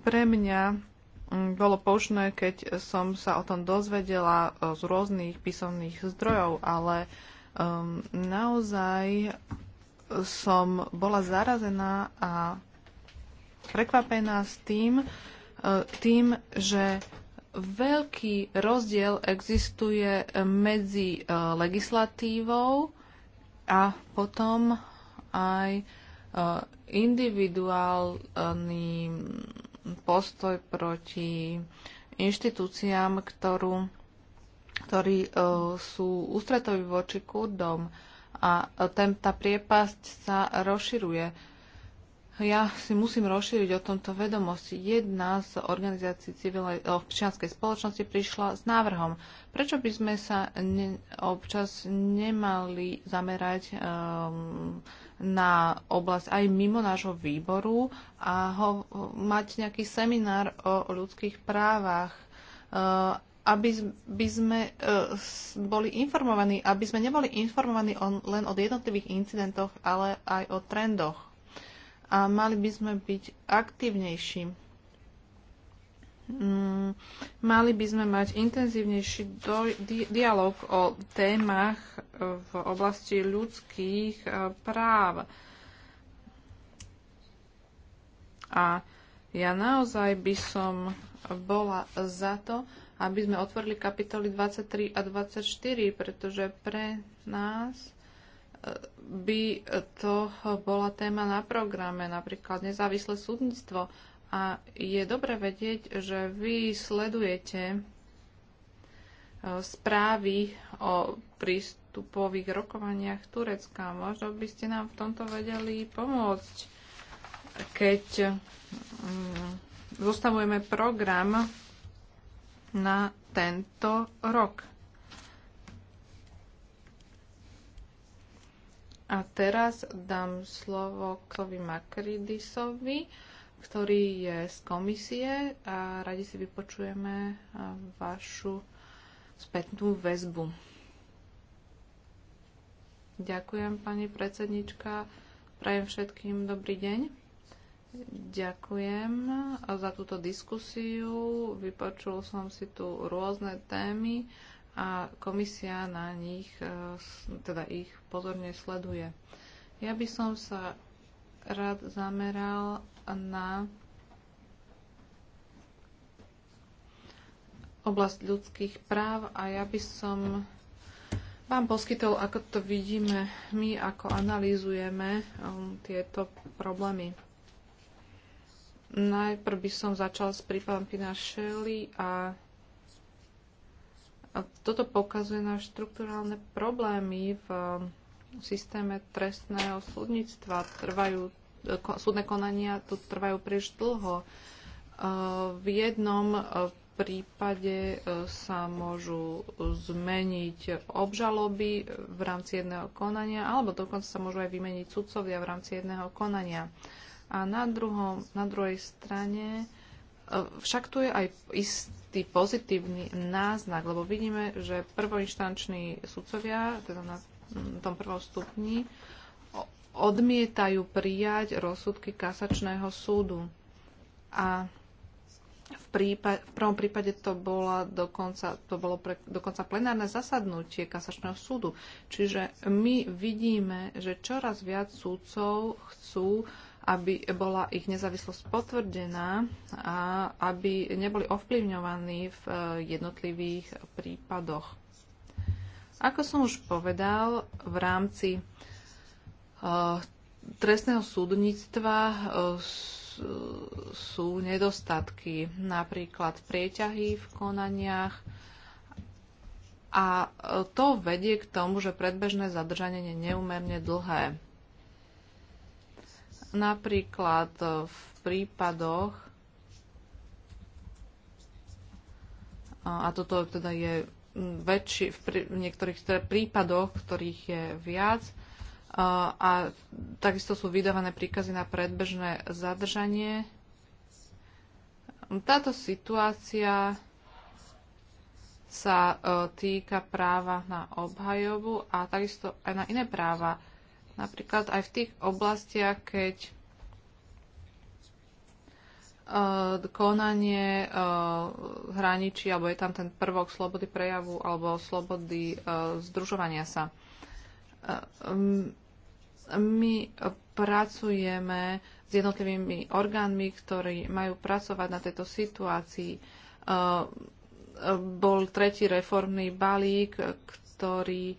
Pre mňa mm, bolo poučné, keď som sa o tom dozvedela eh, z rôznych písomných zdrojov, ale um, naozaj som bola zarazená a prekvapená s tým, tým, že veľký rozdiel existuje eh, medzi eh, legislatívou a potom aj eh, individuálny mm, postoj proti inštitúciám, ktorú, ktorí sú ústretoví voči kurdom. A ten, tá priepasť sa rozširuje ja si musím rozšíriť o tomto vedomosti. Jedna z organizácií civilnej eh, občianskej spoločnosti prišla s návrhom. Prečo by sme sa ne, občas nemali zamerať um, na oblasť aj mimo nášho výboru a ho, mať nejaký seminár o ľudských právach, uh, aby by sme uh, boli informovaní, aby sme neboli informovaní on, len o jednotlivých incidentoch, ale aj o trendoch a mali by sme byť aktívnejší. Mm, mali by sme mať intenzívnejší di dialog o témach v oblasti ľudských e, práv. A ja naozaj by som bola za to, aby sme otvorili kapitoly 23 a 24, pretože pre nás by to bola téma na programe, napríklad nezávislé súdnictvo. A je dobre vedieť, že vy sledujete e, správy o prístupových rokovaniach Turecka. Možno by ste nám v tomto vedeli pomôcť, keď mm, zostavujeme program na tento rok. A teraz dám slovo Kovi Makridisovi, ktorý je z komisie a radi si vypočujeme vašu spätnú väzbu. Ďakujem, pani predsednička. Prajem všetkým dobrý deň. Ďakujem za túto diskusiu. Vypočul som si tu rôzne témy a komisia na nich, e, teda ich pozorne sleduje. Ja by som sa rád zameral na oblasť ľudských práv a ja by som vám poskytol, ako to vidíme my, ako analýzujeme um, tieto problémy. Najprv by som začal s prípadom Pina Shelley a a toto pokazuje na štruktúrálne problémy v um, systéme trestného súdnictva. Trvajú, e, súdne konania tu trvajú príliš dlho. E, v jednom e, prípade sa môžu zmeniť obžaloby v rámci jedného konania, alebo dokonca sa môžu aj vymeniť sudcovia v rámci jedného konania. A na, druhom, na druhej strane však tu je aj istý pozitívny náznak, lebo vidíme, že prvoinštanční sudcovia, teda na tom prvom stupni, odmietajú prijať rozsudky kasačného súdu. A v, prípade, v prvom prípade to, bola dokonca, to bolo pre, dokonca plenárne zasadnutie kasačného súdu. Čiže my vidíme, že čoraz viac súdcov chcú uh, aby bola ich nezávislosť potvrdená a aby neboli ovplyvňovaní v e, jednotlivých prípadoch. Ako som už povedal, v rámci e, trestného súdnictva e, sú nedostatky, napríklad prieťahy v konaniach. A to vedie k tomu, že predbežné zadržanie je neumerne dlhé. Napríklad eh, v prípadoch, a toto teda je mm, väčšie v, prí, v niektorých teda prípadoch, ktorých je viac, a, a takisto sú vydávané príkazy na predbežné zadržanie. Táto situácia sa eh, týka práva na obhajovu a takisto aj na iné práva Napríklad aj v tých oblastiach, keď e, konanie e, hraničí, alebo je tam ten prvok slobody prejavu alebo slobody e, združovania sa. My pracujeme s jednotlivými orgánmi, ktorí majú pracovať na tejto situácii. Bol tretí reformný balík, ktorý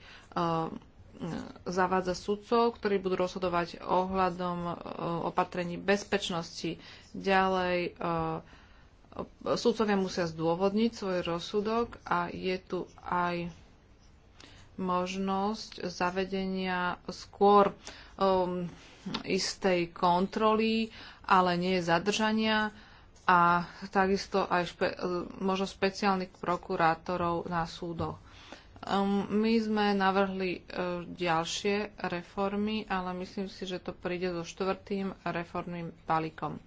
zavádza sudcov, ktorí budú rozhodovať ohľadom e, opatrení bezpečnosti. Ďalej e, sudcovia musia zdôvodniť svoj rozsudok a je tu aj možnosť zavedenia skôr um, istej kontroly, ale nie zadržania a takisto aj špe- e, možno špeciálnych prokurátorov na súdoch. Ehm, my sme navrhli e, ďalšie reformy, ale myslím si, že to príde so štvrtým reformným balíkom.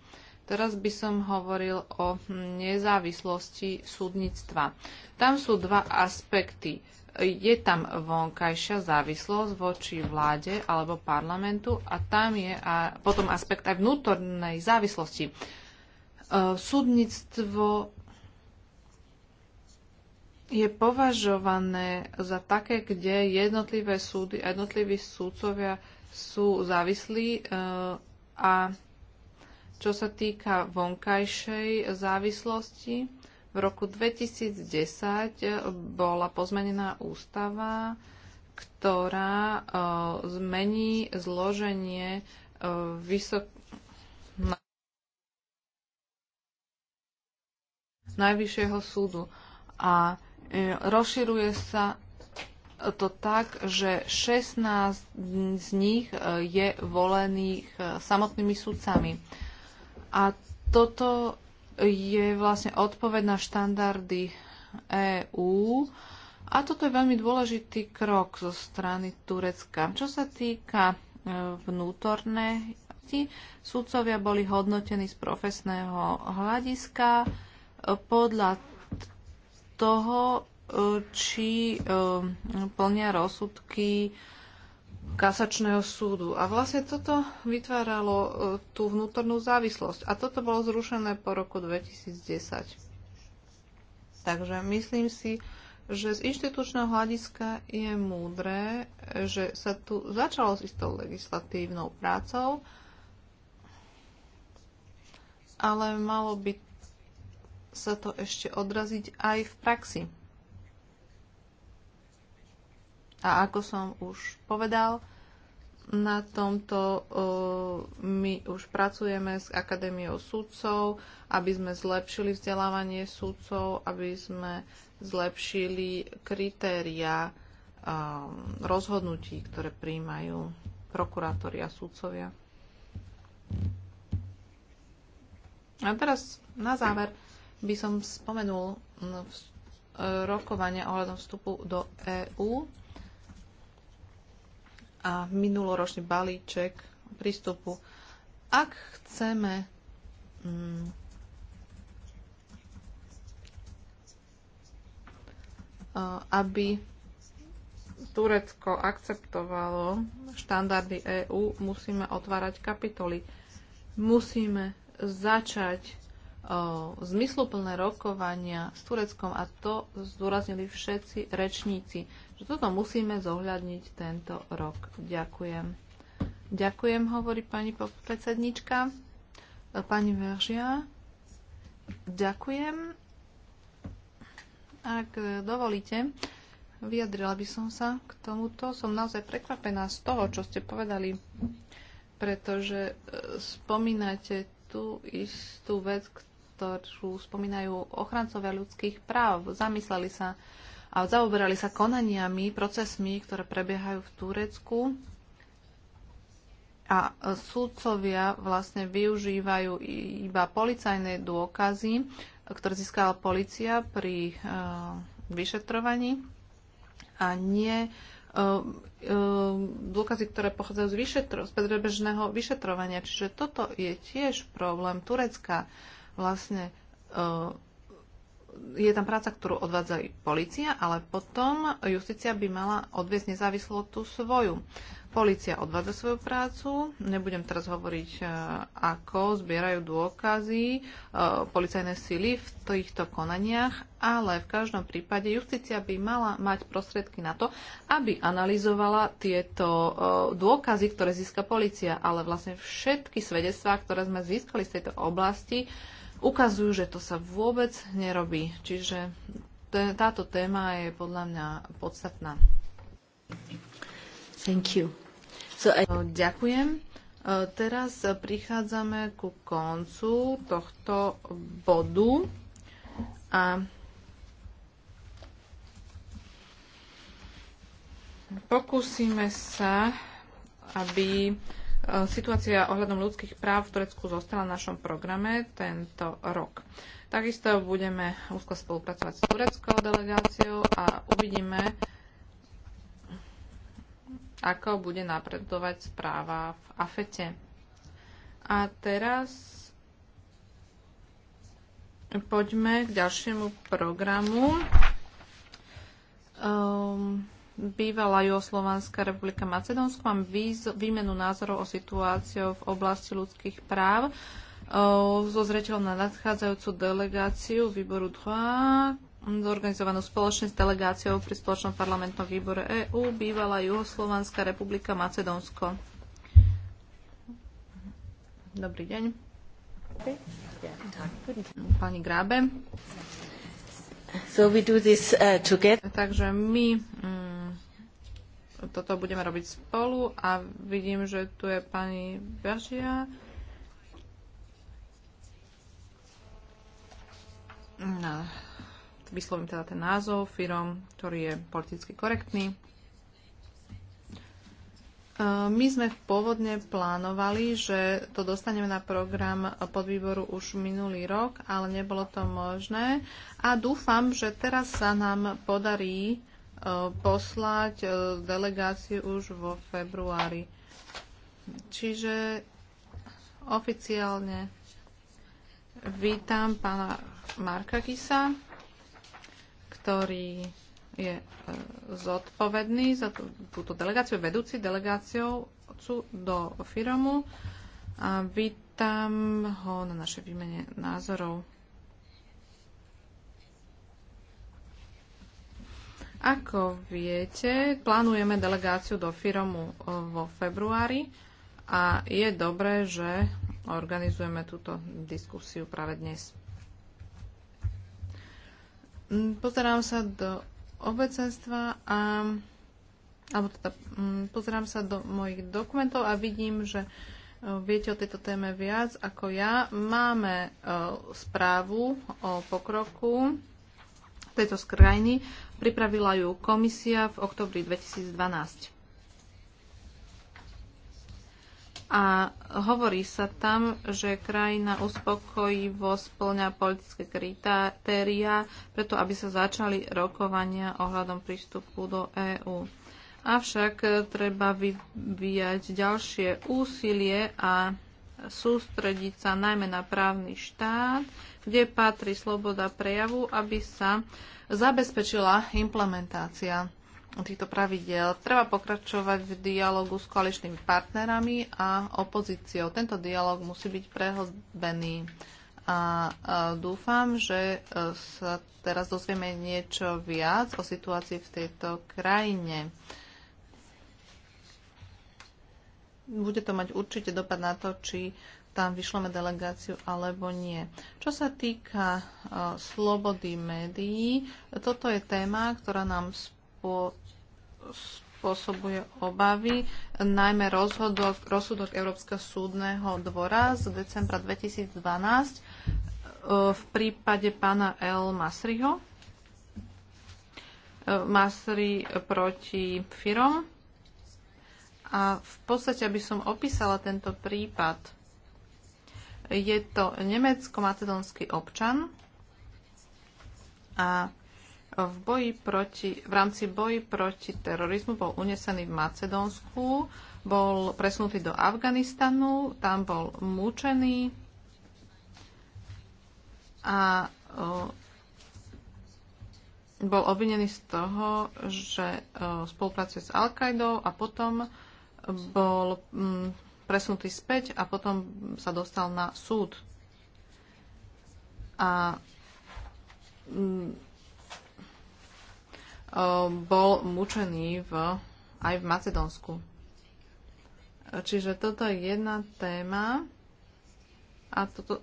Teraz by som hovoril o nezávislosti súdnictva. Tam sú dva aspekty. Je tam vonkajšia závislosť voči vláde alebo parlamentu a tam je a potom aspekt aj vnútornej závislosti. E, súdnictvo je považované za také, kde jednotlivé súdy a jednotliví súdcovia sú závislí e, a čo sa týka vonkajšej závislosti, v roku 2010 bola pozmenená ústava, ktorá e, zmení zloženie e, vysok... Najvyššieho súdu. A E, rozširuje sa to tak, že 16 z nich e, je volených e, samotnými sudcami. A toto je vlastne odpoveď na štandardy EÚ. A toto je veľmi dôležitý krok zo strany Turecka. Čo sa týka vnútorné súdcovia boli hodnotení z profesného hľadiska podľa toho, e, či e, plnia rozsudky kasačného súdu. A vlastne toto vytváralo e, tú vnútornú závislosť. A toto bolo zrušené po roku 2010. Takže myslím si, že z inštitučného hľadiska je múdre, že sa tu začalo s istou legislatívnou prácou, ale malo by sa to ešte odraziť aj v praxi. A ako som už povedal, na tomto my už pracujeme s Akadémiou sudcov, aby sme zlepšili vzdelávanie sudcov, aby sme zlepšili kritériá rozhodnutí, ktoré príjmajú prokurátori a sudcovia. A teraz na záver by som spomenul mm, rokovania ohľadom vstupu do EÚ a minuloročný balíček prístupu. Ak chceme mm, aby Turecko akceptovalo štandardy EÚ, musíme otvárať kapitoly. Musíme začať zmysluplné rokovania s Tureckom a to zdôraznili všetci rečníci, že toto musíme zohľadniť tento rok. Ďakujem. Ďakujem, hovorí pani predsednička. Pani Veržia, ďakujem. Ak dovolíte, vyjadrila by som sa k tomuto. Som naozaj prekvapená z toho, čo ste povedali, pretože e, spomínate tú istú vec, ktorú spomínajú ochrancovia ľudských práv. Zamysleli sa a zaoberali sa konaniami, procesmi, ktoré prebiehajú v Turecku. A súdcovia vlastne využívajú iba policajné dôkazy, ktoré získala policia pri eh, vyšetrovaní a nie eh, eh, dôkazy, ktoré pochádzajú z, vyšetro, z predbežného vyšetrovania. Čiže toto je tiež problém Turecka vlastne eh, je tam práca, ktorú odvádza policia, ale potom justícia by mala odviesť nezávislo tú svoju. Polícia odvádza svoju prácu, nebudem teraz hovoriť, eh, ako zbierajú dôkazy eh, policajné sily v týchto konaniach, ale v každom prípade justícia by mala mať prostriedky na to, aby analyzovala tieto dôkazy, ktoré získa policia, ale vlastne všetky svedectvá, ktoré sme získali z tejto oblasti, ukazujú, že to sa vôbec nerobí. Čiže táto téma je podľa mňa podstatná. Thank you. So I... No, ďakujem. E, teraz prichádzame ku koncu tohto bodu a pokúsime sa, aby E, situácia ohľadom ľudských práv v Turecku zostala v našom programe tento rok. Takisto budeme úzko spolupracovať s tureckou delegáciou a uvidíme, ako bude napredovať správa v AFETE. A teraz poďme k ďalšiemu programu. Um, bývalá Juhoslovanská republika Macedónsko. Mám výmenu názorov o situáciu v oblasti ľudských práv so zreteľom na nadchádzajúcu delegáciu výboru 2, zorganizovanú spoločne s delegáciou pri spoločnom parlamentnom výbore EÚ, bývalá Juhoslovanská republika Macedónsko. Dobrý deň. Pani Grábe. So we do this, uh, Takže my mm, toto budeme robiť spolu a vidím, že tu je pani Veržia. No, vyslovím teda ten názov firom, ktorý je politicky korektný. E, my sme pôvodne plánovali, že to dostaneme na program podvýboru už minulý rok, ale nebolo to možné. A dúfam, že teraz sa nám podarí poslať e, delegáciu už vo februári. Čiže oficiálne vítam pána Marka Kisa, ktorý je e, zodpovedný za túto delegáciu, vedúci delegáciou do firmu a vítam ho na našej výmene názorov. Ako viete, plánujeme delegáciu do Firomu vo februári a je dobré, že organizujeme túto diskusiu práve dnes. Mm, pozerám sa do obecenstva a alebo teda mm, pozerám sa do mojich dokumentov a vidím, že viete o tejto téme viac ako ja. Máme správu o pokroku tejto skrajiny. Pripravila ju komisia v oktobri 2012. A hovorí sa tam, že krajina uspokojivo splňa politické kritéria, preto aby sa začali rokovania ohľadom prístupu do EÚ. Avšak treba vyvíjať ďalšie úsilie a sústrediť sa najmä na právny štát, kde patrí sloboda prejavu, aby sa zabezpečila implementácia týchto pravidel. Treba pokračovať v dialogu s koaličnými partnerami a opozíciou. Tento dialog musí byť prehlbený. A, a dúfam, že e, sa teraz dozvieme niečo viac o situácii v tejto krajine bude to mať určite dopad na to, či tam vyšleme delegáciu alebo nie. Čo sa týka uh, slobody médií, toto je téma, ktorá nám spo, spôsobuje obavy, najmä rozhodok, rozsudok Európskeho súdneho dvora z decembra 2012 uh, e, v prípade pána L. Masriho. Uh, Masri proti Firom a v podstate, aby som opísala tento prípad, je to nemecko-macedónsky občan a v, boji proti, v rámci boji proti terorizmu bol unesený v Macedónsku, bol presunutý do Afganistanu, tam bol mučený a bol obvinený z toho, že spolupracuje s Al-Qaidou a potom bol mm, presunutý späť a potom sa dostal na súd. A mm, e, bol mučený v, aj v Macedónsku. Čiže toto je jedna téma a, toto,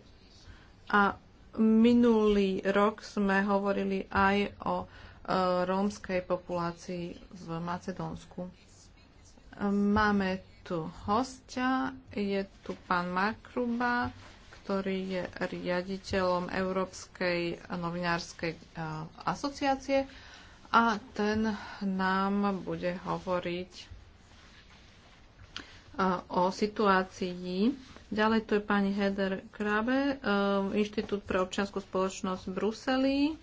a minulý rok sme hovorili aj o e, rómskej populácii v Macedónsku. Máme tu hostia, je tu pán Makruba, ktorý je riaditeľom Európskej novinárskej e, asociácie a ten nám bude hovoriť e, o situácii Ďalej tu je pani Heder Krabe, eh, Inštitút pre občianskú spoločnosť v Bruseli. Eh,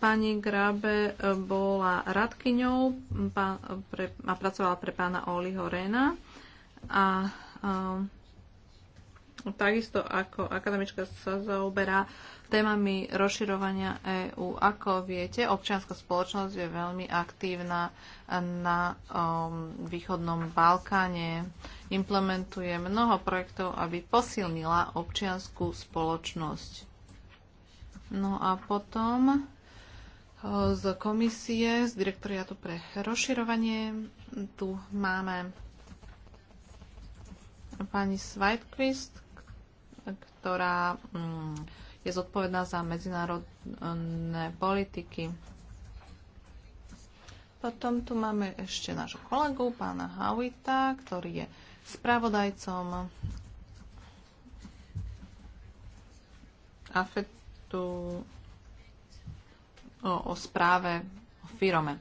pani Grabe eh, bola radkyňou mm, a pracovala pre pána Oliho Rena a takisto ako akademička sa zaoberá témami rozširovania EÚ. Ako viete, občianská spoločnosť je veľmi aktívna na um, východnom Balkáne. Implementuje mnoho projektov, aby posilnila občianskú spoločnosť. No a potom uh, z komisie, z direktoriatu pre rozširovanie, tu máme pani Svajtkvist, ktorá mm, je zodpovedná za medzinárodné politiky. Potom tu máme ešte nášho kolegu, pána Hawita, ktorý je spravodajcom afetu o, o správe o firome.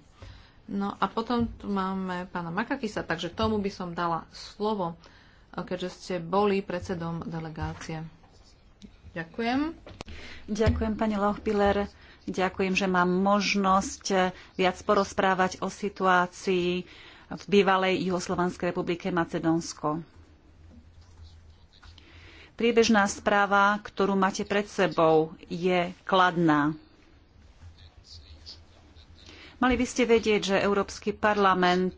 No a potom tu máme pána Makakisa, takže tomu by som dala slovo keďže ste boli predsedom delegácie. Ďakujem. Ďakujem, pani Lochpiller. Ďakujem, že mám možnosť viac porozprávať o situácii v bývalej Juhoslovanskej republike Macedónsko. Priebežná správa, ktorú máte pred sebou, je kladná. Mali by ste vedieť, že Európsky parlament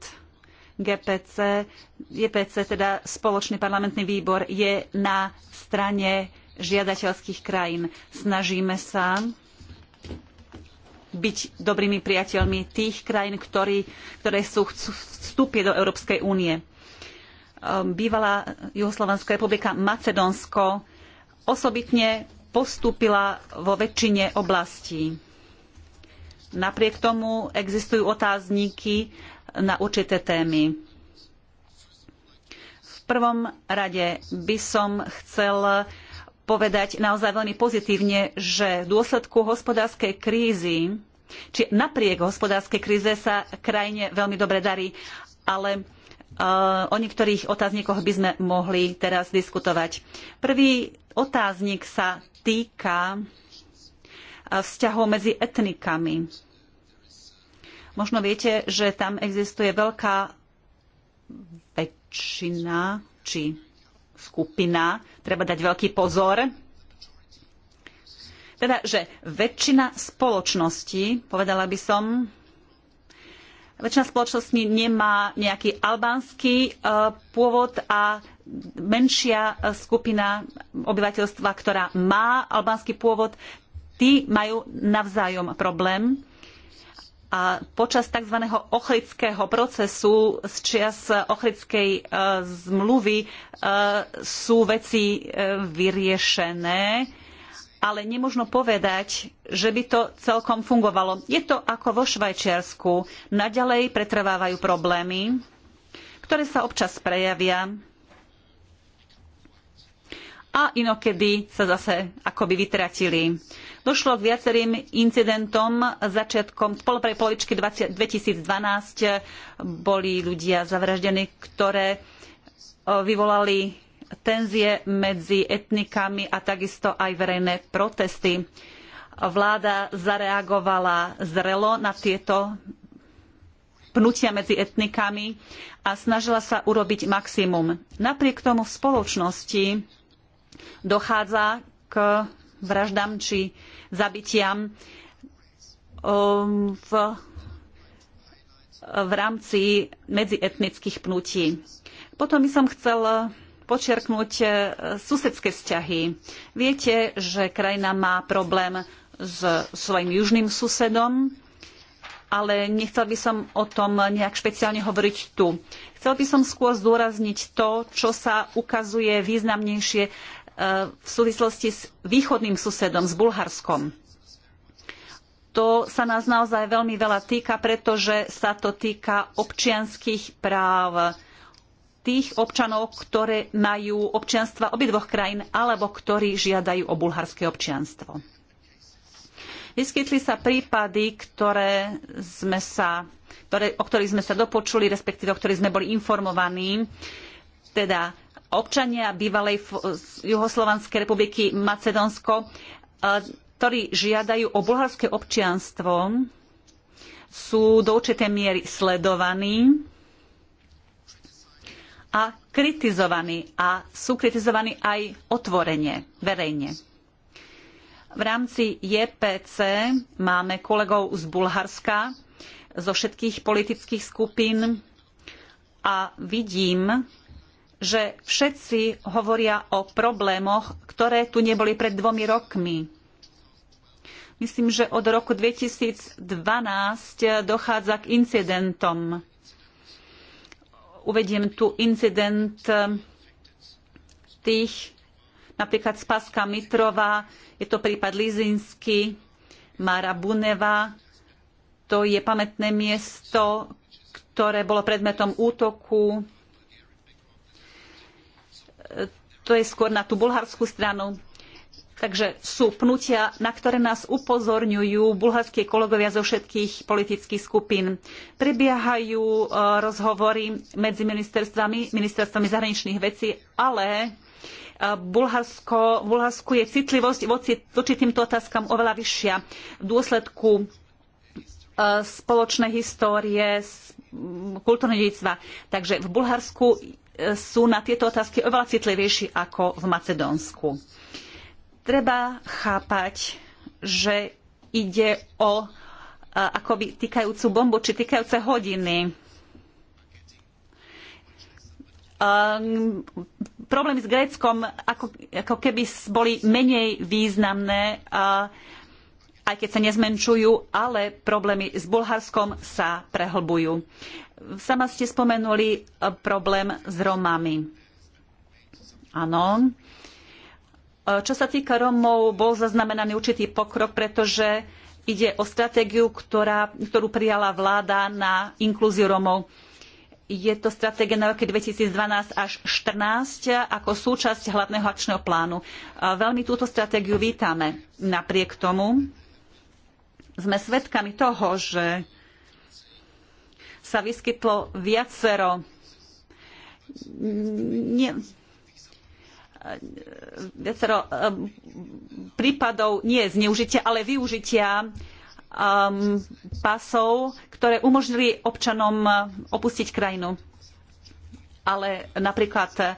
GPC, GPC, teda spoločný parlamentný výbor, je na strane žiadateľských krajín. Snažíme sa byť dobrými priateľmi tých krajín, ktorí, ktoré sú chcú vstúpie do Európskej únie. Ehm, bývalá Juhoslovanská republika Macedónsko osobitne postúpila vo väčšine oblastí. Napriek tomu existujú otázníky na určité témy. V prvom rade by som chcel povedať naozaj veľmi pozitívne, že v dôsledku hospodárskej krízy, či napriek hospodárskej kríze sa krajine veľmi dobre darí, ale e, o niektorých otáznikoch by sme mohli teraz diskutovať. Prvý otáznik sa týka e, vzťahov medzi etnikami. Možno viete, že tam existuje veľká väčšina či skupina, treba dať veľký pozor, teda, že väčšina spoločnosti, povedala by som, väčšina spoločnosti nemá nejaký albánsky e, pôvod a menšia e, skupina obyvateľstva, ktorá má albánsky pôvod, tí majú navzájom problém. A počas tzv. ochrického procesu z čias e, ochrickej e, zmluvy e, sú veci vyriešené, ale nemožno povedať, že by to celkom fungovalo. Je to ako vo Švajčiarsku. Naďalej pretrvávajú problémy, ktoré sa občas prejavia a inokedy sa zase akoby vytratili. Došlo k viacerým incidentom začiatkom prvej polovičky 2012 boli ľudia zavraždení, ktoré e, vyvolali tenzie medzi etnikami a takisto aj verejné protesty. Vláda zareagovala zrelo na tieto pnutia medzi etnikami a snažila sa urobiť maximum. Napriek tomu v spoločnosti dochádza k vraždám či zabitiam um, v, v rámci medzietnických pnutí. Potom by som chcel počerknúť eh, susedské vzťahy. Viete, že krajina má problém s svojim južným susedom, ale nechcel by som o tom nejak špeciálne hovoriť tu. Chcel by som skôr zdôrazniť to, čo sa ukazuje významnejšie v súvislosti s východným susedom, s Bulharskom. To sa nás naozaj veľmi veľa týka, pretože sa to týka občianskych práv tých občanov, ktoré majú občianstva obidvoch krajín alebo ktorí žiadajú o bulharské občianstvo. Vyskytli sa prípady, ktoré sme sa, ktoré, o ktorých sme sa dopočuli, respektíve o ktorých sme boli informovaní. Teda občania bývalej Juhoslovanskej republiky Macedónsko, e, ktorí žiadajú o bulharské občianstvo, sú do určitej miery sledovaní a kritizovaní a sú kritizovaní aj otvorene, verejne. V rámci JPC máme kolegov z Bulharska, zo všetkých politických skupín a vidím, že všetci hovoria o problémoch, ktoré tu neboli pred dvomi rokmi. Myslím, že od roku 2012 dochádza k incidentom. Uvediem tu incident eh, tých, napríklad Spaska Mitrová, je to prípad Lizinsky, Mara Buneva, to je pamätné miesto, ktoré bolo predmetom útoku to je skôr na tú bulharskú stranu. Takže sú pnutia, na ktoré nás upozorňujú bulharskí kolegovia zo všetkých politických skupín. Prebiehajú e, rozhovory medzi ministerstvami, ministerstvami zahraničných vecí, ale e, Bulharsko, v Bulharsku je citlivosť voči, voči týmto otázkam oveľa vyššia. V dôsledku e, spoločnej histórie, kultúrne dedictva. Takže v Bulharsku sú na tieto otázky oveľa citlivejší ako v Macedónsku. Treba chápať, že ide o akoby týkajúcu bombu či týkajúce hodiny. Um, problémy s Gréckom ako, ako keby boli menej významné, uh, aj keď sa nezmenšujú, ale problémy s Bulharskom sa prehlbujú sama ste spomenuli e, problém s Romami. Áno. E, čo sa týka Romov, bol zaznamenaný určitý pokrok, pretože ide o stratégiu, ktorá, ktorú prijala vláda na inklúziu Romov. Je to stratégia na roky 2012 až 2014 ako súčasť hlavného akčného plánu. E, veľmi túto stratégiu vítame. Napriek tomu sme svedkami toho, že sa vyskytlo viacero. Nie, viacero um, prípadov nie zneužitia, ale využitia um, pasov, ktoré umožnili občanom uh, opustiť krajinu. Ale napríklad uh,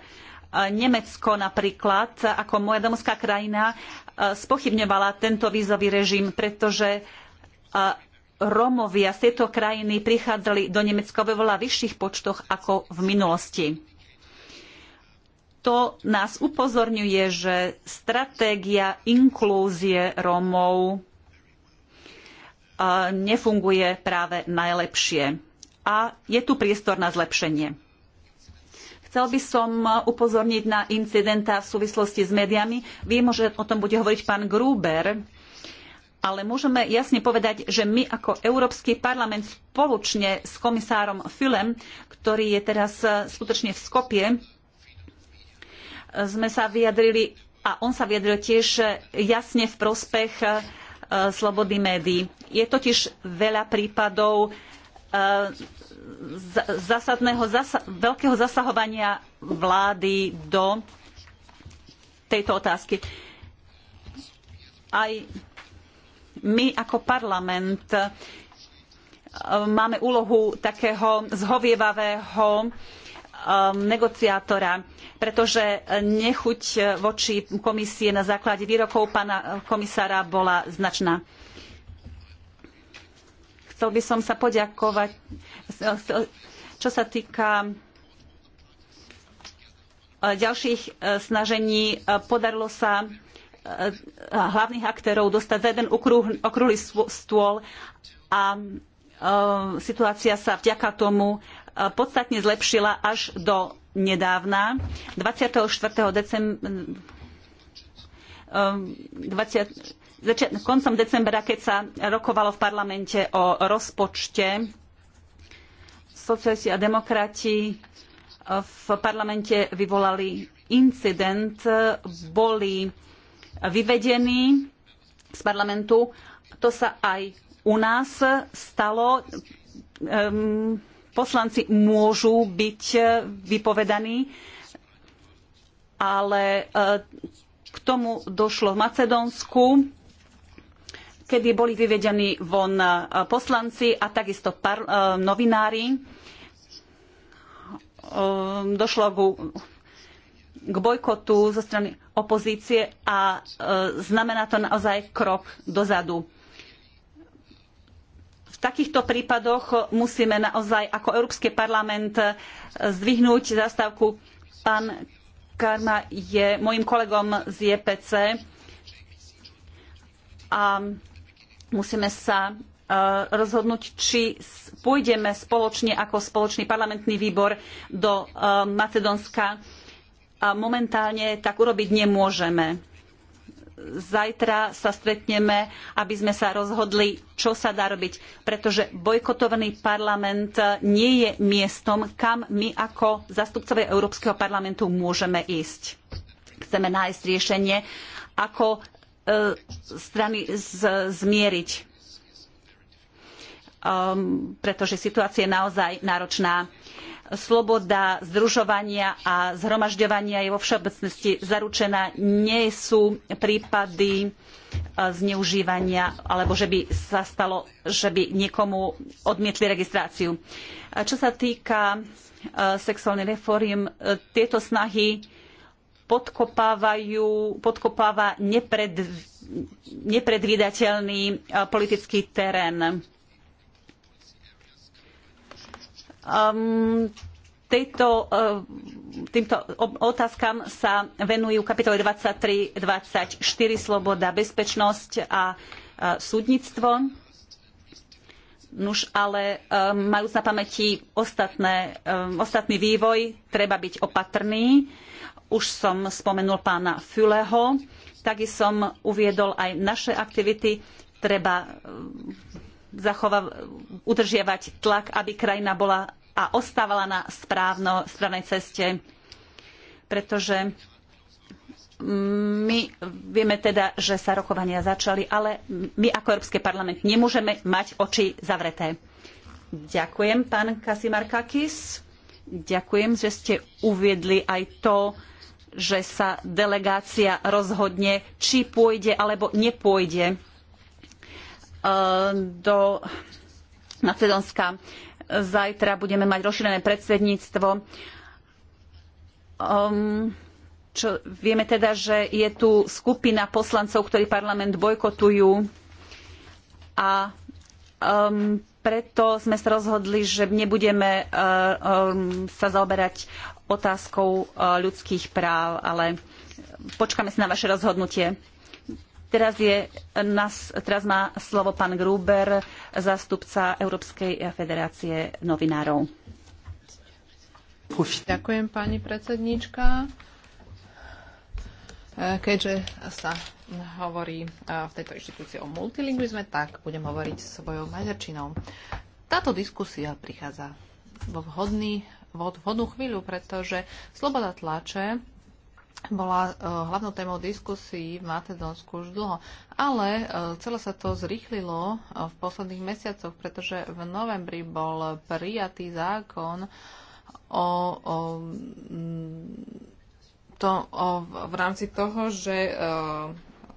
Nemecko napríklad, ako moja domovská krajina, uh, spochybňovala tento vízový režim, pretože Romovia z tejto krajiny prichádzali do Nemecka vo veľa vyšších počtoch ako v minulosti. To nás upozorňuje, že stratégia inklúzie Rómov nefunguje práve najlepšie. A je tu priestor na zlepšenie. Chcel by som upozorniť na incidenta v súvislosti s médiami. Viem, že o tom bude hovoriť pán Gruber ale môžeme jasne povedať, že my ako Európsky parlament spoločne s komisárom Fülem, ktorý je teraz e, skutočne v Skopie, e, sme sa vyjadrili a on sa vyjadril tiež e, jasne v prospech slobody médií. Je totiž veľa prípadov zásadného, zasa veľkého zasahovania vlády do tejto otázky. Aj my ako parlament e, máme úlohu takého zhovievavého e, negociátora, pretože nechuť voči komisie na základe výrokov pána komisára bola značná. Chcel by som sa poďakovať, čo sa týka e, ďalších snažení, podarilo sa hlavných aktérov dostať za jeden okrúhly stôl a e, situácia sa vďaka tomu e, podstatne zlepšila až do nedávna. 24. E, koncom decembra, keď sa rokovalo v parlamente o rozpočte, socialisti a demokrati v parlamente vyvolali incident, boli vyvedení z parlamentu. To sa aj u nás stalo. Ehm, poslanci môžu byť vypovedaní, ale eh, k tomu došlo v Macedónsku, kedy boli vyvedení von eh, poslanci a takisto eh, novinári. Ehm, došlo ku k bojkotu zo strany opozície a e, znamená to naozaj krok dozadu. V takýchto prípadoch musíme naozaj ako Európsky parlament e, zdvihnúť zastávku. Pán Karma je môjim kolegom z JPC a musíme sa e, rozhodnúť, či pôjdeme spoločne ako spoločný parlamentný výbor do Macedónska a momentálne tak urobiť nemôžeme. Zajtra sa stretneme, aby sme sa rozhodli, čo sa dá robiť, pretože bojkotovaný parlament nie je miestom, kam my ako zastupcovia Európskeho parlamentu môžeme ísť. Chceme nájsť riešenie, ako e, strany zmieriť, um, pretože situácia je naozaj náročná sloboda združovania a zhromažďovania je vo všeobecnosti zaručená. Nie sú prípady e, zneužívania alebo že by sa stalo, že by niekomu odmietli registráciu. Čo sa týka e, sexuálnych reforiem, e, tieto snahy podkopávajú, podkopáva nepred, nepredvídateľný politický terén Um, tejto, ehm, týmto otázkam sa venujú kapitoly 23, 24, sloboda, bezpečnosť a e, súdnictvo. Nuž ale ehm, majúc na pamäti ostatné, ostatný vývoj, treba byť opatrný. Už som spomenul pána Füleho, taky som uviedol aj naše aktivity. Treba udržiavať tlak, aby krajina bola a ostávala na správno, správnej ceste, pretože my vieme teda, že sa rokovania začali, ale my ako Európsky parlament nemôžeme mať oči zavreté. Ďakujem, pán Kasimarkakis. Ďakujem, že ste uviedli aj to, že sa delegácia rozhodne, či pôjde alebo nepôjde e, do Macedónska. Zajtra budeme mať rozšírené predsedníctvo. Um, čo, vieme teda, že je tu skupina poslancov, ktorí parlament bojkotujú a um, preto sme sa rozhodli, že nebudeme uh, um, sa zaoberať otázkou uh, ľudských práv, ale počkáme si na vaše rozhodnutie. Teraz, je, teraz má slovo pán Gruber, zástupca Európskej federácie novinárov. Ďakujem, pani predsedníčka. Keďže sa hovorí e, v tejto inštitúcii o multilingvizme, tak budem hovoriť s svojou maďarčinou. Táto diskusia prichádza vo vhodný, vhodnú chvíľu, pretože sloboda tlače bola e, hlavnou témou diskusí v Macedónsku už dlho. Ale e, celé sa to zrýchlilo e, v posledných mesiacoch, pretože v novembri bol prijatý zákon o, o, to, o v rámci toho, že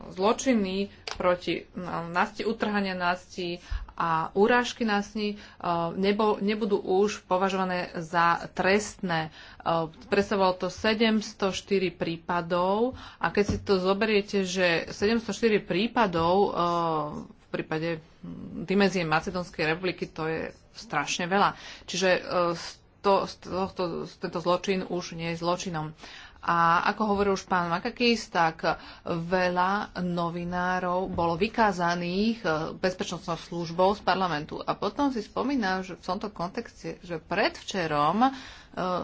zločiny proti násti, utrhania násti a úrážky násti e, nebo, nebudú už považované za trestné. E, predstavovalo to 704 prípadov a keď si to zoberiete, že 704 prípadov e, v prípade dimenzie Macedónskej republiky to je strašne veľa. Čiže to, to, to, tento zločin už nie je zločinom. A ako hovoril už pán Makakis, tak veľa novinárov bolo vykázaných eh, bezpečnostnou službou z parlamentu. A potom si spomínam, že v tomto kontexte, že predvčerom eh,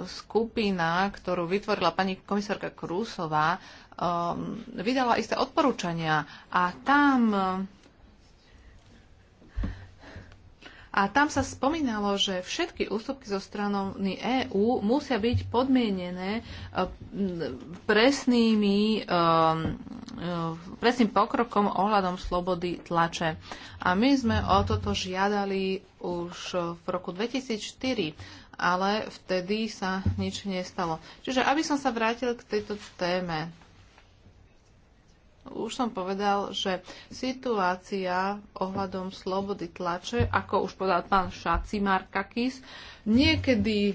skupina, ktorú vytvorila pani komisárka Krúsová, eh, vydala isté odporúčania a tam A tam sa spomínalo, že všetky ústupky zo strany EÚ musia byť podmienené e, presnými, e, e, presným pokrokom ohľadom slobody tlače. A my sme o toto žiadali už v roku 2004, ale vtedy sa nič nestalo. Čiže aby som sa vrátil k tejto téme už som povedal, že situácia ohľadom slobody tlače, ako už povedal pán Šaci Markakis, niekedy e,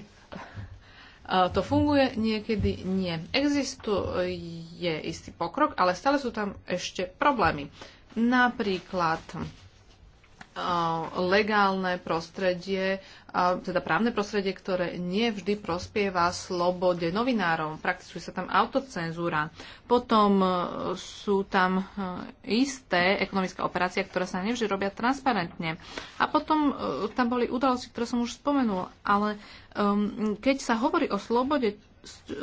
to funguje, niekedy nie. Existuje istý pokrok, ale stále sú tam ešte problémy. Napríklad legálne prostredie, teda právne prostredie, ktoré nevždy prospieva slobode novinárov. Praktizuje sa tam autocenzúra. Potom e, sú tam e, isté ekonomické operácie, ktoré sa nevždy robia transparentne. A potom e, tam boli udalosti, ktoré som už spomenul, ale keď sa hovorí o slobode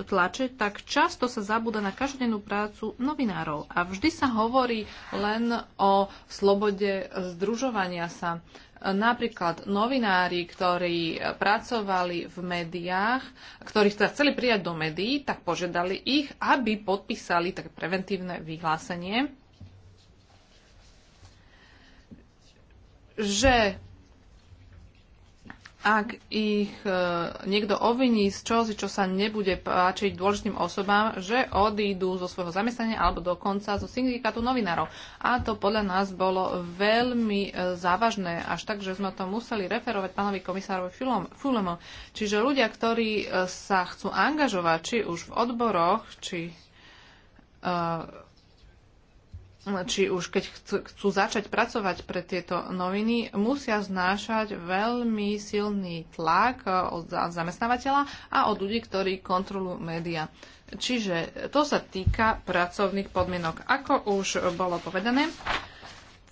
tlače, tak často sa zabúda na každodennú prácu novinárov a vždy sa hovorí len o slobode združovania sa. Napríklad novinári, ktorí pracovali v médiách, ktorých sa chceli prijať do médií, tak požiadali ich, aby podpísali také preventívne vyhlásenie, že ak ich e, niekto oviní z čosi, čo sa nebude páčiť dôležitým osobám, že odídu zo svojho zamestnania alebo dokonca zo syndikátu novinárov. A to podľa nás bolo veľmi e, závažné, až tak, že sme to museli referovať pánovi komisárovi Fulemu. Čiže ľudia, ktorí e, sa chcú angažovať, či už v odboroch, či či už keď chcú, chcú začať pracovať pre tieto noviny, musia znášať veľmi silný tlak e, od zamestnávateľa a od ľudí, ktorí kontrolujú média. Čiže to sa týka pracovných podmienok. Ako už bolo povedané,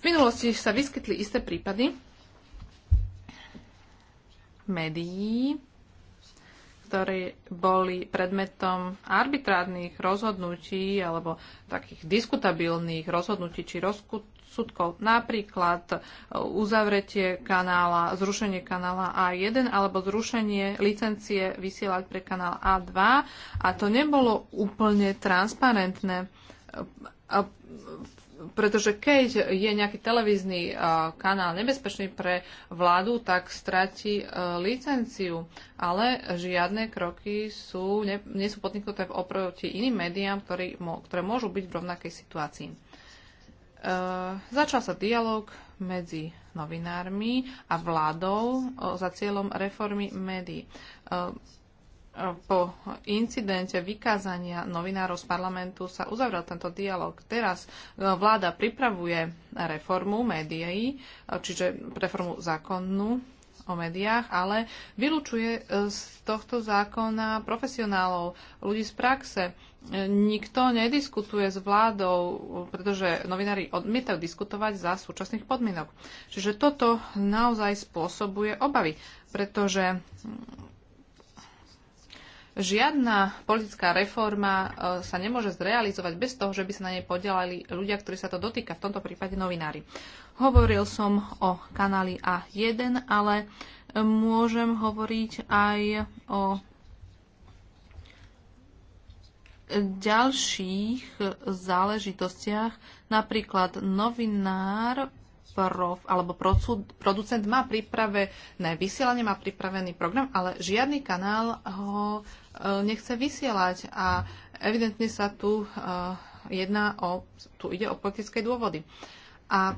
v minulosti sa vyskytli isté prípady médií, ktoré boli predmetom arbitrárnych rozhodnutí alebo takých diskutabilných rozhodnutí či rozsudkov. Napríklad e, uzavretie kanála, zrušenie kanála A1 alebo zrušenie licencie vysielať pre kanál A2 a to nebolo úplne transparentné e, e, pretože keď je nejaký televízny kanál nebezpečný pre vládu, tak stratí e, licenciu. Ale žiadne kroky sú, ne, nie sú podniknuté oproti iným médiám, ktorý, ktoré môžu byť v rovnakej situácii. Uh, začal sa dialog medzi novinármi a vládou uh, za cieľom reformy médií. Uh, po incidente vykázania novinárov z parlamentu sa uzavrel tento dialog. Teraz e, vláda pripravuje reformu médií, e, čiže reformu zákonnú o médiách, ale vylúčuje e, z tohto zákona profesionálov, ľudí z praxe. Nikto nediskutuje s vládou, pretože novinári odmietajú diskutovať za súčasných podmienok. Čiže toto naozaj spôsobuje obavy, pretože Žiadna politická reforma e, sa nemôže zrealizovať bez toho, že by sa na nej podielali ľudia, ktorí sa to dotýka, v tomto prípade novinári. Hovoril som o kanáli A1, ale môžem hovoriť aj o ďalších záležitostiach. Napríklad novinár prof, alebo producent má pripravené na vysielanie, má pripravený program, ale žiadny kanál ho e, nechce vysielať a evidentne sa tu e, jedná o, tu ide o politické dôvody. A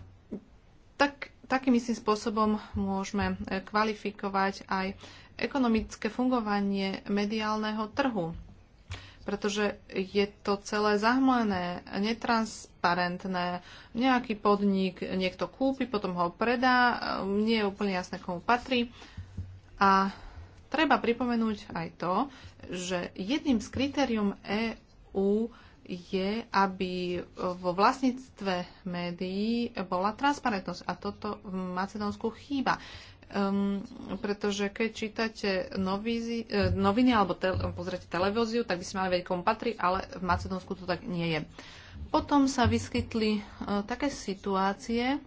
tak, takým istým spôsobom môžeme e, kvalifikovať aj ekonomické fungovanie mediálneho trhu pretože je to celé zahmlené, netransparentné. Nejaký podnik niekto kúpi, potom ho predá, um, nie je úplne jasné, komu patrí. A treba pripomenúť aj to, že jedným z kritérium EÚ je, aby vo vlastníctve médií bola transparentnosť. A toto v Macedónsku chýba um, pretože keď čítate novízy, e, noviny alebo te, pozrite televíziu, tak by ste mali vedieť, komu patrí, ale v Macedónsku to tak nie je. Potom sa vyskytli uh, také situácie,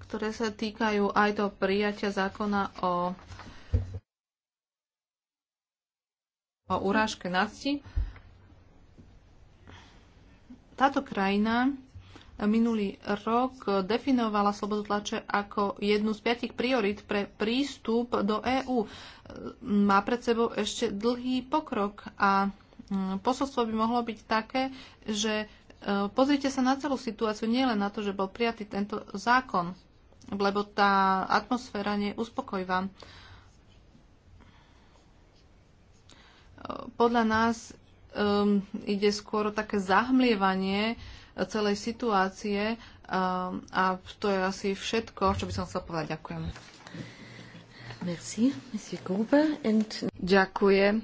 ktoré sa týkajú aj toho prijatia zákona o, o urážke na Táto krajina minulý rok definovala slobodu tlače ako jednu z piatich priorit pre prístup do EÚ. Má pred sebou ešte dlhý pokrok a mm, posolstvo by mohlo byť také, že e, pozrite sa na celú situáciu, nielen na to, že bol prijatý tento zákon, lebo tá atmosféra nie uspokojivá. Podľa nás um, ide skôr také zahmlievanie uh, celej situácie um, a to je asi všetko, čo by som chcela povedať. Ďakujem. Merci, Gruber. And... Ďakujem.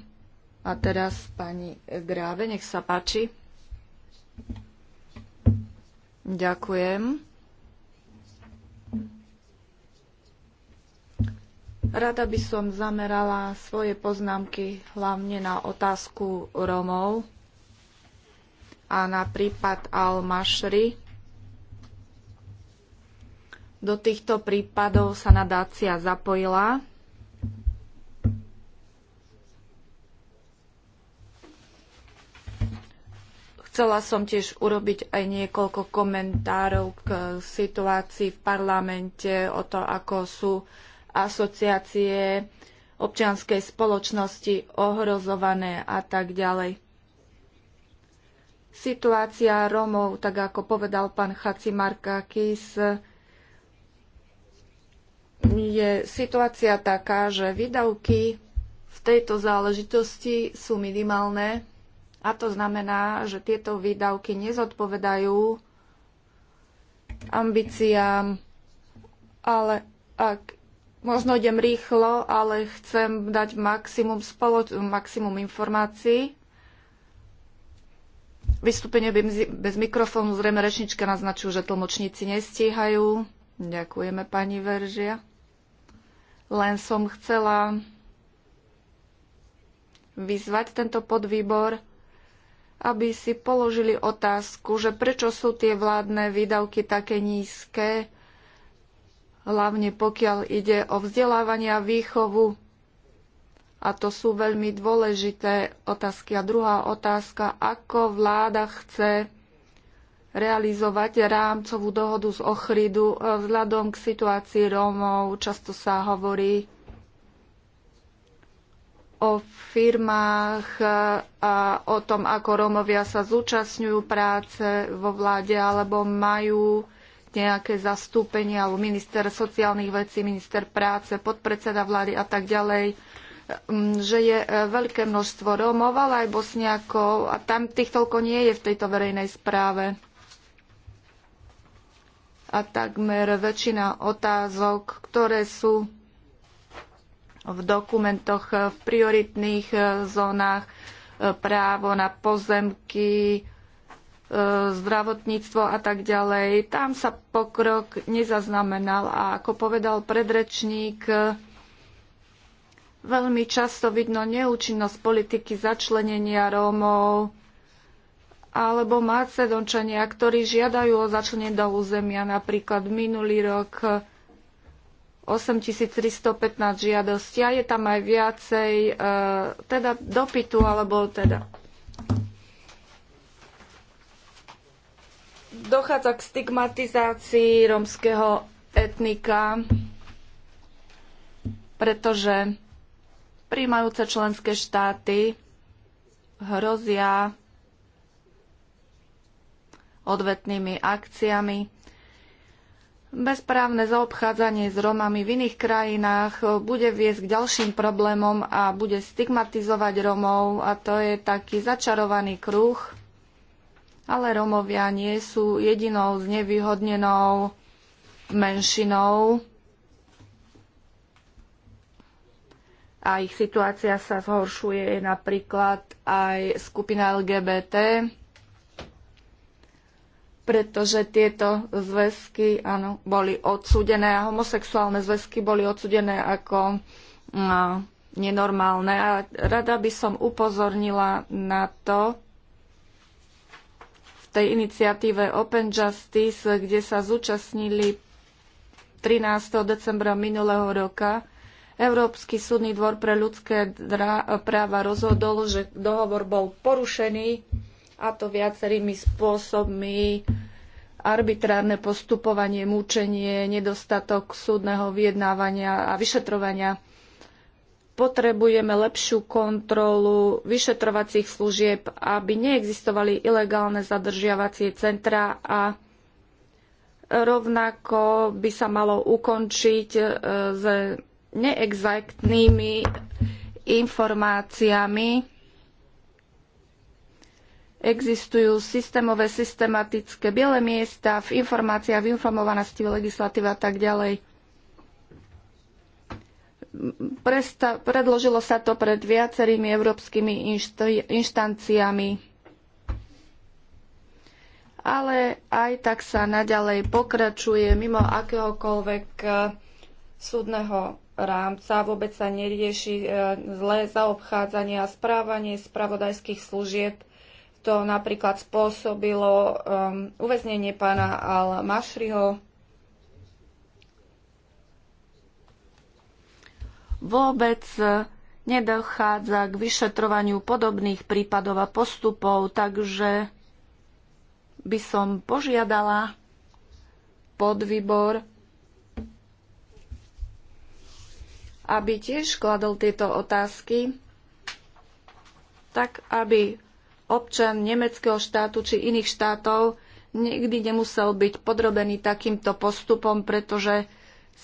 A teraz pani Gráve, nech sa páči. Ďakujem. Rada by som zamerala svoje poznámky hlavne na otázku Romov a na prípad Al-Mashri. Do týchto prípadov sa nadácia zapojila. Chcela som tiež urobiť aj niekoľko komentárov k situácii v parlamente, o to, ako sú asociácie občianskej spoločnosti ohrozované a tak ďalej. Situácia Rómov, tak ako povedal pán Kis, je situácia taká, že výdavky v tejto záležitosti sú minimálne a to znamená, že tieto výdavky nezodpovedajú ambíciám, ale ak možno idem rýchlo, ale chcem dať maximum, spoloč- maximum informácií Vystúpenie bez mikrofónu, zrejme rečnička naznačujú, že tlmočníci nestíhajú. Ďakujeme, pani Veržia. Len som chcela vyzvať tento podvýbor, aby si položili otázku, že prečo sú tie vládne výdavky také nízke, hlavne pokiaľ ide o vzdelávanie a výchovu a to sú veľmi dôležité otázky. A druhá otázka, ako vláda chce realizovať rámcovú dohodu z Ochridu e, vzhľadom k situácii Rómov. Často sa hovorí o firmách e, a o tom, ako Rómovia sa zúčastňujú práce vo vláde alebo majú nejaké zastúpenie alebo minister sociálnych vecí, minister práce, podpredseda vlády a tak ďalej Mm, že je e, veľké množstvo Rómov, ale aj Bosniakov a tam tých toľko nie je v tejto verejnej správe. A takmer väčšina otázok, ktoré sú v dokumentoch e, v prioritných e, zónach, právo na pozemky, zdravotníctvo a tak ďalej. Tam sa pokrok nezaznamenal a ako povedal predrečník, Veľmi často vidno neúčinnosť politiky začlenenia Rómov alebo Macedončania, ktorí žiadajú o začlenenie do územia. Napríklad minulý rok 8315 žiadosti a je tam aj viacej e, teda dopytu alebo teda dochádza k stigmatizácii rómskeho etnika, pretože príjmajúce členské štáty hrozia odvetnými akciami. Bezprávne zaobchádzanie s Rómami v iných krajinách bude viesť k ďalším problémom a bude stigmatizovať Rómov a to je taký začarovaný kruh. Ale Rómovia nie sú jedinou znevýhodnenou menšinou a ich situácia sa zhoršuje napríklad aj skupina LGBT, pretože tieto zväzky áno, boli odsúdené a homosexuálne zväzky boli odsudené ako no, nenormálne. A rada by som upozornila na to v tej iniciatíve Open Justice, kde sa zúčastnili 13. decembra minulého roka Európsky súdny dvor pre ľudské práva rozhodol, že dohovor bol porušený a to viacerými spôsobmi arbitrárne postupovanie, múčenie, nedostatok súdneho vyjednávania a vyšetrovania. Potrebujeme lepšiu kontrolu vyšetrovacích služieb, aby neexistovali ilegálne zadržiavacie centra a rovnako by sa malo ukončiť e, neexaktnými informáciami. Existujú systémové, systematické biele miesta v informáciách, v informovanosti, v legislatíve a tak ďalej. Presta- predložilo sa to pred viacerými európskymi inšt- inštanciami ale aj tak sa naďalej pokračuje mimo akéhokoľvek eh, súdneho rámca vôbec sa nerieši e, zlé zaobchádzanie a správanie spravodajských služieb. To napríklad spôsobilo um, uväznenie pána Al-Mašriho. Vôbec e, nedochádza k vyšetrovaniu podobných prípadov a postupov, takže by som požiadala podvýbor aby tiež kladol tieto otázky, tak aby občan nemeckého štátu či iných štátov nikdy nemusel byť podrobený takýmto postupom, pretože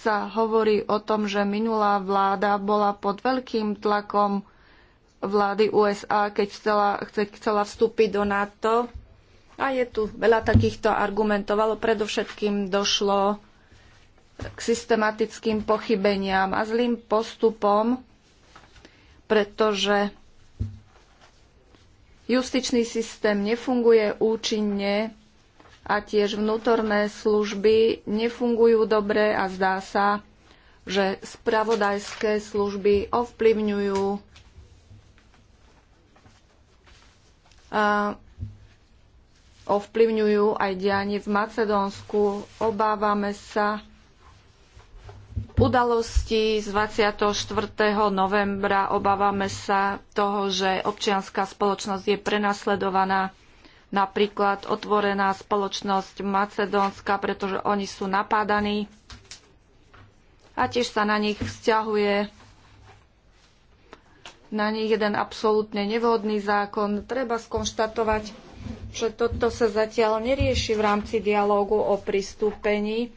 sa hovorí o tom, že minulá vláda bola pod veľkým tlakom vlády USA, keď chcela, keď chcela vstúpiť do NATO. A je tu veľa takýchto argumentov, ale predovšetkým došlo k systematickým pochybeniam a zlým postupom, pretože justičný systém nefunguje účinne a tiež vnútorné služby nefungujú dobre a zdá sa, že spravodajské služby ovplyvňujú a ovplyvňujú aj dianie v Macedónsku. Obávame sa, udalosti z 24. novembra obávame sa toho, že občianská spoločnosť je prenasledovaná napríklad otvorená spoločnosť Macedónska, pretože oni sú napádaní a tiež sa na nich vzťahuje na nich jeden absolútne nevhodný zákon. Treba skonštatovať, že toto sa zatiaľ nerieši v rámci dialógu o pristúpení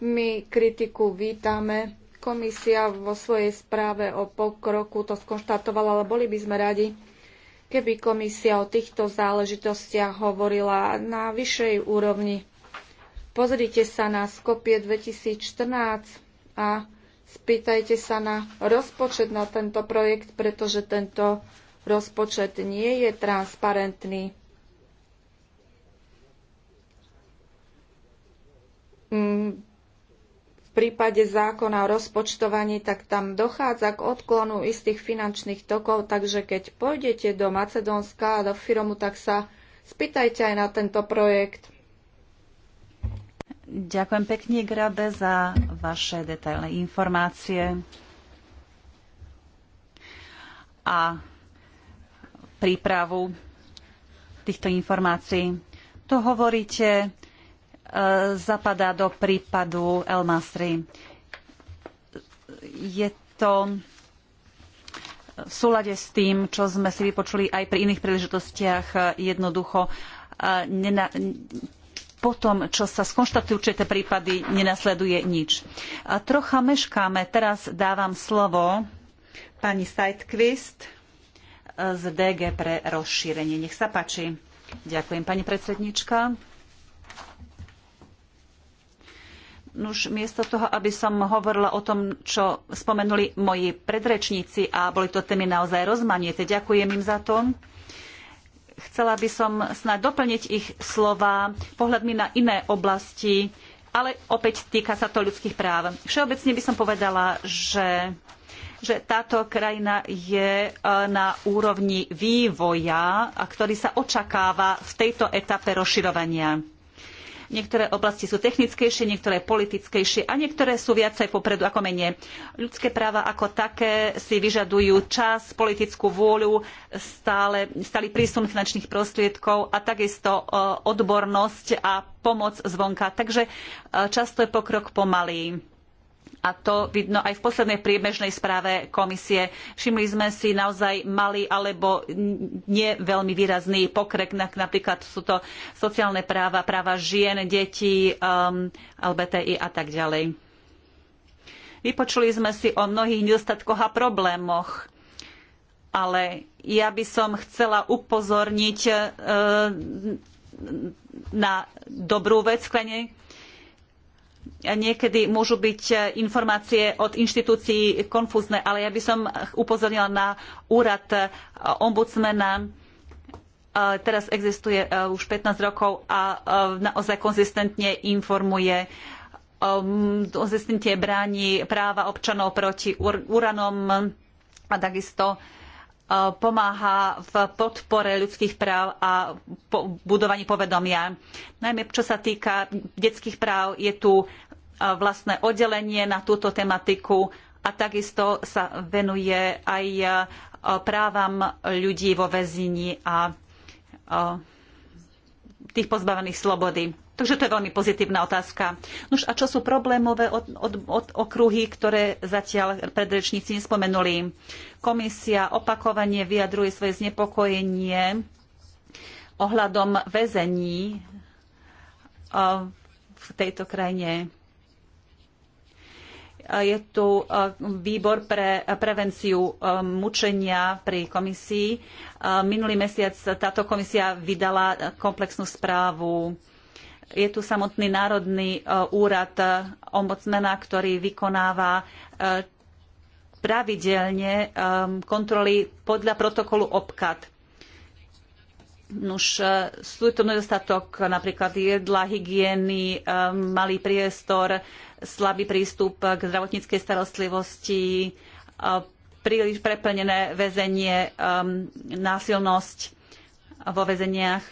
my kritiku vítame. Komisia vo svojej správe o pokroku to skonštatovala, ale boli by sme radi, keby komisia o týchto záležitostiach hovorila na vyššej úrovni. Pozrite sa na Skopie 2014 a spýtajte sa na rozpočet na tento projekt, pretože tento rozpočet nie je transparentný. Mm, v prípade zákona o rozpočtovaní, tak tam dochádza k odklonu istých finančných tokov, takže keď pôjdete do Macedónska a do firmu, tak sa spýtajte aj na tento projekt. Ďakujem pekne, Grabe, za vaše detailné informácie. A prípravu týchto informácií. to hovoríte E, zapadá do prípadu El Masri. Je to v súlade s tým, čo sme si vypočuli aj pri iných príležitostiach, e, jednoducho e, po tom, čo sa skonštatujú určité prípady, nenasleduje nič. A trocha meškáme. Teraz dávam slovo pani Sajtkvist z DG pre rozšírenie. Nech sa páči. Ďakujem, pani predsednička. Nuž, miesto toho, aby som hovorila o tom, čo spomenuli moji predrečníci a boli to témy naozaj rozmanieté. ďakujem im za to. Chcela by som snáď doplniť ich slova pohľadmi na iné oblasti, ale opäť týka sa to ľudských práv. Všeobecne by som povedala, že že táto krajina je e, na úrovni vývoja, ktorý sa očakáva v tejto etape rozširovania Niektoré oblasti sú technickejšie, niektoré politickejšie a niektoré sú viacej popredu ako menej. Ľudské práva ako také si vyžadujú čas, politickú vôľu, stále, stály prísun finančných prostriedkov a takisto e, odbornosť a pomoc zvonka. Takže e, často je pokrok pomalý a to vidno aj v poslednej priebežnej správe komisie. Všimli sme si naozaj malý alebo nie veľmi výrazný pokrek, napríklad sú to sociálne práva, práva žien, detí, um, LBTI a tak ďalej. Vypočuli sme si o mnohých nedostatkoch a problémoch, ale ja by som chcela upozorniť uh, na dobrú vec, niekedy môžu byť e, informácie od inštitúcií konfúzne, ale ja by som upozornila na úrad e, ombudsmana. E, teraz existuje už 15 rokov a naozaj konzistentne informuje konzistentne bráni práva občanov proti uranom a takisto pomáha v podpore ľudských práv a budovaní povedomia. Najmä čo sa týka detských práv, je tu vlastné oddelenie na túto tematiku a takisto sa venuje aj právam ľudí vo väzení a tých pozbavených slobody. Takže to je veľmi pozitívna otázka. Nož a čo sú problémové od, od, od okruhy, ktoré zatiaľ predrečníci nespomenuli? Komisia opakovane vyjadruje svoje znepokojenie ohľadom väzení v tejto krajine. Je tu výbor pre prevenciu mučenia pri komisii. Minulý mesiac táto komisia vydala komplexnú správu je tu samotný Národný e, úrad e, ombudsmena, ktorý vykonáva e, pravidelne kontroly podľa protokolu OPCAT. Nuž, sú to nedostatok napríklad jedla, hygieny, malý priestor, slabý prístup k zdravotníckej starostlivosti, príliš preplnené väzenie, násilnosť vo väzeniach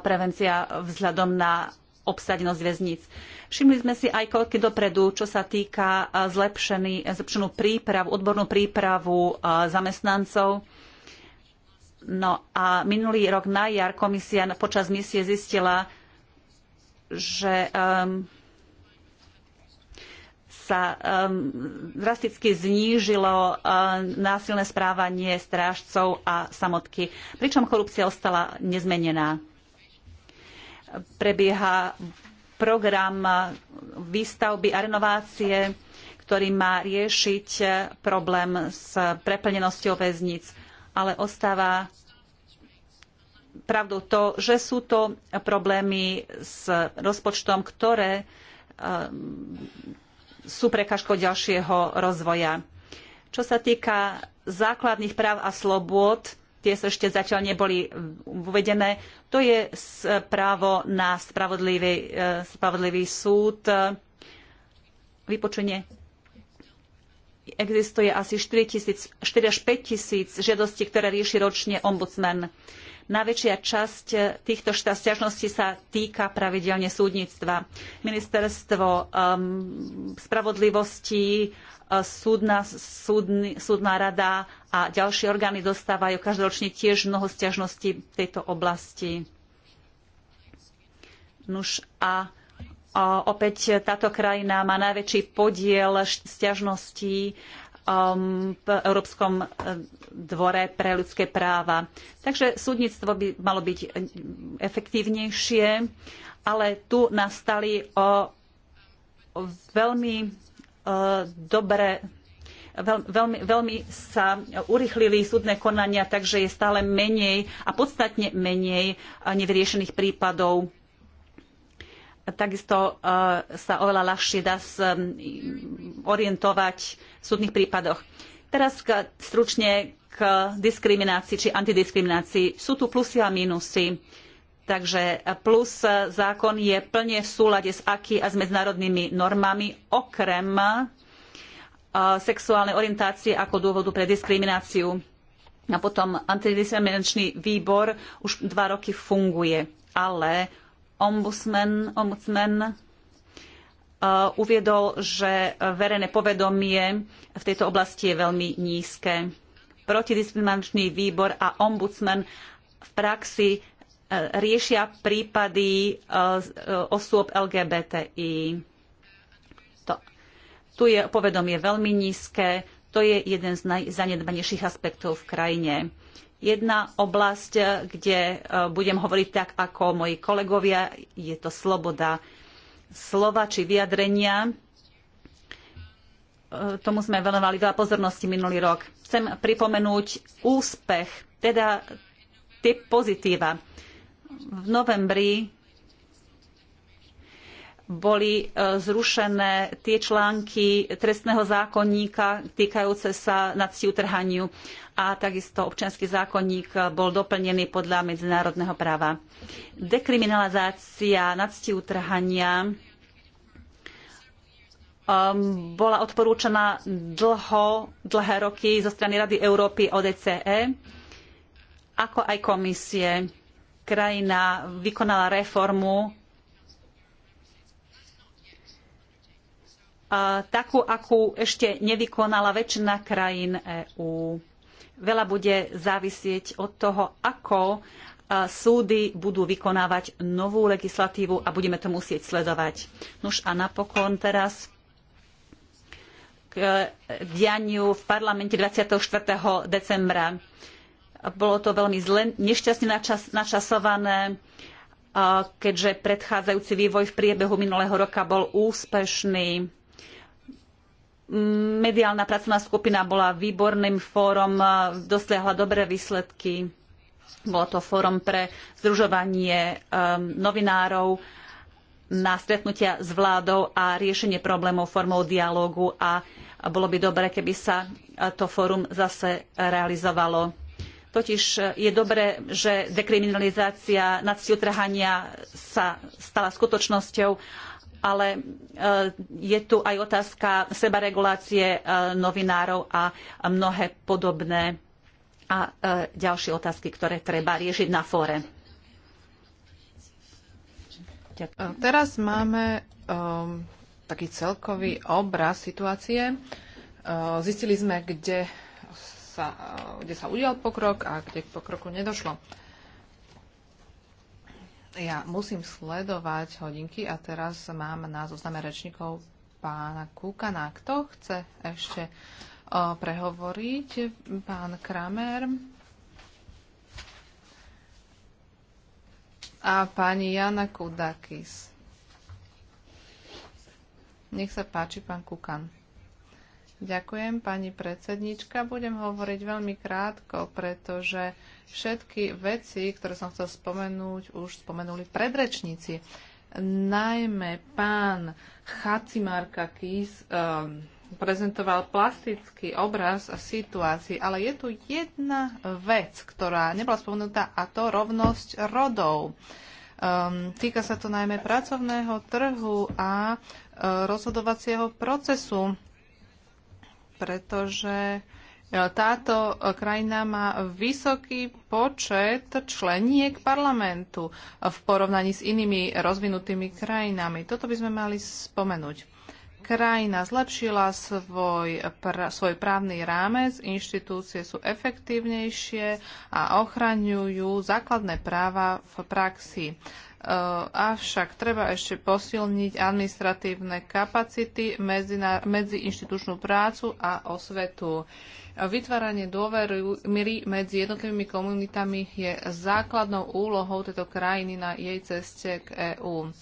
prevencia vzhľadom na obsadenosť väzníc. Všimli sme si aj koľky dopredu, čo sa týka zlepšený, zlepšenú prípravu, odbornú prípravu zamestnancov. No a minulý rok na jar komisia počas misie zistila, že um, sa um, drasticky znížilo um, násilné správanie strážcov a samotky, pričom korupcia ostala nezmenená prebieha program výstavby a renovácie, ktorý má riešiť problém s preplnenosťou väzníc. Ale ostáva pravdou to, že sú to problémy s rozpočtom, ktoré ehm, sú prekažkou ďalšieho rozvoja. Čo sa týka základných práv a slobôd, tie sa ešte zatiaľ neboli eh, uvedené. To je eh, právo na spravodlivý, eh, spravodlivý súd. Vypočenie existuje asi 4, 000, 4 až 5 tisíc žiadostí, ktoré rieši ročne ombudsman. Najväčšia časť týchto sťažností sa týka pravidelne súdnictva. Ministerstvo um, spravodlivosti, uh, súdna, súdny, súdna rada a ďalšie orgány dostávajú každoročne tiež mnoho sťažností v tejto oblasti. Nuž a opäť táto krajina má najväčší podiel sťažností Um, v Európskom eh, dvore pre ľudské práva. Takže súdnictvo by malo byť efektívnejšie, ale tu nastali o veľmi eh, dobré, Veľmi, veľmi, sa urychlili súdne konania, takže je stále menej a podstatne menej eh, nevyriešených prípadov takisto e, sa oveľa ľahšie dá orientovať v súdnych prípadoch. Teraz k, stručne k diskriminácii či antidiskriminácii. Sú tu plusy a mínusy. Takže plus zákon je plne v súlade s aký a s medzinárodnými normami, okrem e, sexuálnej orientácie ako dôvodu pre diskrimináciu. A potom antidiskriminačný výbor už dva roky funguje, ale ombudsman, ombudsman uh, uviedol, že verejné povedomie v tejto oblasti je veľmi nízke. Protidiskriminačný výbor a ombudsman v praxi uh, riešia prípady uh, osôb LGBTI. To. Tu je povedomie veľmi nízke, to je jeden z najzanedbanejších aspektov v krajine. Jedna oblasť, eh, kde eh, budem hovoriť tak ako moji kolegovia, je to sloboda slova či vyjadrenia. Eh, tomu sme venovali veľa pozornosti minulý rok. Chcem pripomenúť úspech, teda tie pozitíva. V novembri boli e, zrušené tie články trestného zákonníka týkajúce sa nadsti utrhaniu a takisto občanský zákonník bol doplnený podľa medzinárodného práva. Dekriminalizácia nadsti utrhania ehm, bola odporúčaná dlho, dlhé roky zo strany Rady Európy ODCE, ako aj komisie. Krajina vykonala reformu takú, akú ešte nevykonala väčšina krajín EÚ. Veľa bude závisieť od toho, ako súdy budú vykonávať novú legislatívu a budeme to musieť sledovať. Nuž a napokon teraz k e, dianiu v parlamente 24. decembra. Bolo to veľmi zle, nešťastne načas, načasované, keďže predchádzajúci vývoj v priebehu minulého roka bol úspešný mediálna pracovná skupina bola výborným fórom, dosiahla dobré výsledky. Bolo to fórum pre združovanie um, novinárov na stretnutia s vládou a riešenie problémov formou dialógu a bolo by dobre, keby sa to fórum zase realizovalo. Totiž je dobré, že dekriminalizácia nadstiutrhania sa stala skutočnosťou ale e, je tu aj otázka sebaregulácie e, novinárov a mnohé podobné a e, ďalšie otázky, ktoré treba riešiť na fóre. Teraz máme um, taký celkový obraz situácie. Uh, zistili sme, kde sa, uh, kde sa udial pokrok a kde k pokroku nedošlo. Uh, ja musím sledovať hodinky a teraz mám na zozname rečníkov pána Kukana. Kto chce ešte o, prehovoriť? Pán Kramer a pani Jana Kudakis. Nech sa páči, pán Kukan. Ďakujem, pani predsednička. Budem hovoriť veľmi krátko, pretože všetky veci, ktoré som chcel spomenúť, už spomenuli predrečníci. Najmä pán Chacimarka Kis um, ehm, prezentoval plastický obraz situácii, ale je tu jedna vec, ktorá nebola spomenutá, a to rovnosť rodov. Um, týka sa to najmä pracovného trhu a uh, rozhodovacieho procesu pretože e, táto krajina má vysoký počet členiek parlamentu v porovnaní s inými rozvinutými krajinami. Toto by sme mali spomenúť. Krajina zlepšila svoj, pr- svoj právny rámec, inštitúcie sú efektívnejšie a ochraňujú základné práva v praxi. Eh, avšak treba ešte posilniť administratívne kapacity, medziinštitučnú prácu a osvetu. Vytváranie dôvery medzi jednotlivými komunitami je základnou úlohou tejto krajiny na jej ceste k EÚ.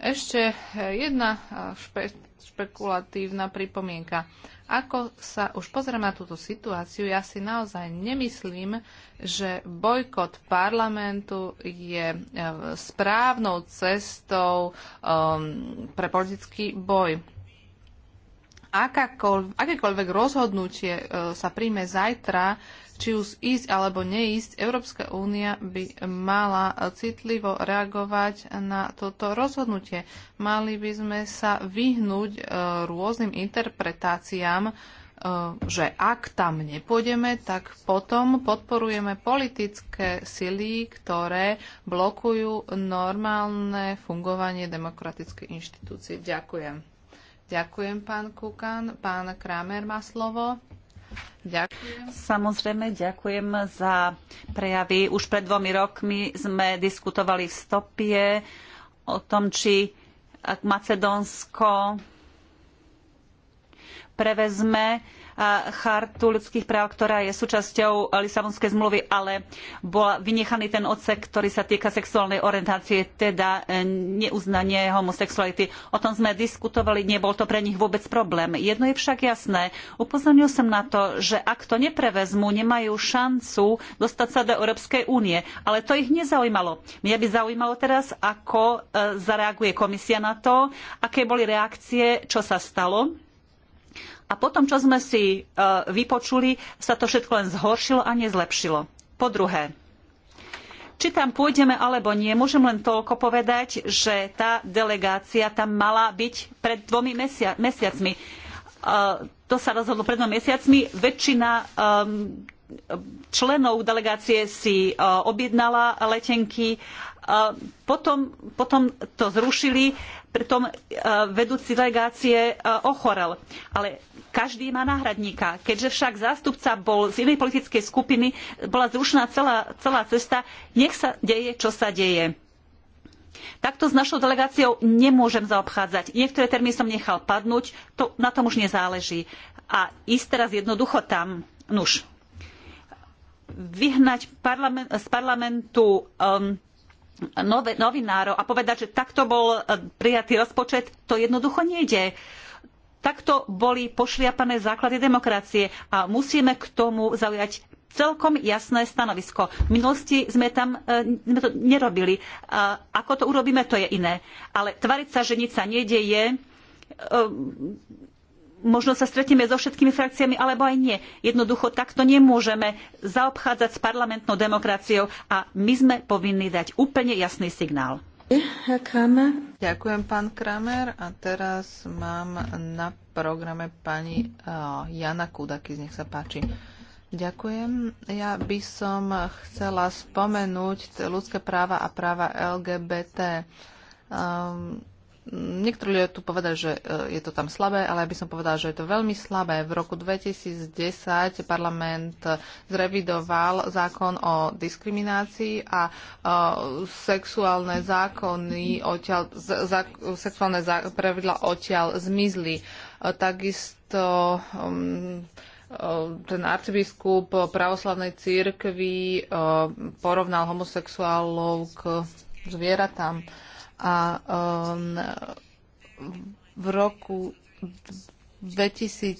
Ešte jedna eh, špe- špekulatívna pripomienka. Ako sa už pozriem na túto situáciu, ja si naozaj nemyslím, že bojkot parlamentu je e, správnou cestou um, pre politický boj akékoľvek rozhodnutie e, sa príjme zajtra, či už ísť alebo neísť, Európska únia by mala e, citlivo reagovať na toto rozhodnutie. Mali by sme sa vyhnúť e, rôznym interpretáciám, že ak tam nepôjdeme, tak potom podporujeme politické sily, ktoré blokujú normálne fungovanie demokratickej inštitúcie. Ďakujem. Ďakujem, pán Kukan. Pán Kramer má slovo. Ďakujem. Samozrejme, ďakujem za prejavy. Už pred dvomi rokmi sme diskutovali v stopie o tom, či Macedónsko prevezme eh, chartu ľudských práv, ktorá je súčasťou eh, Lisabonskej zmluvy, ale bol vynechaný ten odsek, ktorý sa týka sexuálnej orientácie, teda eh, neuznanie homosexuality. O tom sme diskutovali, nebol to pre nich vôbec problém. Jedno je však jasné, upozornil som na to, že ak to neprevezmú, nemajú šancu dostať sa do Európskej únie. Ale to ich nezaujímalo. Mňa by zaujímalo teraz, ako zareaguje komisia na to, aké boli reakcie, čo sa stalo a potom, čo sme si e, vypočuli, sa to všetko len zhoršilo a nezlepšilo. Po druhé, či tam pôjdeme alebo nie, môžem len toľko povedať, že tá delegácia tam mala byť pred dvomi mesia mesiacmi. E, to sa rozhodlo pred dvomi mesiacmi. Väčšina členov delegácie si e, objednala letenky. Potom, potom to zrušili pritom vedúci delegácie ochorel. Ale každý má náhradníka. Keďže však zástupca bol z inej politickej skupiny, bola zrušená celá, celá cesta, nech sa deje, čo sa deje. Takto s našou delegáciou nemôžem zaobchádzať. Niektoré termíny som nechal padnúť, to, na tom už nezáleží. A ísť teraz jednoducho tam, nuž, vyhnať parlament, z parlamentu um, novinárov a povedať, že takto bol um, prijatý rozpočet, to jednoducho nejde. Takto boli pošliapané základy demokracie a musíme k tomu zaujať celkom jasné stanovisko. V minulosti sme tam e, sme to nerobili. ako to urobíme, to je iné. Ale tvariť sa, že nič sa nedeje, e, možno sa stretneme so všetkými frakciami, alebo aj nie. Jednoducho takto nemôžeme zaobchádzať s parlamentnou demokraciou a my sme povinní dať úplne jasný signál. Ďakujem, pán Kramer. A teraz mám na programe pani Jana Kudakis. Nech sa páči. Ďakujem. Ja by som chcela spomenúť ľudské práva a práva LGBT. Um, ehm, Niektorí ľudia tu povedali, že e, je to tam slabé, ale ja by som povedala, že je to veľmi slabé. V roku 2010 parlament e, zrevidoval zákon o diskriminácii a e, sexuálne zákony odtiaľ, sexuálne pravidla odtiaľ zmizli. Takisto um, ten arcibiskup pravoslavnej církvy porovnal homosexuálov k zvieratám a um, v roku 2013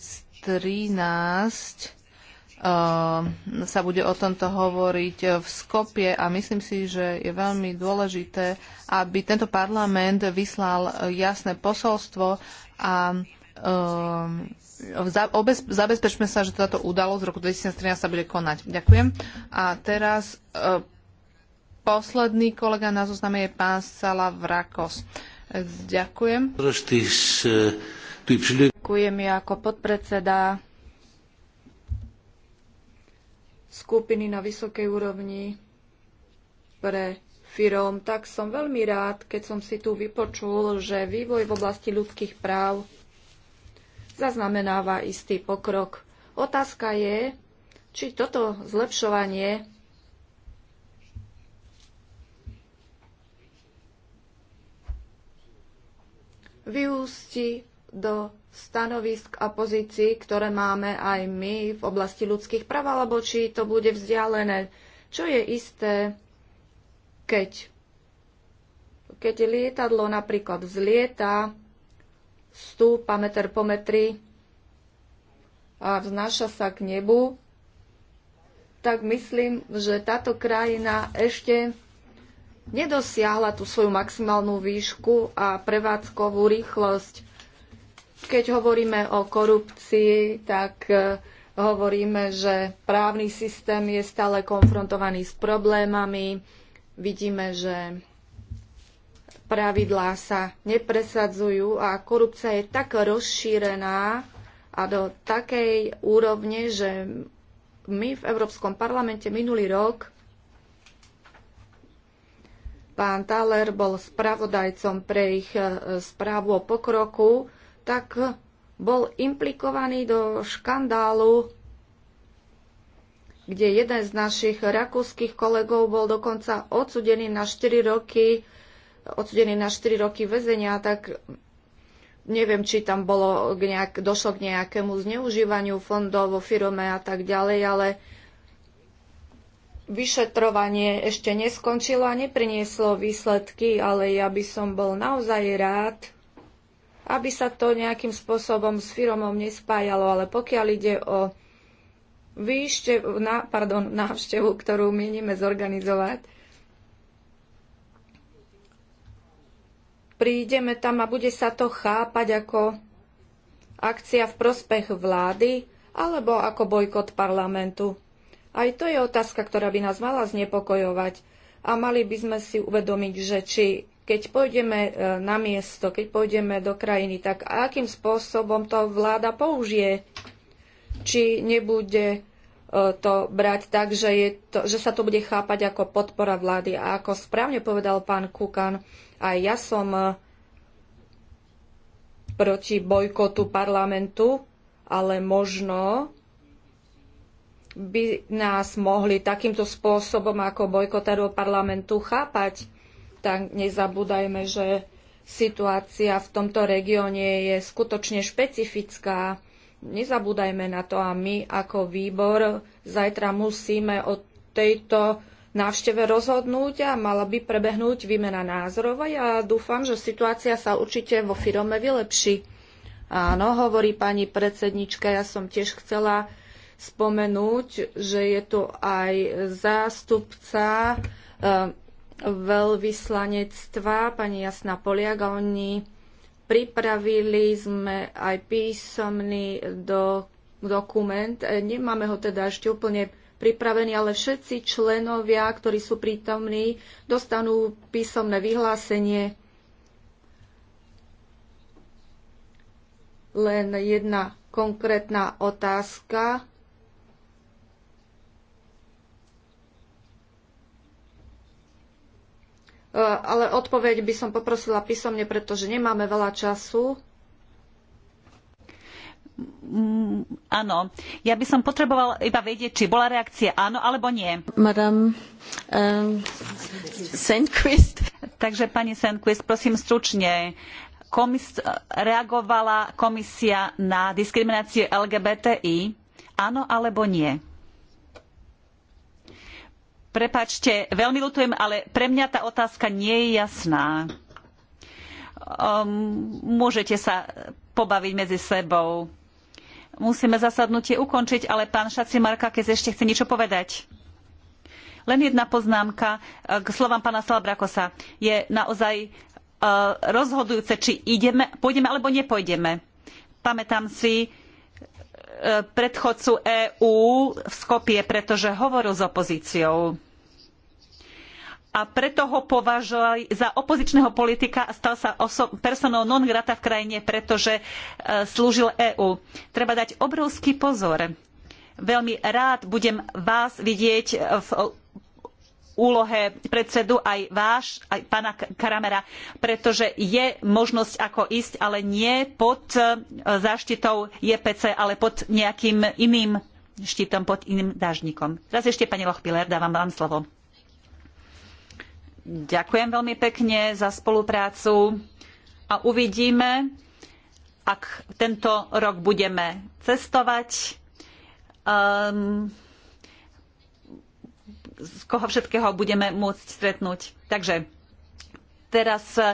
um, sa bude o tomto hovoriť v Skopie a myslím si, že je veľmi dôležité, aby tento parlament vyslal jasné posolstvo a um, zabezpečme sa, že táto udalosť z roku 2013 sa bude konať. Ďakujem. A teraz uh, posledný kolega na zozname je pán Sala Vrakos. Ďakujem. Ďakujem ja ako podpredseda skupiny na vysokej úrovni pre firom, tak som veľmi rád, keď som si tu vypočul, že vývoj v oblasti ľudských práv zaznamenáva istý pokrok. Otázka je, či toto zlepšovanie vyústi do stanovisk a pozícií, ktoré máme aj my v oblasti ľudských práv, alebo či to bude vzdialené. Čo je isté, keď, keď lietadlo napríklad vzlieta, stúpa meter po metri a vznáša sa k nebu, tak myslím, že táto krajina ešte nedosiahla tú svoju maximálnu výšku a prevádzkovú rýchlosť. Keď hovoríme o korupcii, tak e, hovoríme, že právny systém je stále konfrontovaný s problémami. Vidíme, že pravidlá sa nepresadzujú a korupcia je tak rozšírená a do takej úrovne, že my v Európskom parlamente minulý rok Pán Thaler bol spravodajcom pre ich e, správu o pokroku, tak bol implikovaný do škandálu, kde jeden z našich rakúskych kolegov bol dokonca odsudený na 4 roky, odsudený na 4 roky väzenia, tak neviem, či tam bolo nejak, došlo k nejakému zneužívaniu fondov vo firme a tak ďalej, ale vyšetrovanie ešte neskončilo a neprinieslo výsledky, ale ja by som bol naozaj rád, aby sa to nejakým spôsobom s firmom nespájalo, ale pokiaľ ide o na, pardon, návštevu, ktorú mienime zorganizovať, prídeme tam a bude sa to chápať ako akcia v prospech vlády alebo ako bojkot parlamentu. Aj to je otázka, ktorá by nás mala znepokojovať. A mali by sme si uvedomiť, že či keď pôjdeme e, na miesto, keď pôjdeme do krajiny, tak akým spôsobom to vláda použije? Či nebude e, to brať tak, že, je to, že sa to bude chápať ako podpora vlády. A ako správne povedal pán Kukan, aj ja som e, proti bojkotu parlamentu, ale možno by nás mohli takýmto spôsobom ako bojkotárov parlamentu chápať. Tak nezabúdajme, že situácia v tomto regióne je skutočne špecifická. Nezabúdajme na to a my ako výbor zajtra musíme o tejto návšteve rozhodnúť a mala by prebehnúť výmena názorov a ja dúfam, že situácia sa určite vo firme vylepší. Áno, hovorí pani predsednička, ja som tiež chcela spomenúť, že je tu aj zástupca eh, veľvyslanectva, pani Jasná Poliak, a oni pripravili sme aj písomný do, dokument. Eh, nemáme ho teda ešte úplne pripravený, ale všetci členovia, ktorí sú prítomní, dostanú písomné vyhlásenie. Len jedna konkrétna otázka E, ale odpoveď by som poprosila písomne, pretože nemáme veľa času. Mm, áno. Ja by som potreboval iba vedieť, či bola reakcia áno alebo nie. Madame um, Sandquist. Takže pani Senquist, prosím stručne. Komis reagovala komisia na diskrimináciu LGBTI? Áno alebo nie? Prepačte, veľmi ľutujem, ale pre mňa tá otázka nie je jasná. Um, môžete sa pobaviť medzi sebou. Musíme zasadnutie ukončiť, ale pán Šacimarka, keď ešte chce niečo povedať. Len jedna poznámka e, k slovám pána Salbrakosa. Je naozaj uh, rozhodujúce, či ideme, pôjdeme alebo nepôjdeme. Pamätám si, e, predchodcu EÚ v Skopie, pretože hovoril s opozíciou a preto ho považovali za opozičného politika a stal sa personou non grata v krajine, pretože e, slúžil EÚ. Treba dať obrovský pozor. Veľmi rád budem vás vidieť e, v úlohe predsedu aj váš, aj pána Karamera, pretože je možnosť ako ísť, ale nie pod e, záštitou JPC, ale pod nejakým iným štítom, pod iným dážnikom. Teraz ešte, pani Lochpiller, dávam vám slovo. Ďakujem veľmi pekne za spoluprácu a uvidíme, ak tento rok budeme cestovať, um, z koho všetkého budeme môcť stretnúť. Takže teraz e,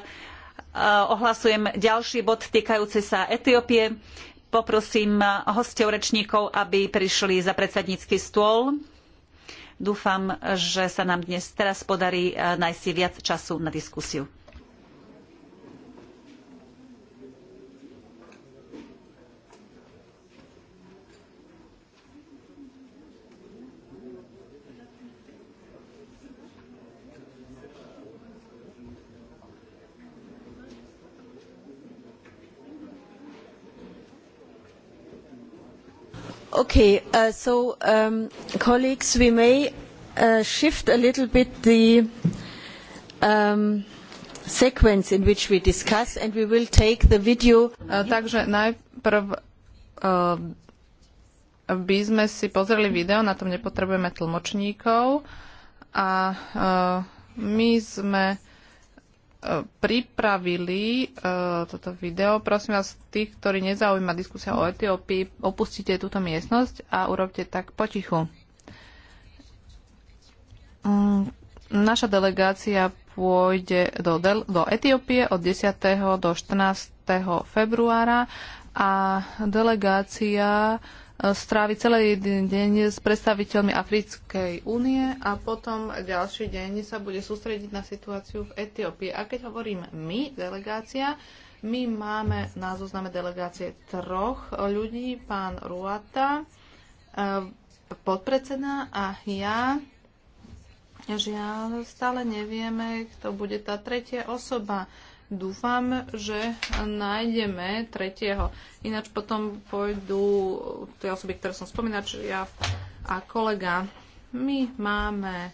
ohlasujem ďalší bod týkajúci sa Etiópie. Poprosím hostov rečníkov, aby prišli za predsednícky stôl. Dúfam, že sa nám dnes teraz podarí eh, nájsť si viac času na diskusiu. Okay, uh, so um, colleagues, we may uh, shift a little bit the um, sequence in which we discuss and we will take the video. Uh, takže najprv uh, by sme si pozreli video, na tom nepotrebujeme tlmočníkov a uh, my sme pripravili e, toto video. Prosím vás, tých, ktorí nezaujíma diskusia o Etiópii, opustite túto miestnosť a urobte tak potichu. Mm, naša delegácia pôjde do, Del- do Etiópie od 10. do 14. februára a delegácia uh, strávi celý deň s predstaviteľmi Africkej únie a potom ďalší deň sa bude sústrediť na situáciu v Etiópii. A keď hovorím my, delegácia, my máme na zozname delegácie troch ľudí, pán Ruata, eh, podpredseda a ja. Žiaľ, stále nevieme, kto bude tá tretia osoba. Dúfam, že nájdeme tretieho. Ináč potom pôjdu tie osoby, ktoré som spomínal, čiže ja a kolega. My máme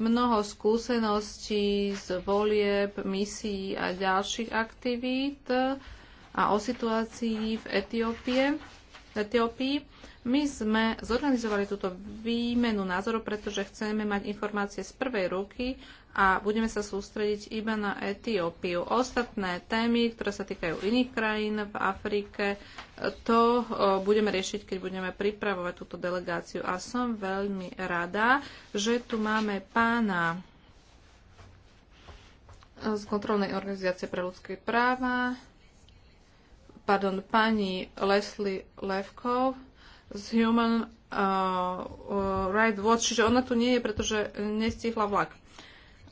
mnoho skúseností z volieb, misií a ďalších aktivít a o situácii v Etiópie. Etiópii. My sme zorganizovali túto výmenu názorov, pretože chceme mať informácie z prvej ruky a budeme sa sústrediť iba na Etiópiu. Ostatné témy, ktoré sa týkajú iných krajín v Afrike, to budeme riešiť, keď budeme pripravovať túto delegáciu. A som veľmi rada, že tu máme pána e, z kontrolnej organizácie pre ľudské práva, pardon, pani Leslie Levkov z Human uh, uh, Rights Watch, čiže ona tu nie je, pretože nestihla vlak.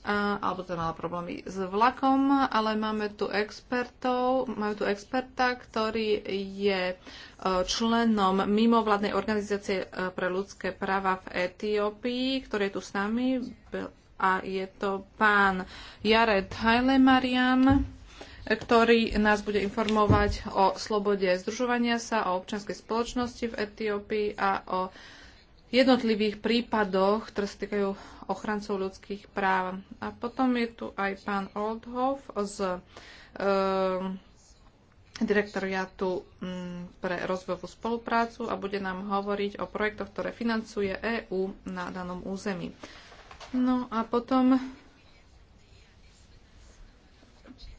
Uh, alebo to mala problémy s vlakom, ale máme tu expertov, majú tu experta, ktorý je uh, členom mimovládnej organizácie uh, pre ľudské práva v Etiópii, ktorý je tu s nami a je to pán Jared Hailemarian. Marian ktorý nás bude informovať o slobode združovania sa, o občianskej spoločnosti v Etiópii a o jednotlivých prípadoch, ktoré sa týkajú ochrancov ľudských práv. A potom je tu aj pán Oldhoff z e, direktoriátu mm, pre rozvojovú spoluprácu a bude nám hovoriť o projektoch, ktoré financuje EÚ na danom území. No a potom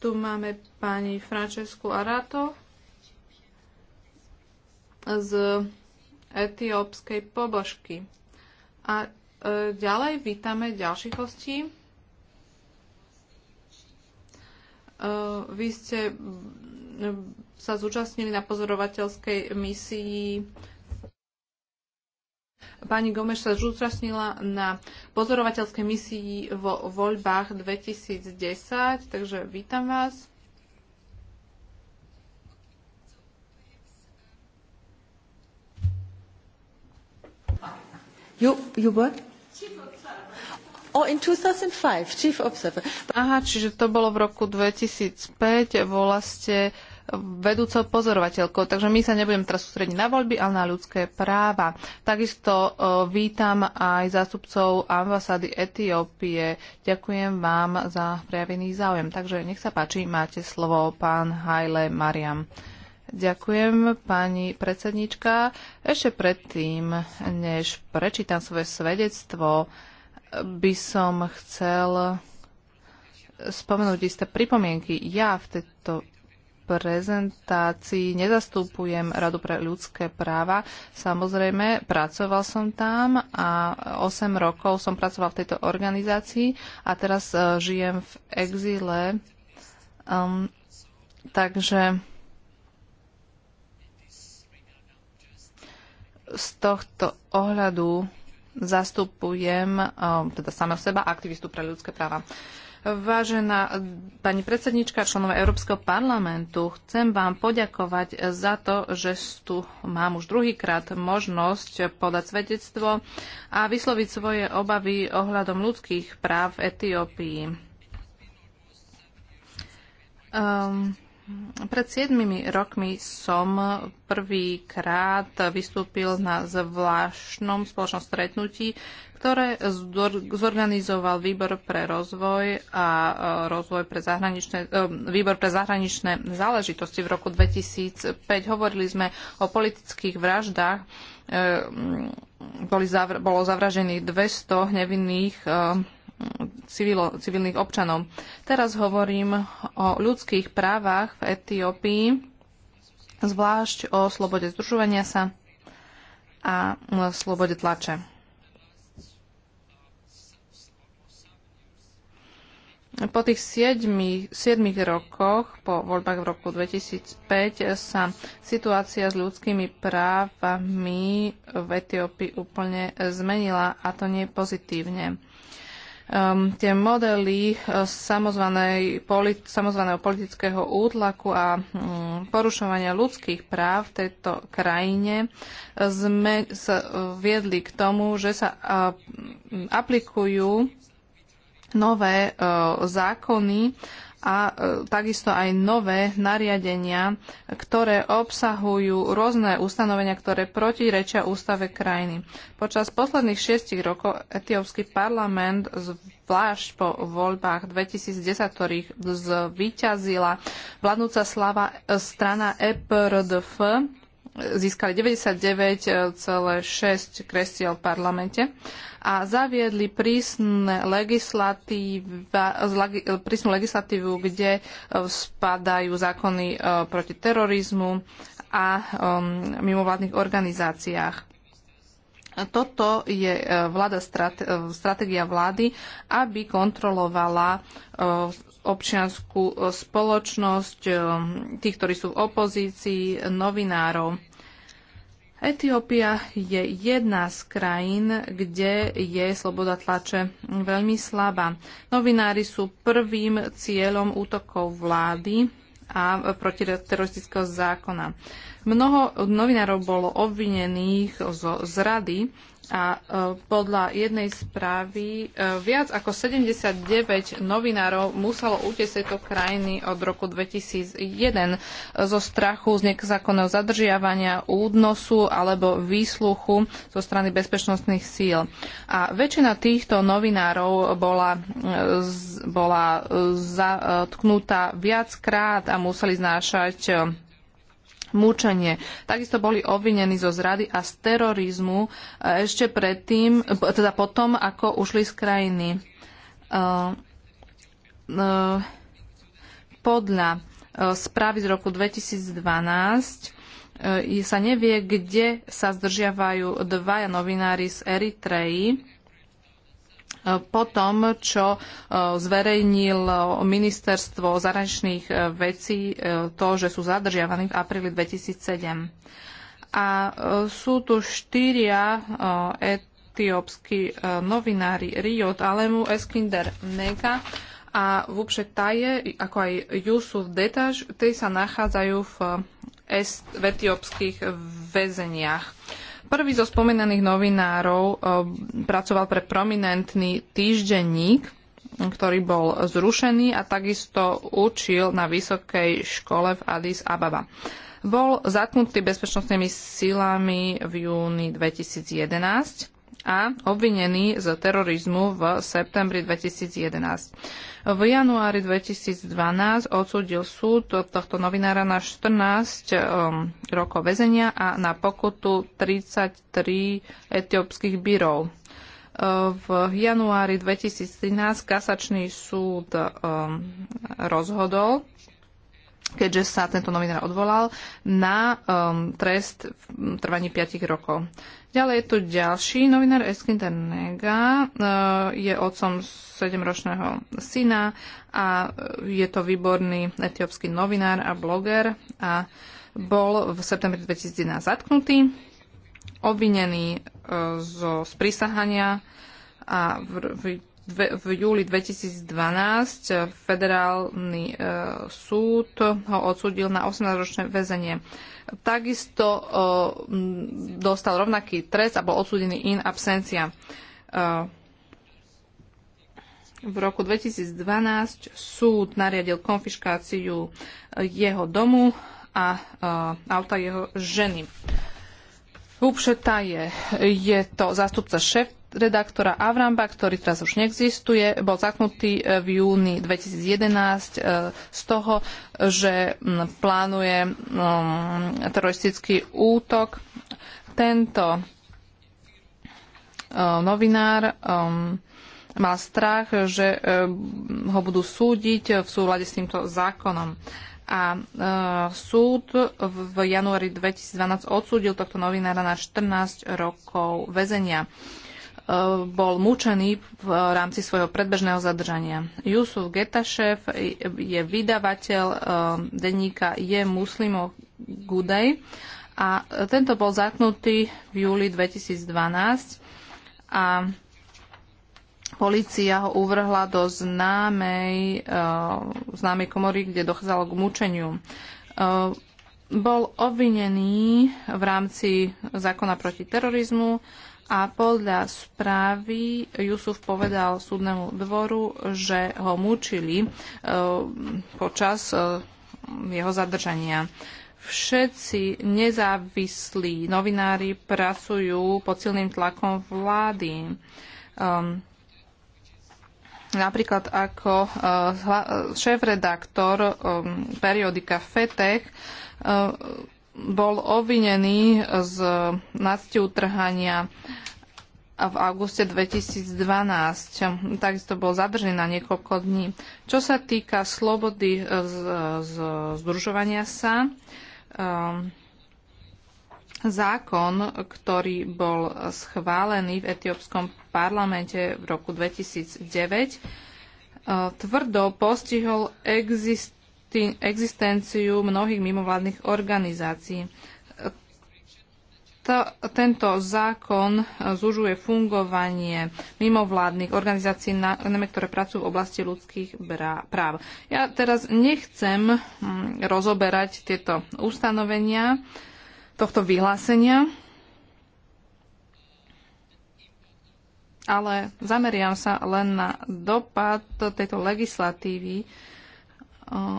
tu máme pani Francesku Arato z etiópskej pobožky. A e, ďalej vítame ďalších hostí. E, vy ste sa zúčastnili na pozorovateľskej misii Pani Gomeš sa zúčastnila na pozorovateľskej misii vo voľbách 2010, takže vítam vás. You, you what? Oh, in 2005, chief observer. Aha, čiže to bolo v roku 2005, bola ste vedúcou pozorovateľkou. Takže my sa nebudeme teraz sústrediť na voľby, ale na ľudské práva. Takisto e, vítam aj zástupcov ambasády Etiópie. Ďakujem vám za prejavený záujem. Takže nech sa páči, máte slovo pán Hajle Mariam. Ďakujem, pani predsednička. Ešte predtým, než prečítam svoje svedectvo, by som chcel spomenúť isté pripomienky. Ja v tejto prezentácii nezastupujem Radu pre ľudské práva. Samozrejme, pracoval som tam a 8 rokov som pracoval v tejto organizácii a teraz uh, žijem v exíle. Um, takže z tohto ohľadu zastupujem um, teda samého seba, aktivistu pre ľudské práva. Uh, Vážená pani predsednička, členové Európskeho parlamentu, chcem vám poďakovať za to, že tu mám už druhýkrát možnosť podať svedectvo a vysloviť svoje obavy ohľadom ľudských práv v Etiópii. Um, pred siedmimi rokmi som prvýkrát vystúpil na zvláštnom spoločnom stretnutí ktoré zorganizoval Výbor pre rozvoj a e, rozvoj pre zahraničné, e, Výbor pre zahraničné záležitosti v roku 2005. Hovorili sme o politických vraždách. E, boli zavr- bolo zavražených 200 nevinných civilo, civilných občanov. Teraz hovorím o ľudských právach v Etiópii, zvlášť o slobode združovania sa a slobode tlače. Po tých 7, 7 rokoch, po voľbách v roku 2005, sa situácia s ľudskými právami v Etiópii úplne zmenila a to nie pozitívne. Um, tie modely eh, polit, samozvaného politického útlaku a um, porušovania ľudských práv v tejto krajine eh, sa viedli k tomu, že sa uh, aplikujú nové e, zákony a e, takisto aj nové nariadenia, ktoré obsahujú rôzne ustanovenia, ktoré protirečia ústave krajiny. Počas posledných šiestich rokov etiópsky parlament zvlášť po voľbách 2010, ktorých zvíťazila vládnúca slava e, strana EPRDF, získali 99,6 kresiel v parlamente a zaviedli prísne prísnu legislatívu, kde eh, spadajú zákony eh, proti terorizmu a um, mimovládnych organizáciách. Toto je eh, vláda, stratégia vlády, aby kontrolovala občianskú e, spoločnosť, e, tých, ktorí sú v opozícii, novinárov. Etiópia je jedna z krajín, kde je sloboda tlače veľmi slabá. Novinári sú prvým cieľom útokov vlády a protiteroristického zákona. Mnoho novinárov bolo obvinených zo zrady a e, podľa jednej správy e, viac ako 79 novinárov muselo utiesť tejto krajiny od roku 2001 zo strachu z nezákonného zadržiavania, údnosu alebo výsluchu zo strany bezpečnostných síl. A väčšina týchto novinárov bola, e, bola zatknutá viackrát a museli znášať mučenie. Takisto boli obvinení zo zrady a z terorizmu e, ešte predtým, teda potom, ako ušli z krajiny. E, e, podľa správy z roku 2012 sa nevie, kde sa zdržiavajú dvaja novinári z Eritreji po tom, čo e, zverejnil ministerstvo zahraničných e, vecí e, to, že sú zadržiavaní v apríli 2007. A sú tu štyria etiópsky novinári Riot Alemu Eskinder Neka a Vupše Taje, ako aj Jusuf Detaš, tie sa nachádzajú v, est, v etiópskych väzeniach. Prvý zo spomenaných novinárov eh, pracoval pre prominentný týždenník, ktorý bol zrušený a takisto učil na vysokej škole v Addis Ababa. Bol zatknutý bezpečnostnými silami v júni 2011 a obvinený z terorizmu v septembri 2011. V januári 2012 odsúdil súd tohto novinára na 14 um, rokov väzenia a na pokutu 33 etiópskych byrov. Uh, v januári 2013 kasačný súd um, rozhodol, keďže sa tento novinár odvolal na um, trest v trvaní 5 rokov. Ďalej je tu ďalší novinár Eskinter Nega, uh, je otcom 7-ročného syna a uh, je to výborný etiópsky novinár a bloger a bol v septembri 2011 zatknutý, obvinený uh, zo sprísahania a v, v v júli 2012 federálny e, súd ho odsúdil na 18-ročné väzenie. Takisto e, dostal rovnaký trest a bol odsúdený in absencia. E, v roku 2012 súd nariadil konfiškáciu e, jeho domu a e, auta jeho ženy. Upšeta je, je to zástupca šéf redaktora Avramba, ktorý teraz už neexistuje, bol zatknutý e, v júni 2011 e, z toho, že plánuje teroristický útok. Tento e, novinár mal strach, že ho budú súdiť v súlade s týmto zákonom a súd v januári 2012 odsúdil tohto novinára na 14 rokov väzenia. Eh, bol mučený v rámci svojho predbežného zadržania. Jusuf Getašev je vydavateľ eh, denníka Je muslimo Gudej a tento bol zatknutý v júli 2012 a policia ho uvrhla do známej, eh, známej komory, kde dochádzalo k mučeniu. Bol obvinený v rámci zákona proti terorizmu a podľa správy Jusuf povedal súdnemu dvoru, že ho mučili e, počas e, jeho zadržania. Všetci nezávislí novinári pracujú pod silným tlakom vlády. Um, napríklad ako uh, šéf-redaktor um, periodika FETECH uh, bol obvinený z utrhania v auguste 2012. Takisto bol zadržený na niekoľko dní. Čo sa týka slobody z, z, združovania sa, um, zákon, ktorý bol schválený v etiópskom parlamente v roku 2009, uh, tvrdo postihol existenciu existenciu mnohých mimovládnych organizácií. To, tento zákon e, zužuje fungovanie mimovládnych organizácií, najmä ktoré pracujú v oblasti ľudských práv. Ja teraz nechcem rozoberať tieto ustanovenia tohto vyhlásenia, ale zameriam sa len na dopad tejto legislatívy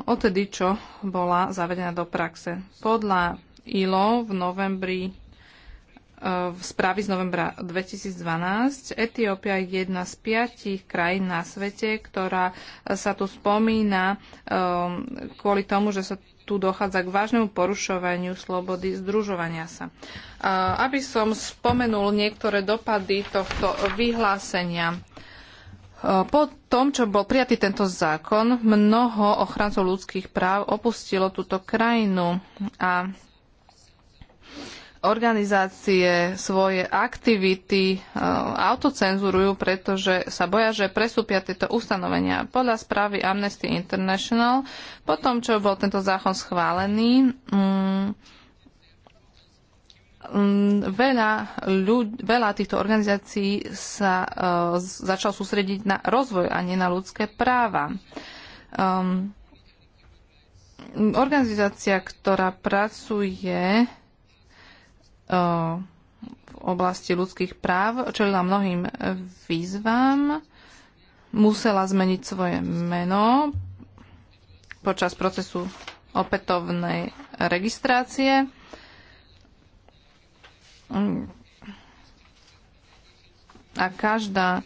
odtedy, čo bola zavedená do praxe. Podľa ILO v novembri e, v správy z novembra 2012. Etiópia je jedna z piatich krajín na svete, ktorá sa tu spomína um, kvôli tomu, že sa tu dochádza k vážnemu porušovaniu slobody združovania sa. Uh, aby som spomenul niektoré dopady tohto vyhlásenia. Po tom, čo bol prijatý tento zákon, mnoho ochrancov ľudských práv opustilo túto krajinu a organizácie svoje aktivity e, autocenzurujú, pretože sa boja, že presúpia tieto ustanovenia. Podľa správy Amnesty International, po tom, čo bol tento zákon schválený, mm, Mm, veľa, ľud, veľa týchto organizácií sa e, začal sústrediť na rozvoj a nie na ľudské práva. Um, organizácia, ktorá pracuje e, v oblasti ľudských práv, čelila mnohým výzvam, musela zmeniť svoje meno počas procesu opätovnej registrácie Mm. a každá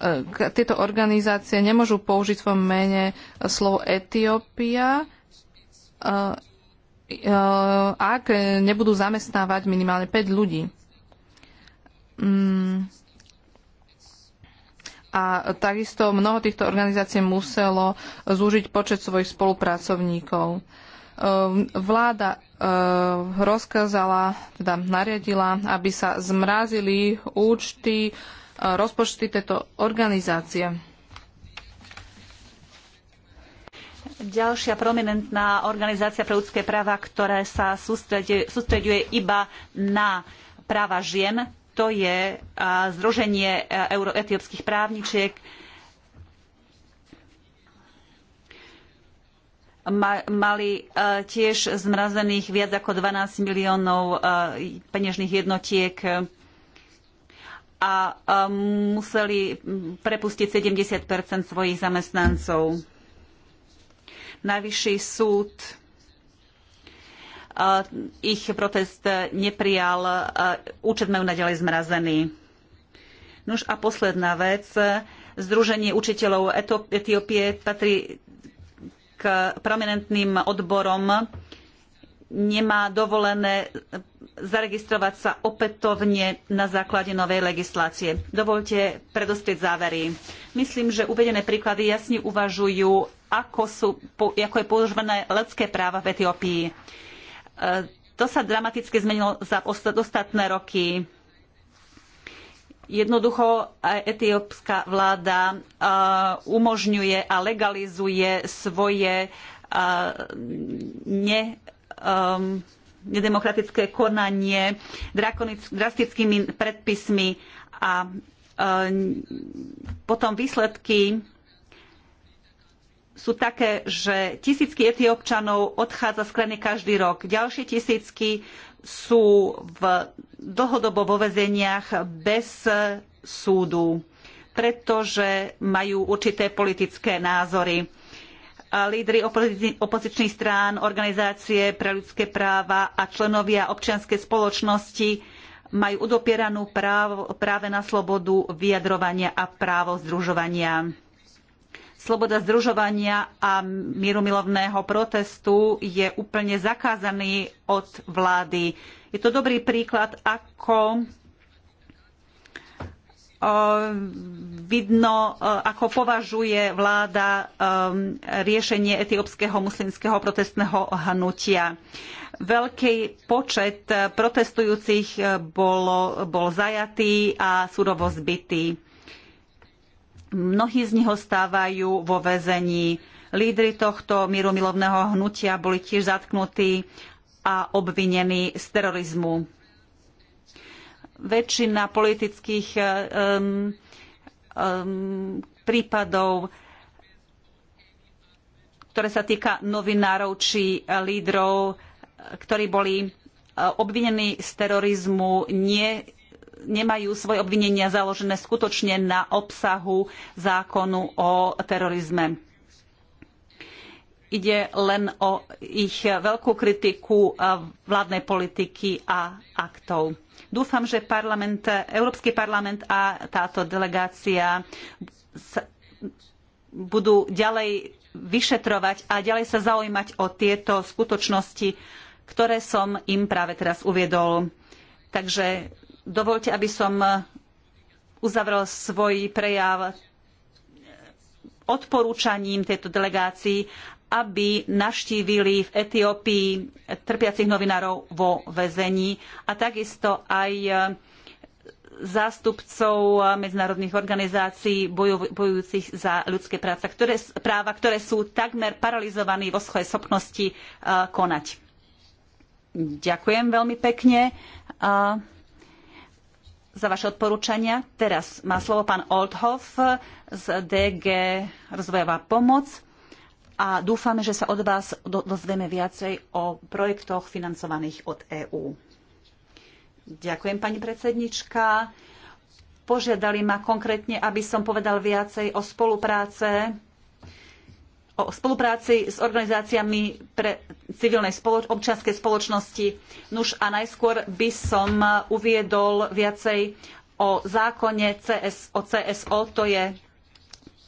e, tieto organizácie nemôžu použiť vo mene e, slovo Etiópia, e, ak nebudú zamestnávať minimálne 5 ľudí. Mm. A takisto mnoho týchto organizácií muselo zúžiť počet svojich spolupracovníkov. Ehm, vláda ehm, rozkázala, teda nariadila, aby sa zmrazili účty, e, rozpočty tejto organizácie. Ďalšia prominentná organizácia pre ľudské práva, ktorá sa sústreďuje iba na práva žien, to je Združenie e, etiópskych právničiek, mali e, tiež zmrazených viac ako 12 miliónov e, peňažných jednotiek a e, museli prepustiť 70 svojich zamestnancov. Najvyšší súd ich protest neprijal, účet majú naďalej zmrazený. Nož a posledná vec. Združenie učiteľov Etiópie patrí k prominentným odborom nemá dovolené zaregistrovať sa opätovne na základe novej legislácie. Dovolte predostrieť závery. Myslím, že uvedené príklady jasne uvažujú, ako, sú, ako je používané ľudské práva v Etiópii. E, to sa dramaticky zmenilo za ostatné roky Jednoducho e, etiópska vláda e, umožňuje a legalizuje svoje e, ne, um, nedemokratické konanie drastickými predpismi a potom výsledky sú také, že tisícky etiópčanov odchádza z krajiny každý rok. Ďalšie tisícky sú v, dlhodobo vo väzeniach bez súdu, pretože majú určité politické názory. Lídri opozičných strán, organizácie pre ľudské práva a členovia občianskej spoločnosti majú udopieranú právo práve na slobodu vyjadrovania a právo združovania sloboda združovania a mierumilovného protestu je úplne zakázaný od vlády. Je to dobrý príklad, ako vidno, ako považuje vláda riešenie etiópskeho muslimského protestného hnutia. Veľký počet protestujúcich e, bol, bol zajatý a surovo zbytý. Mnohí z nich ostávajú vo väzení. Lídry tohto mírumilovného hnutia boli tiež zatknutí a obvinení z terorizmu. Väčšina politických um, um, prípadov, ktoré sa týka novinárov či lídrov, ktorí boli eh, obvinení z terorizmu, nie nemajú svoje obvinenia založené skutočne na obsahu zákonu o terorizme. Ide len o ich veľkú kritiku eh, vládnej politiky a aktov. Dúfam, že parlament, Európsky parlament a táto delegácia budú ďalej vyšetrovať a ďalej sa zaujímať o tieto skutočnosti, ktoré som im práve teraz uviedol. Takže Dovolte, aby som e, uzavrel svoj prejav odporúčaním tejto delegácii, aby navštívili v Etiópii trpiacich novinárov vo väzení a takisto aj e, zástupcov e, medzinárodných organizácií bojujúcich za ľudské práca, práva, ktoré sú takmer paralizovaní vo svojej schopnosti konať. Ďakujem veľmi pekne za vaše odporúčania. Teraz má slovo pán Oldhoff z DG Rozvojová pomoc a dúfame, že sa od vás dozvieme viacej o projektoch financovaných od EÚ. Ďakujem, pani predsednička. Požiadali ma konkrétne, aby som povedal viacej o spolupráce o spolupráci s organizáciami pre civilnej spoloč- občianskej spoločnosti. Nuž a najskôr by som uviedol viacej o zákone CS, o CSO, to je,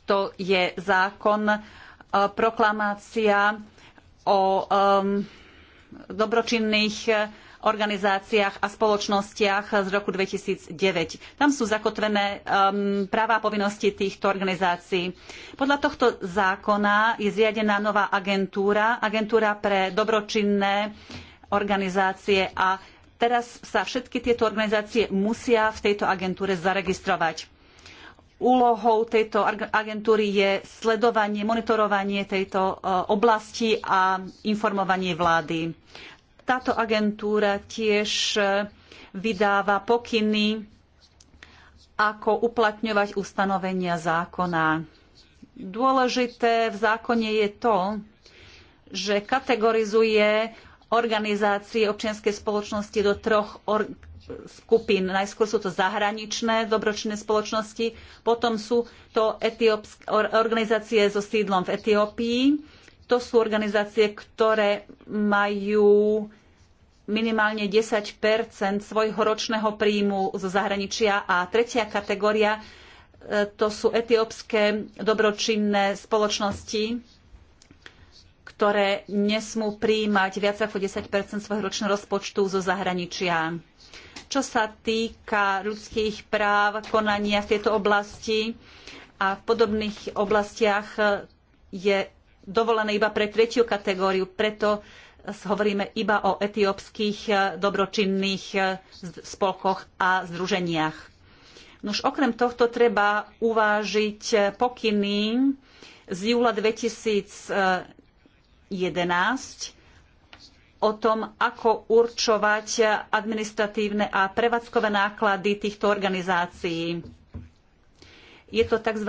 to je zákon, e, proklamácia o um, dobročinných organizáciách a spoločnostiach z roku 2009. Tam sú zakotvené um, práva a povinnosti týchto organizácií. Podľa tohto zákona je zriadená nová agentúra, agentúra pre dobročinné organizácie a teraz sa všetky tieto organizácie musia v tejto agentúre zaregistrovať úlohou tejto agentúry je sledovanie, monitorovanie tejto uh, oblasti a informovanie vlády. Táto agentúra tiež e, vydáva pokyny, ako uplatňovať ustanovenia zákona. Dôležité v zákone je to, že kategorizuje organizácie občianskej spoločnosti do troch skupín. Najskôr sú to zahraničné dobročné spoločnosti, potom sú to organizácie so sídlom v Etiópii. To sú organizácie, ktoré majú minimálne 10 svojho ročného príjmu zo zahraničia. A tretia kategória e, to sú etiópske dobročinné spoločnosti, ktoré nesmú príjmať viac ako 10 svojho ročného rozpočtu zo zahraničia. Čo sa týka ľudských práv, konania v tejto oblasti a v podobných oblastiach e, je dovolené iba pre tretiu kategóriu. Preto hovoríme iba o etiópskych e, dobročinných e, spolkoch a združeniach. Nož okrem tohto treba uvážiť e, pokyny z júla 2011 o tom, ako určovať administratívne a prevádzkové náklady týchto organizácií je to tzv.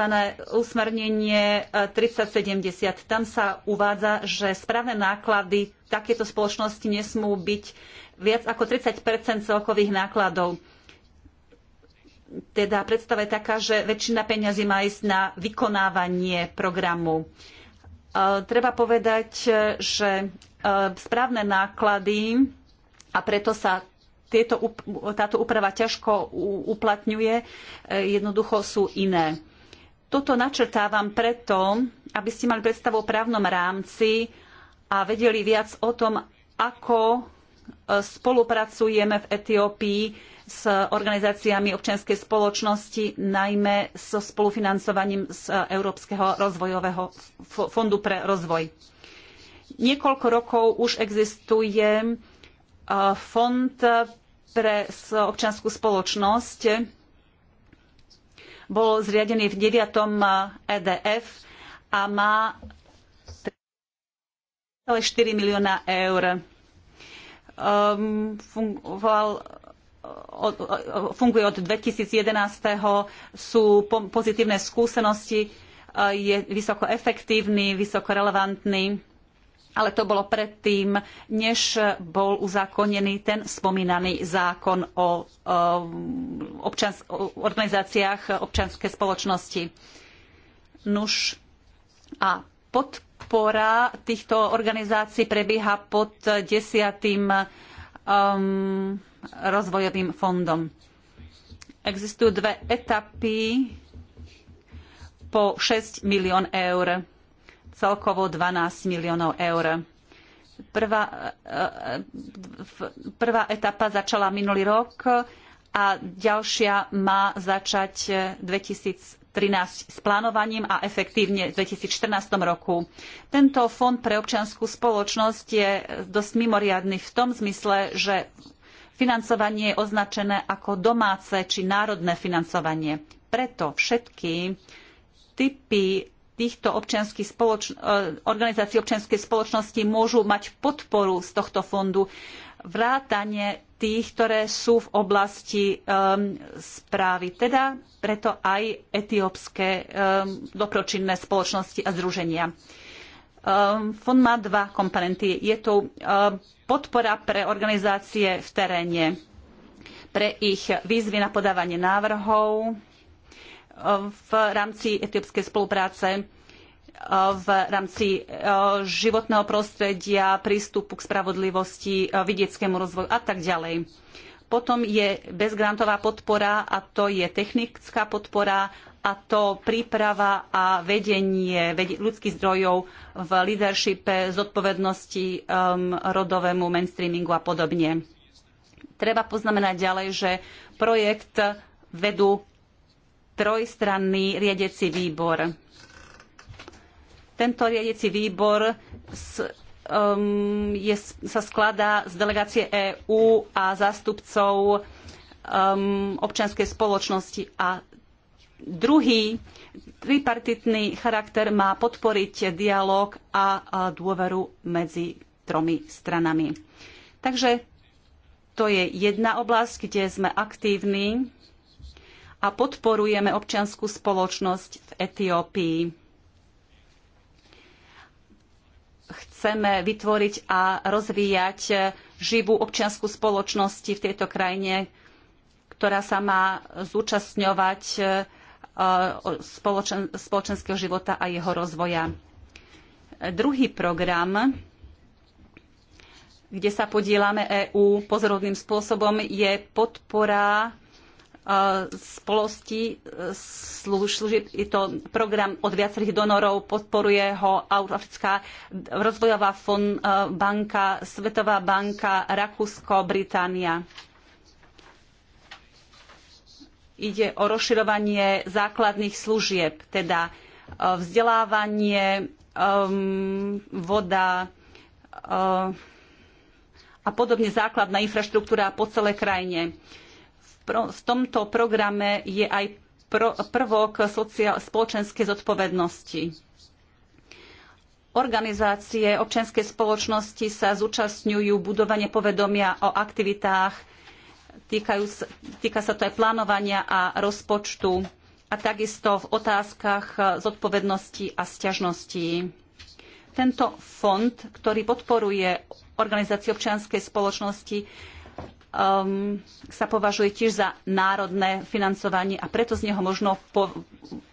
usmernenie 3070. E, Tam sa uvádza, že správne náklady takéto spoločnosti nesmú byť viac ako 30 celkových nákladov. Teda predstava je taká, že väčšina peňazí má ísť na vykonávanie programu. E, treba povedať, e, že správne náklady a preto sa tieto, táto úprava ťažko uplatňuje, e, jednoducho sú iné. Toto načrtávam preto, aby ste mali predstavu o právnom rámci a vedeli viac o tom, ako e, spolupracujeme v Etiópii s organizáciami občianskej spoločnosti, najmä so spolufinancovaním z Európskeho rozvojového fondu pre rozvoj. Niekoľko rokov už existuje e, fond pre občianskú spoločnosť bol zriadený v 9. EDF eh, e a má 4 milióna eur. Ehm, fungoval, funguje od 2011. Sú pozitívne skúsenosti, eh, je vysoko efektívny, vysoko relevantný ale to bolo predtým, než bol uzákonený ten spomínaný zákon o, občans- o organizáciách občanskej spoločnosti. Nuž a podpora týchto organizácií prebieha pod desiatým um, rozvojovým fondom. Existujú dve etapy po 6 milión eur celkovo 12 miliónov eur. Prvá, eh, eh, prvá etapa začala minulý rok a ďalšia má začať 2013 s plánovaním a efektívne v 2014 roku. Tento fond pre občianskú spoločnosť je dosť mimoriadný v tom zmysle, že financovanie je označené ako domáce či národné financovanie. Preto všetky typy týchto občianských spoloč- e, organizácií občianskej spoločnosti môžu mať podporu z tohto fondu vrátane tých, ktoré sú v oblasti um, správy. Teda preto aj etiópske um, dobročinné spoločnosti a združenia. Um, fond má dva komponenty. Je to um, podpora pre organizácie v teréne, pre ich výzvy na podávanie návrhov, v rámci etiópskej spolupráce e, v rámci e, životného prostredia, prístupu k spravodlivosti, e, vidieckému rozvoju a tak ďalej. Potom je bezgrantová podpora a to je technická podpora a to príprava a vedenie ľudských zdrojov v leadershipe, zodpovednosti um, rodovému mainstreamingu a podobne. Treba poznamenať ďalej, že projekt vedú trojstranný riadiaci výbor. Tento riadiaci výbor s, um, je, sa skladá z delegácie EÚ a zástupcov um, občianskej spoločnosti a druhý tripartitný charakter má podporiť dialog a, a dôveru medzi tromi stranami. Takže to je jedna oblasť, kde sme aktívni a podporujeme občianskú spoločnosť v Etiópii. Chceme vytvoriť a rozvíjať živú občiansku spoločnosť v tejto krajine, ktorá sa má zúčastňovať e, spoločen spoločenského života a jeho rozvoja. Druhý program, kde sa podielame EÚ pozorovným spôsobom, je podpora E, spolosti e, služieb. Je to program od viacerých donorov, podporuje ho Africká rozvojová fond, e, banka, Svetová banka, Rakúsko, Británia. Ide o rozširovanie základných služieb, teda vzdelávanie, voda a podobne základná infraštruktúra po celej krajine v tomto programe je aj prvok sociál, spoločenskej zodpovednosti. Organizácie občianskej spoločnosti sa zúčastňujú budovanie povedomia o aktivitách, týkajú, týka sa to aj plánovania a rozpočtu a takisto v otázkach zodpovednosti a sťažností. Tento fond, ktorý podporuje organizácie občianskej spoločnosti, um, sa považuje tiež za národné financovanie a preto z neho možno po,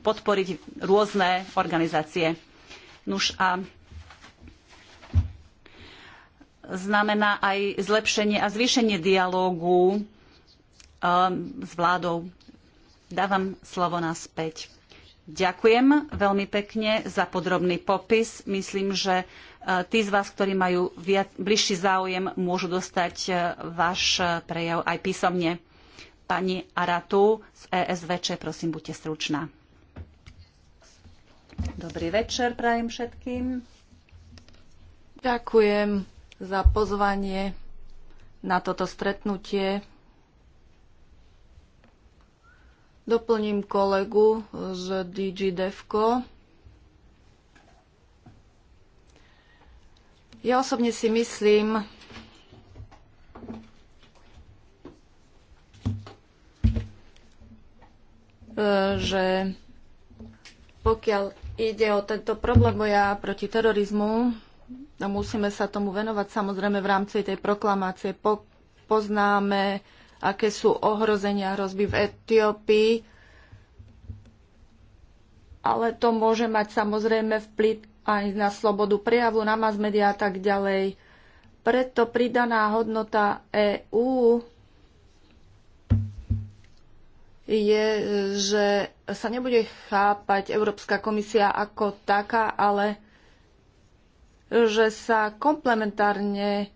podporiť rôzne organizácie. Nuž a znamená aj zlepšenie a zvýšenie dialógu um, s vládou. Dávam slovo naspäť. Ďakujem veľmi pekne za podrobný popis. Myslím, že Tí z vás, ktorí majú viac, bližší záujem, môžu dostať e, váš e, prejav aj písomne. Pani Aratu z ESVČ, prosím, buďte stručná. Dobrý večer prajem všetkým. Ďakujem za pozvanie na toto stretnutie. Doplním kolegu z DG Devco Ja osobne si myslím, e, že pokiaľ ide o tento problém boja proti terorizmu, musíme sa tomu venovať samozrejme v rámci tej proklamácie. Po, poznáme, aké sú ohrozenia hrozby v Etiópii, ale to môže mať samozrejme vplyv aj na slobodu prejavu, na mass media a tak ďalej. Preto pridaná hodnota EÚ je, že sa nebude chápať Európska komisia ako taká, ale že sa komplementárne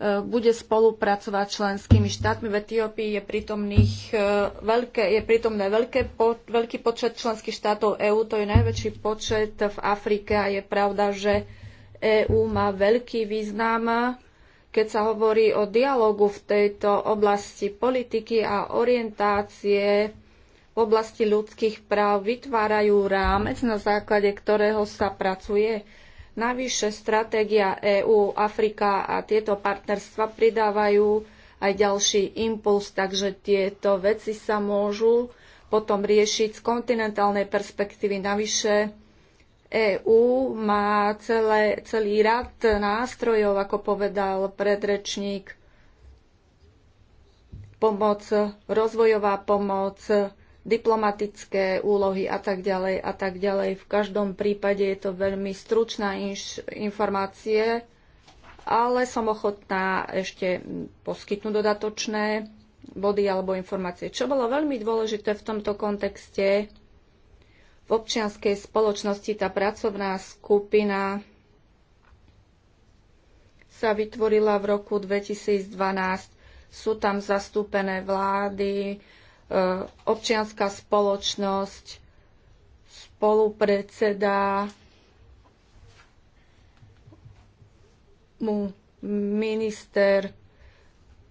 bude spolupracovať s členskými štátmi. V Etiópii je, prítomných, e, veľké, je prítomné veľké, po, veľký počet členských štátov EÚ, to je najväčší počet v Afrike a je pravda, že EÚ má veľký význam, keď sa hovorí o dialogu v tejto oblasti politiky a orientácie v oblasti ľudských práv, vytvárajú rámec, na základe ktorého sa pracuje Navyše stratégia EÚ, Afrika a tieto partnerstva pridávajú aj ďalší impuls, takže tieto veci sa môžu potom riešiť z kontinentálnej perspektívy. Navyše EÚ má celé, celý rad nástrojov, ako povedal predrečník, pomoc, rozvojová pomoc, diplomatické úlohy a tak ďalej a tak ďalej. V každom prípade je to veľmi stručná inš- informácie, ale som ochotná ešte poskytnúť dodatočné body alebo informácie. Čo bolo veľmi dôležité v tomto kontexte, v občianskej spoločnosti tá pracovná skupina sa vytvorila v roku 2012. Sú tam zastúpené vlády, E, občianská spoločnosť, spolupredseda mu minister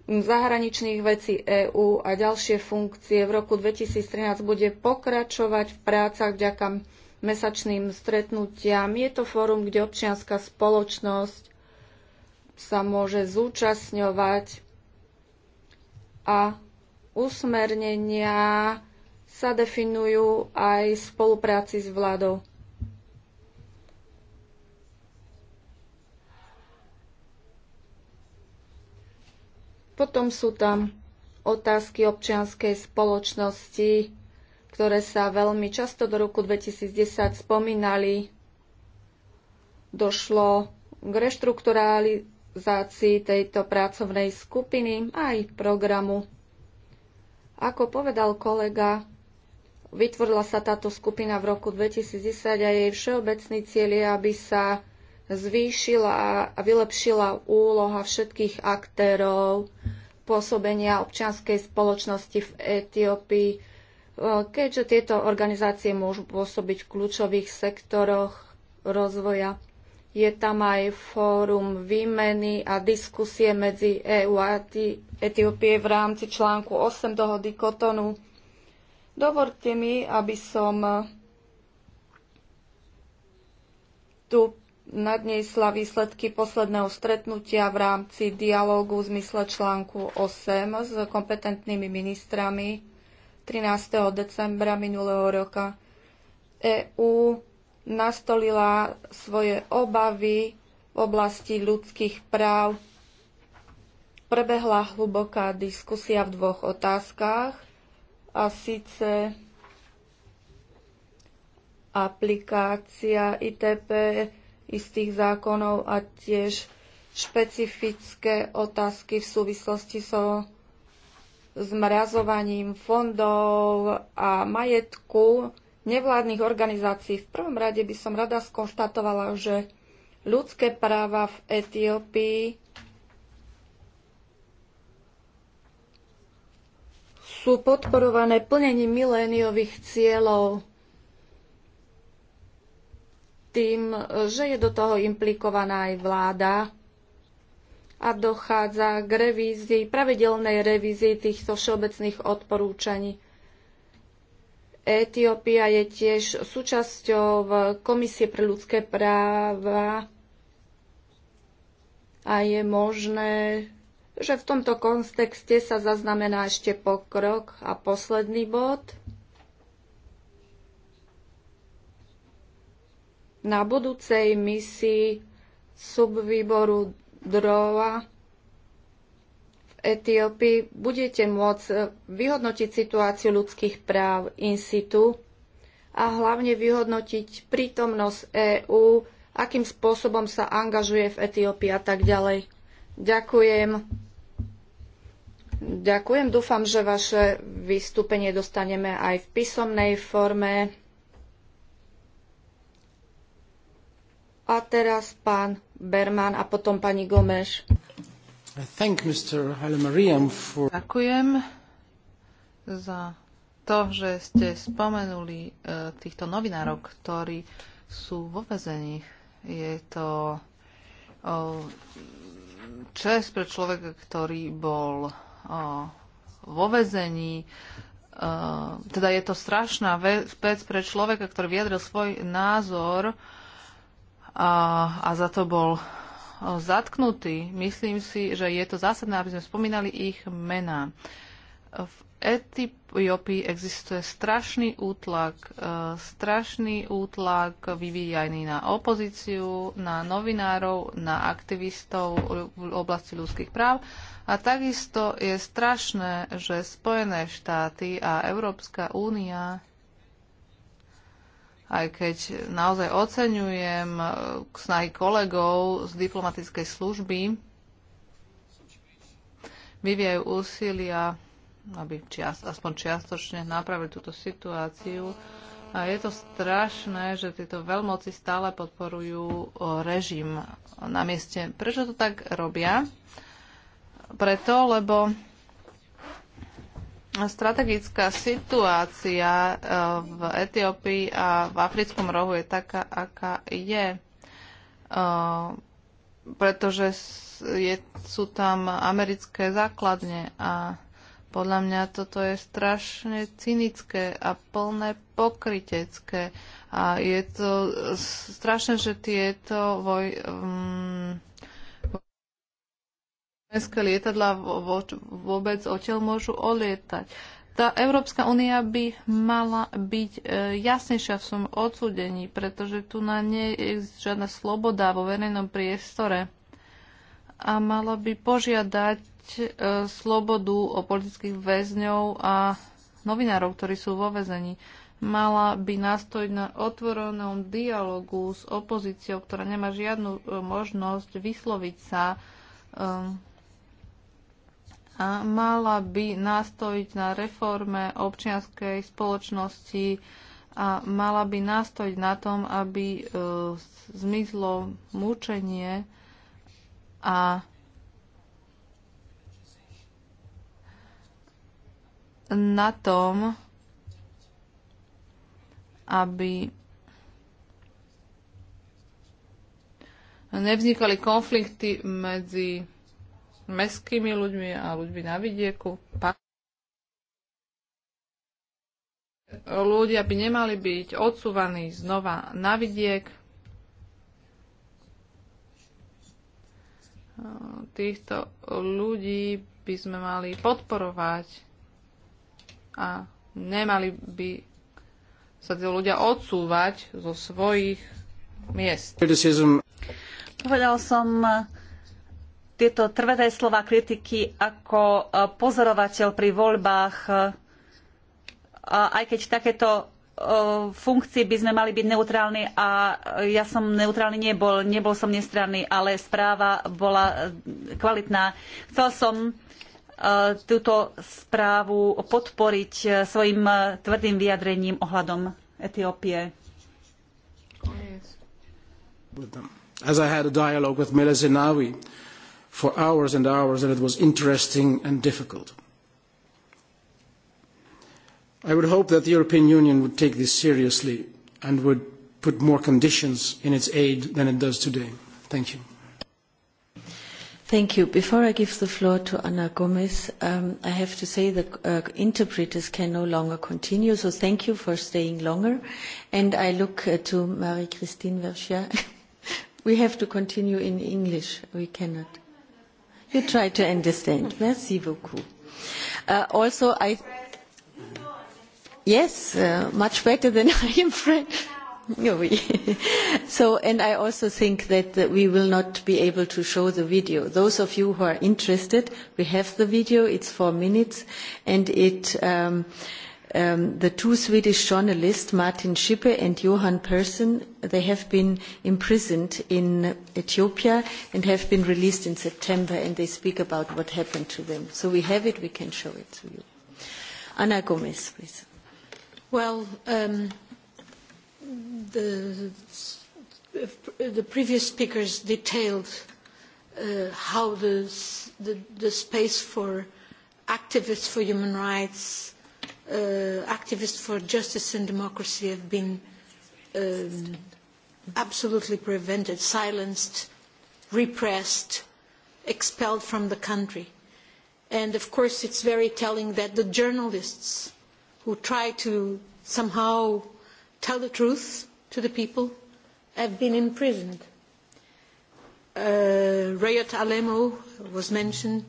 zahraničných vecí EÚ a ďalšie funkcie. V roku 2013 bude pokračovať v prácach vďaka mesačným stretnutiam. Je to fórum, kde občianská spoločnosť sa môže zúčastňovať a usmernenia sa definujú aj v spolupráci s vládou. Potom sú tam otázky občianskej spoločnosti, ktoré sa veľmi často do roku 2010 spomínali. Došlo k reštrukturalizácii tejto pracovnej skupiny aj programu ako povedal kolega, vytvorila sa táto skupina v roku 2010 a jej všeobecný cieľ je, aby sa zvýšila a vylepšila úloha všetkých aktérov pôsobenia občianskej spoločnosti v Etiópii, keďže tieto organizácie môžu pôsobiť v kľúčových sektoroch rozvoja. Je tam aj fórum výmeny a diskusie medzi EÚ a Etiópie v rámci článku 8 dohody Kotonu. Dovolte mi, aby som tu nadniesla výsledky posledného stretnutia v rámci dialógu v zmysle článku 8 s kompetentnými ministrami 13. decembra minulého roka. EU nastolila svoje obavy v oblasti ľudských práv. Prebehla hluboká diskusia v dvoch otázkach a síce aplikácia ITP istých zákonov a tiež špecifické otázky v súvislosti so zmrazovaním fondov a majetku nevládnych organizácií. V prvom rade by som rada skonštatovala, že ľudské práva v Etiópii sú podporované plnením miléniových cieľov tým, že je do toho implikovaná aj vláda a dochádza k revízii, pravidelnej revízii týchto všeobecných odporúčaní. Etiópia je tiež súčasťou Komisie pre ľudské práva a je možné, že v tomto kontexte sa zaznamená ešte pokrok. A posledný bod. Na budúcej misii subvýboru DROA Etiópii budete môcť eh, vyhodnotiť situáciu ľudských práv in situ a hlavne vyhodnotiť prítomnosť EÚ, akým spôsobom sa angažuje v Etiópii a tak ďalej. Ďakujem. Ďakujem. Dúfam, že vaše vystúpenie dostaneme aj v písomnej forme. A teraz pán Berman a potom pani Gomeš. Ďakujem za to, že ste spomenuli e, týchto novinárov, ktorí sú vo vezení. Je to čest pre človeka, ktorý bol vo vezení. E, teda je to strašná vec pre človeka, ktorý vyjadril svoj názor a za to bol zatknutí, myslím si, že je to zásadné, aby sme spomínali ich mená. V Etiópii existuje strašný útlak, e, strašný útlak vyvíjaný na opozíciu, na novinárov, na aktivistov v oblasti ľudských práv. A takisto je strašné, že Spojené štáty a Európska únia aj keď naozaj oceňujem eh, snahy kolegov z diplomatickej služby, vyvíjajú úsilia, aby čiast, aspoň čiastočne napravili túto situáciu. A je to strašné, že tieto veľmoci stále podporujú eh, režim na mieste. Prečo to tak robia? Preto, lebo strategická situácia eh, v Etiópii a v africkom rohu je taká, aká je, eh, pretože je, sú tam americké základne a podľa mňa toto je strašne cynické a plné pokrytecké. A je to strašné, že tieto voj, um, Slovenské lietadla vôbec odtiaľ môžu olietať. Tá Európska únia by mala byť e, jasnejšia v svojom odsúdení, pretože tu na nie je žiadna sloboda vo verejnom priestore a mala by požiadať e, slobodu o politických väzňov a novinárov, ktorí sú vo väzení. Mala by nastojiť na otvorenom dialogu s opozíciou, ktorá nemá žiadnu e, možnosť vysloviť sa mala by nastojiť na reforme občianskej spoločnosti a mala by nastojiť na tom, aby e, zmizlo mučenie a na tom, aby nevznikali konflikty medzi mestskými ľuďmi a ľuďmi na vidieku. Ľudia by nemali byť odsúvaní znova na vidiek. Týchto ľudí by sme mali podporovať a nemali by sa tí ľudia odsúvať zo svojich miest. Povedal som tieto tvrdé slová kritiky ako e, pozorovateľ pri voľbách, e, aj keď v takéto e, funkcii by sme mali byť neutrálni a ja som neutrálny nebol, nebol som nestranný, ale správa bola kvalitná. Chcel som túto správu podporiť svojim tvrdým vyjadrením ohľadom Etiópie. As I had a dialogue with Mila Zinawi, for hours and hours, and it was interesting and difficult. I would hope that the European Union would take this seriously and would put more conditions in its aid than it does today. Thank you. Thank you. Before I give the floor to Ana Gomez, um, I have to say the uh, interpreters can no longer continue, so thank you for staying longer. And I look uh, to Marie-Christine Vergia. we have to continue in English. We cannot. You try to understand. Merci beaucoup. Uh, also, I. Yes, uh, much better than I am French. No, so, and I also think that we will not be able to show the video. Those of you who are interested, we have the video. It's four minutes, and it. Um, Um, the two Swedish journalists, Martin Schippe and Johan Persson, they have been imprisoned in Ethiopia and have been released in September, and they speak about what happened to them. So we have it, we can show it to you. Ana Gomez, please. Well, um, the, the previous speakers detailed uh, how the, the, the space for activists for human rights Uh, activists for justice and democracy have been um, absolutely prevented, silenced, repressed, expelled from the country. And of course, it's very telling that the journalists who try to somehow tell the truth to the people have been imprisoned. Uh, Rayot Alemo was mentioned,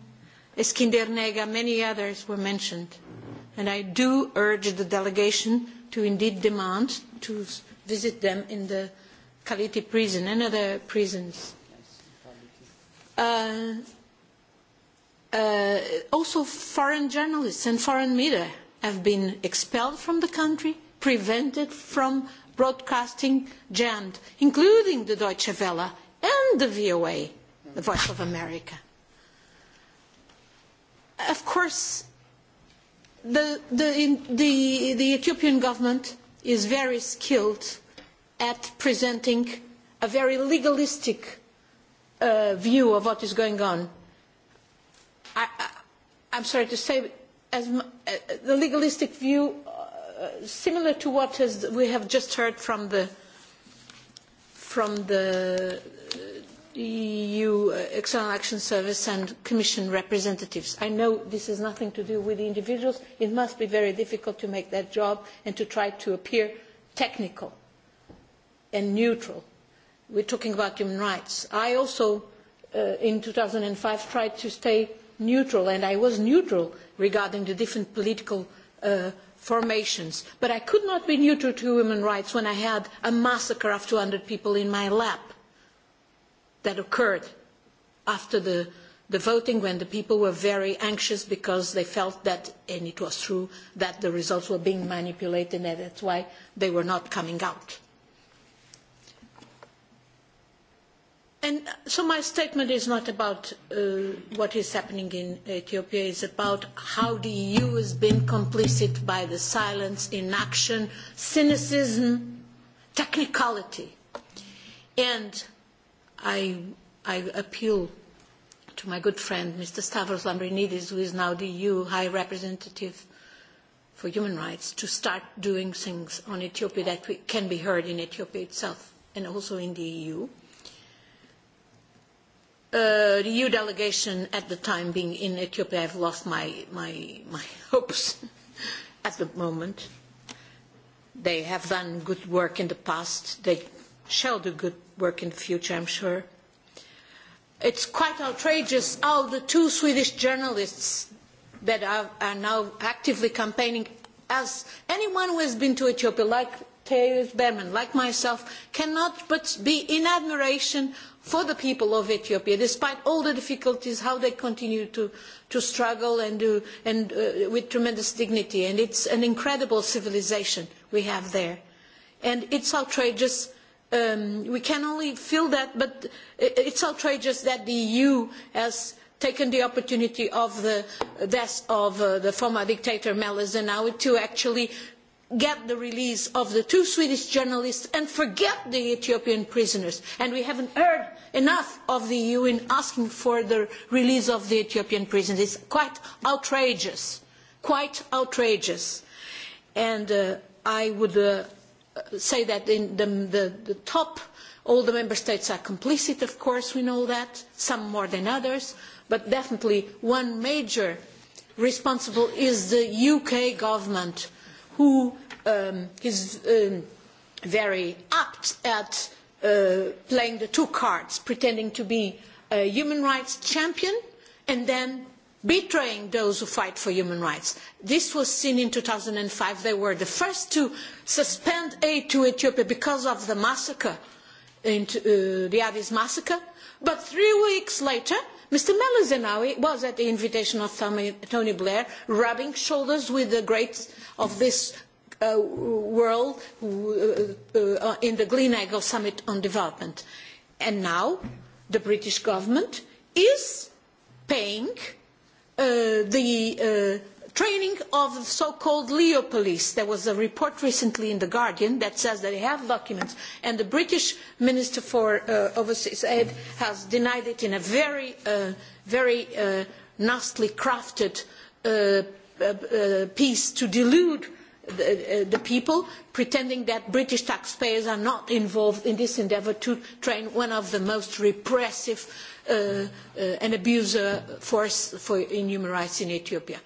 Eskinder Nega, many others were mentioned and I do urge the delegation to indeed demand to visit them in the Kaliti prison and other prisons. Uh, uh, also, foreign journalists and foreign media have been expelled from the country, prevented from broadcasting jammed, including the Deutsche Welle and the VOA, the Voice of America. Of course, the, the, in, the, the Ethiopian government is very skilled at presenting a very legalistic uh, view of what is going on. I, I, I'm sorry to say, as, uh, the legalistic view, uh, similar to what has, we have just heard from the, from the EU uh, External Action Service and Commission representatives. I know this has nothing to do with the individuals. It must be very difficult to make that job and to try to appear technical and neutral. We are talking about human rights. I also, uh, in two thousand five tried to stay neutral, and I was neutral regarding the different political uh, formations. But I could not be neutral to human rights when I had a massacre of two hundred people in my lap that occurred after the, the voting when the people were very anxious because they felt that, and it was true, that the results were being manipulated and that's why they were not coming out. And so my statement is not about uh, what is happening in Ethiopia, it's about how the EU has been complicit by the silence, inaction, cynicism, technicality. And i, I appeal to my good friend, Mr. Stavros Lambrinidis, who is now the EU High Representative for Human Rights, to start doing things on Ethiopia that we, can be heard in Ethiopia itself and also in the EU. Uh, the EU delegation at the time being in Ethiopia, I've lost my, my, my hopes at the moment. They have done good work in the past. They shall do good work in the future, I am sure. It is quite outrageous how the two Swedish journalists that are, are now actively campaigning, as anyone who has been to Ethiopia, like Teus Berman, like myself, cannot but be in admiration for the people of Ethiopia, despite all the difficulties, how they continue to, to struggle and, do, and uh, with tremendous dignity. And is an incredible civilisation we have there. And it is outrageous um, we can only feel that, but it's outrageous that the EU has taken the opportunity of the death of uh, the former dictator Mel Zenawi to actually get the release of the two Swedish journalists and forget the Ethiopian prisoners. And we haven't heard enough of the EU in asking for the release of the Ethiopian prisoners. It's quite outrageous, quite outrageous. And uh, I would uh, say that in the, the, the top, all the member states are complicit, of course, we know that, some more than others, but definitely one major responsible is the UK government, who um, is um, very apt at uh, playing the two cards, pretending to be a human rights champion and then betraying those who fight for human rights. This was seen in two thousand five. They were the first to suspend aid to Ethiopia because of the massacre, into, uh, the Addis massacre. But three weeks later, Mr. Melo was, at the invitation of Tony Blair, rubbing shoulders with the greats of this uh, world uh, uh, in the Glenagle Summit on Development. And now the British government is paying Uh, the uh, training of the so-called Leo police. There was a report recently in The Guardian that says that they have documents, and the British Minister for uh, Overseas Aid has denied it in a very, uh, very uh, nastily crafted uh, piece to delude the, the, people, pretending that British taxpayers are not involved in this endeavour to train one of the most repressive Uh, uh, an abuser force for, in human rights in Ethiopia.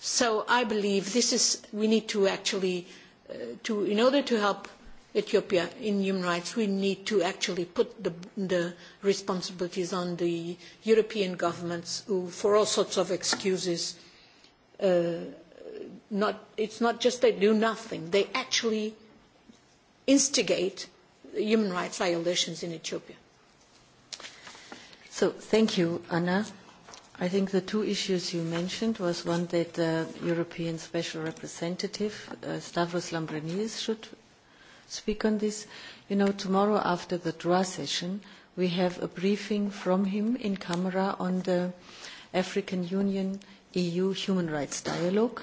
So I believe this is, we need to actually, uh, to, in order to help Ethiopia in human rights, we need to actually put the, the responsibilities on the European governments who, for all sorts of excuses, uh, not, it's not just they do nothing, they actually instigate human rights violations in Ethiopia thank you, Anna. I think the two issues you mentioned was one that the uh, European Special Representative uh, Stavros Lambrinidis should speak on this. You know, tomorrow after the draw session, we have a briefing from him in camera on the African Union EU Human Rights Dialogue.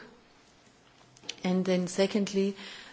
And then secondly,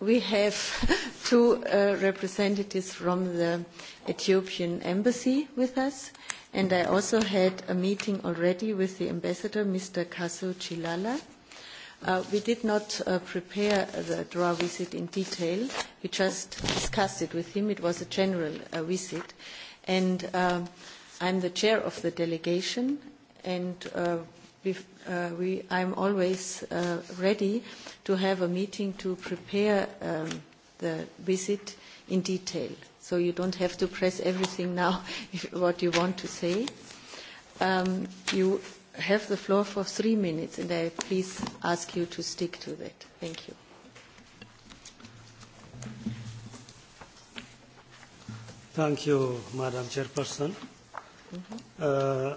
we have two uh, representatives from the Ethiopian embassy with us, and I also had a meeting already with the ambassador, Mr. Kasu Chilala. Uh, we did not uh, prepare the draw visit in detail. We just discussed it with him. It was a general uh, visit. And uh, I'm the chair of the delegation, and uh, uh, we, I'm always uh, ready to have a meeting to prepare um, the visit in detail. So you don't have to press everything now, if, what you want to say. Um, you have the floor for three minutes, and I please ask you to stick to that. Thank you. Thank you, Madam Chairperson. Mm -hmm. uh,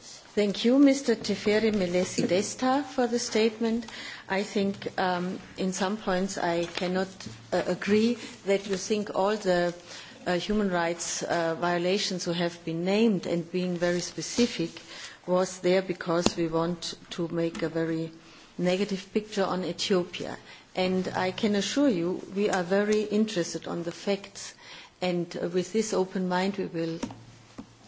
Thank you, Mr. Teferi Melesi Desta, for the statement. I think um, in some points I cannot uh, agree that you think all the uh, human rights uh, violations who have been named and being very specific was there because we want to make a very negative picture on Ethiopia. And I can assure you we are very interested on the facts and uh, with this open mind we will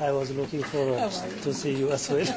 I was looking forward to see you as well.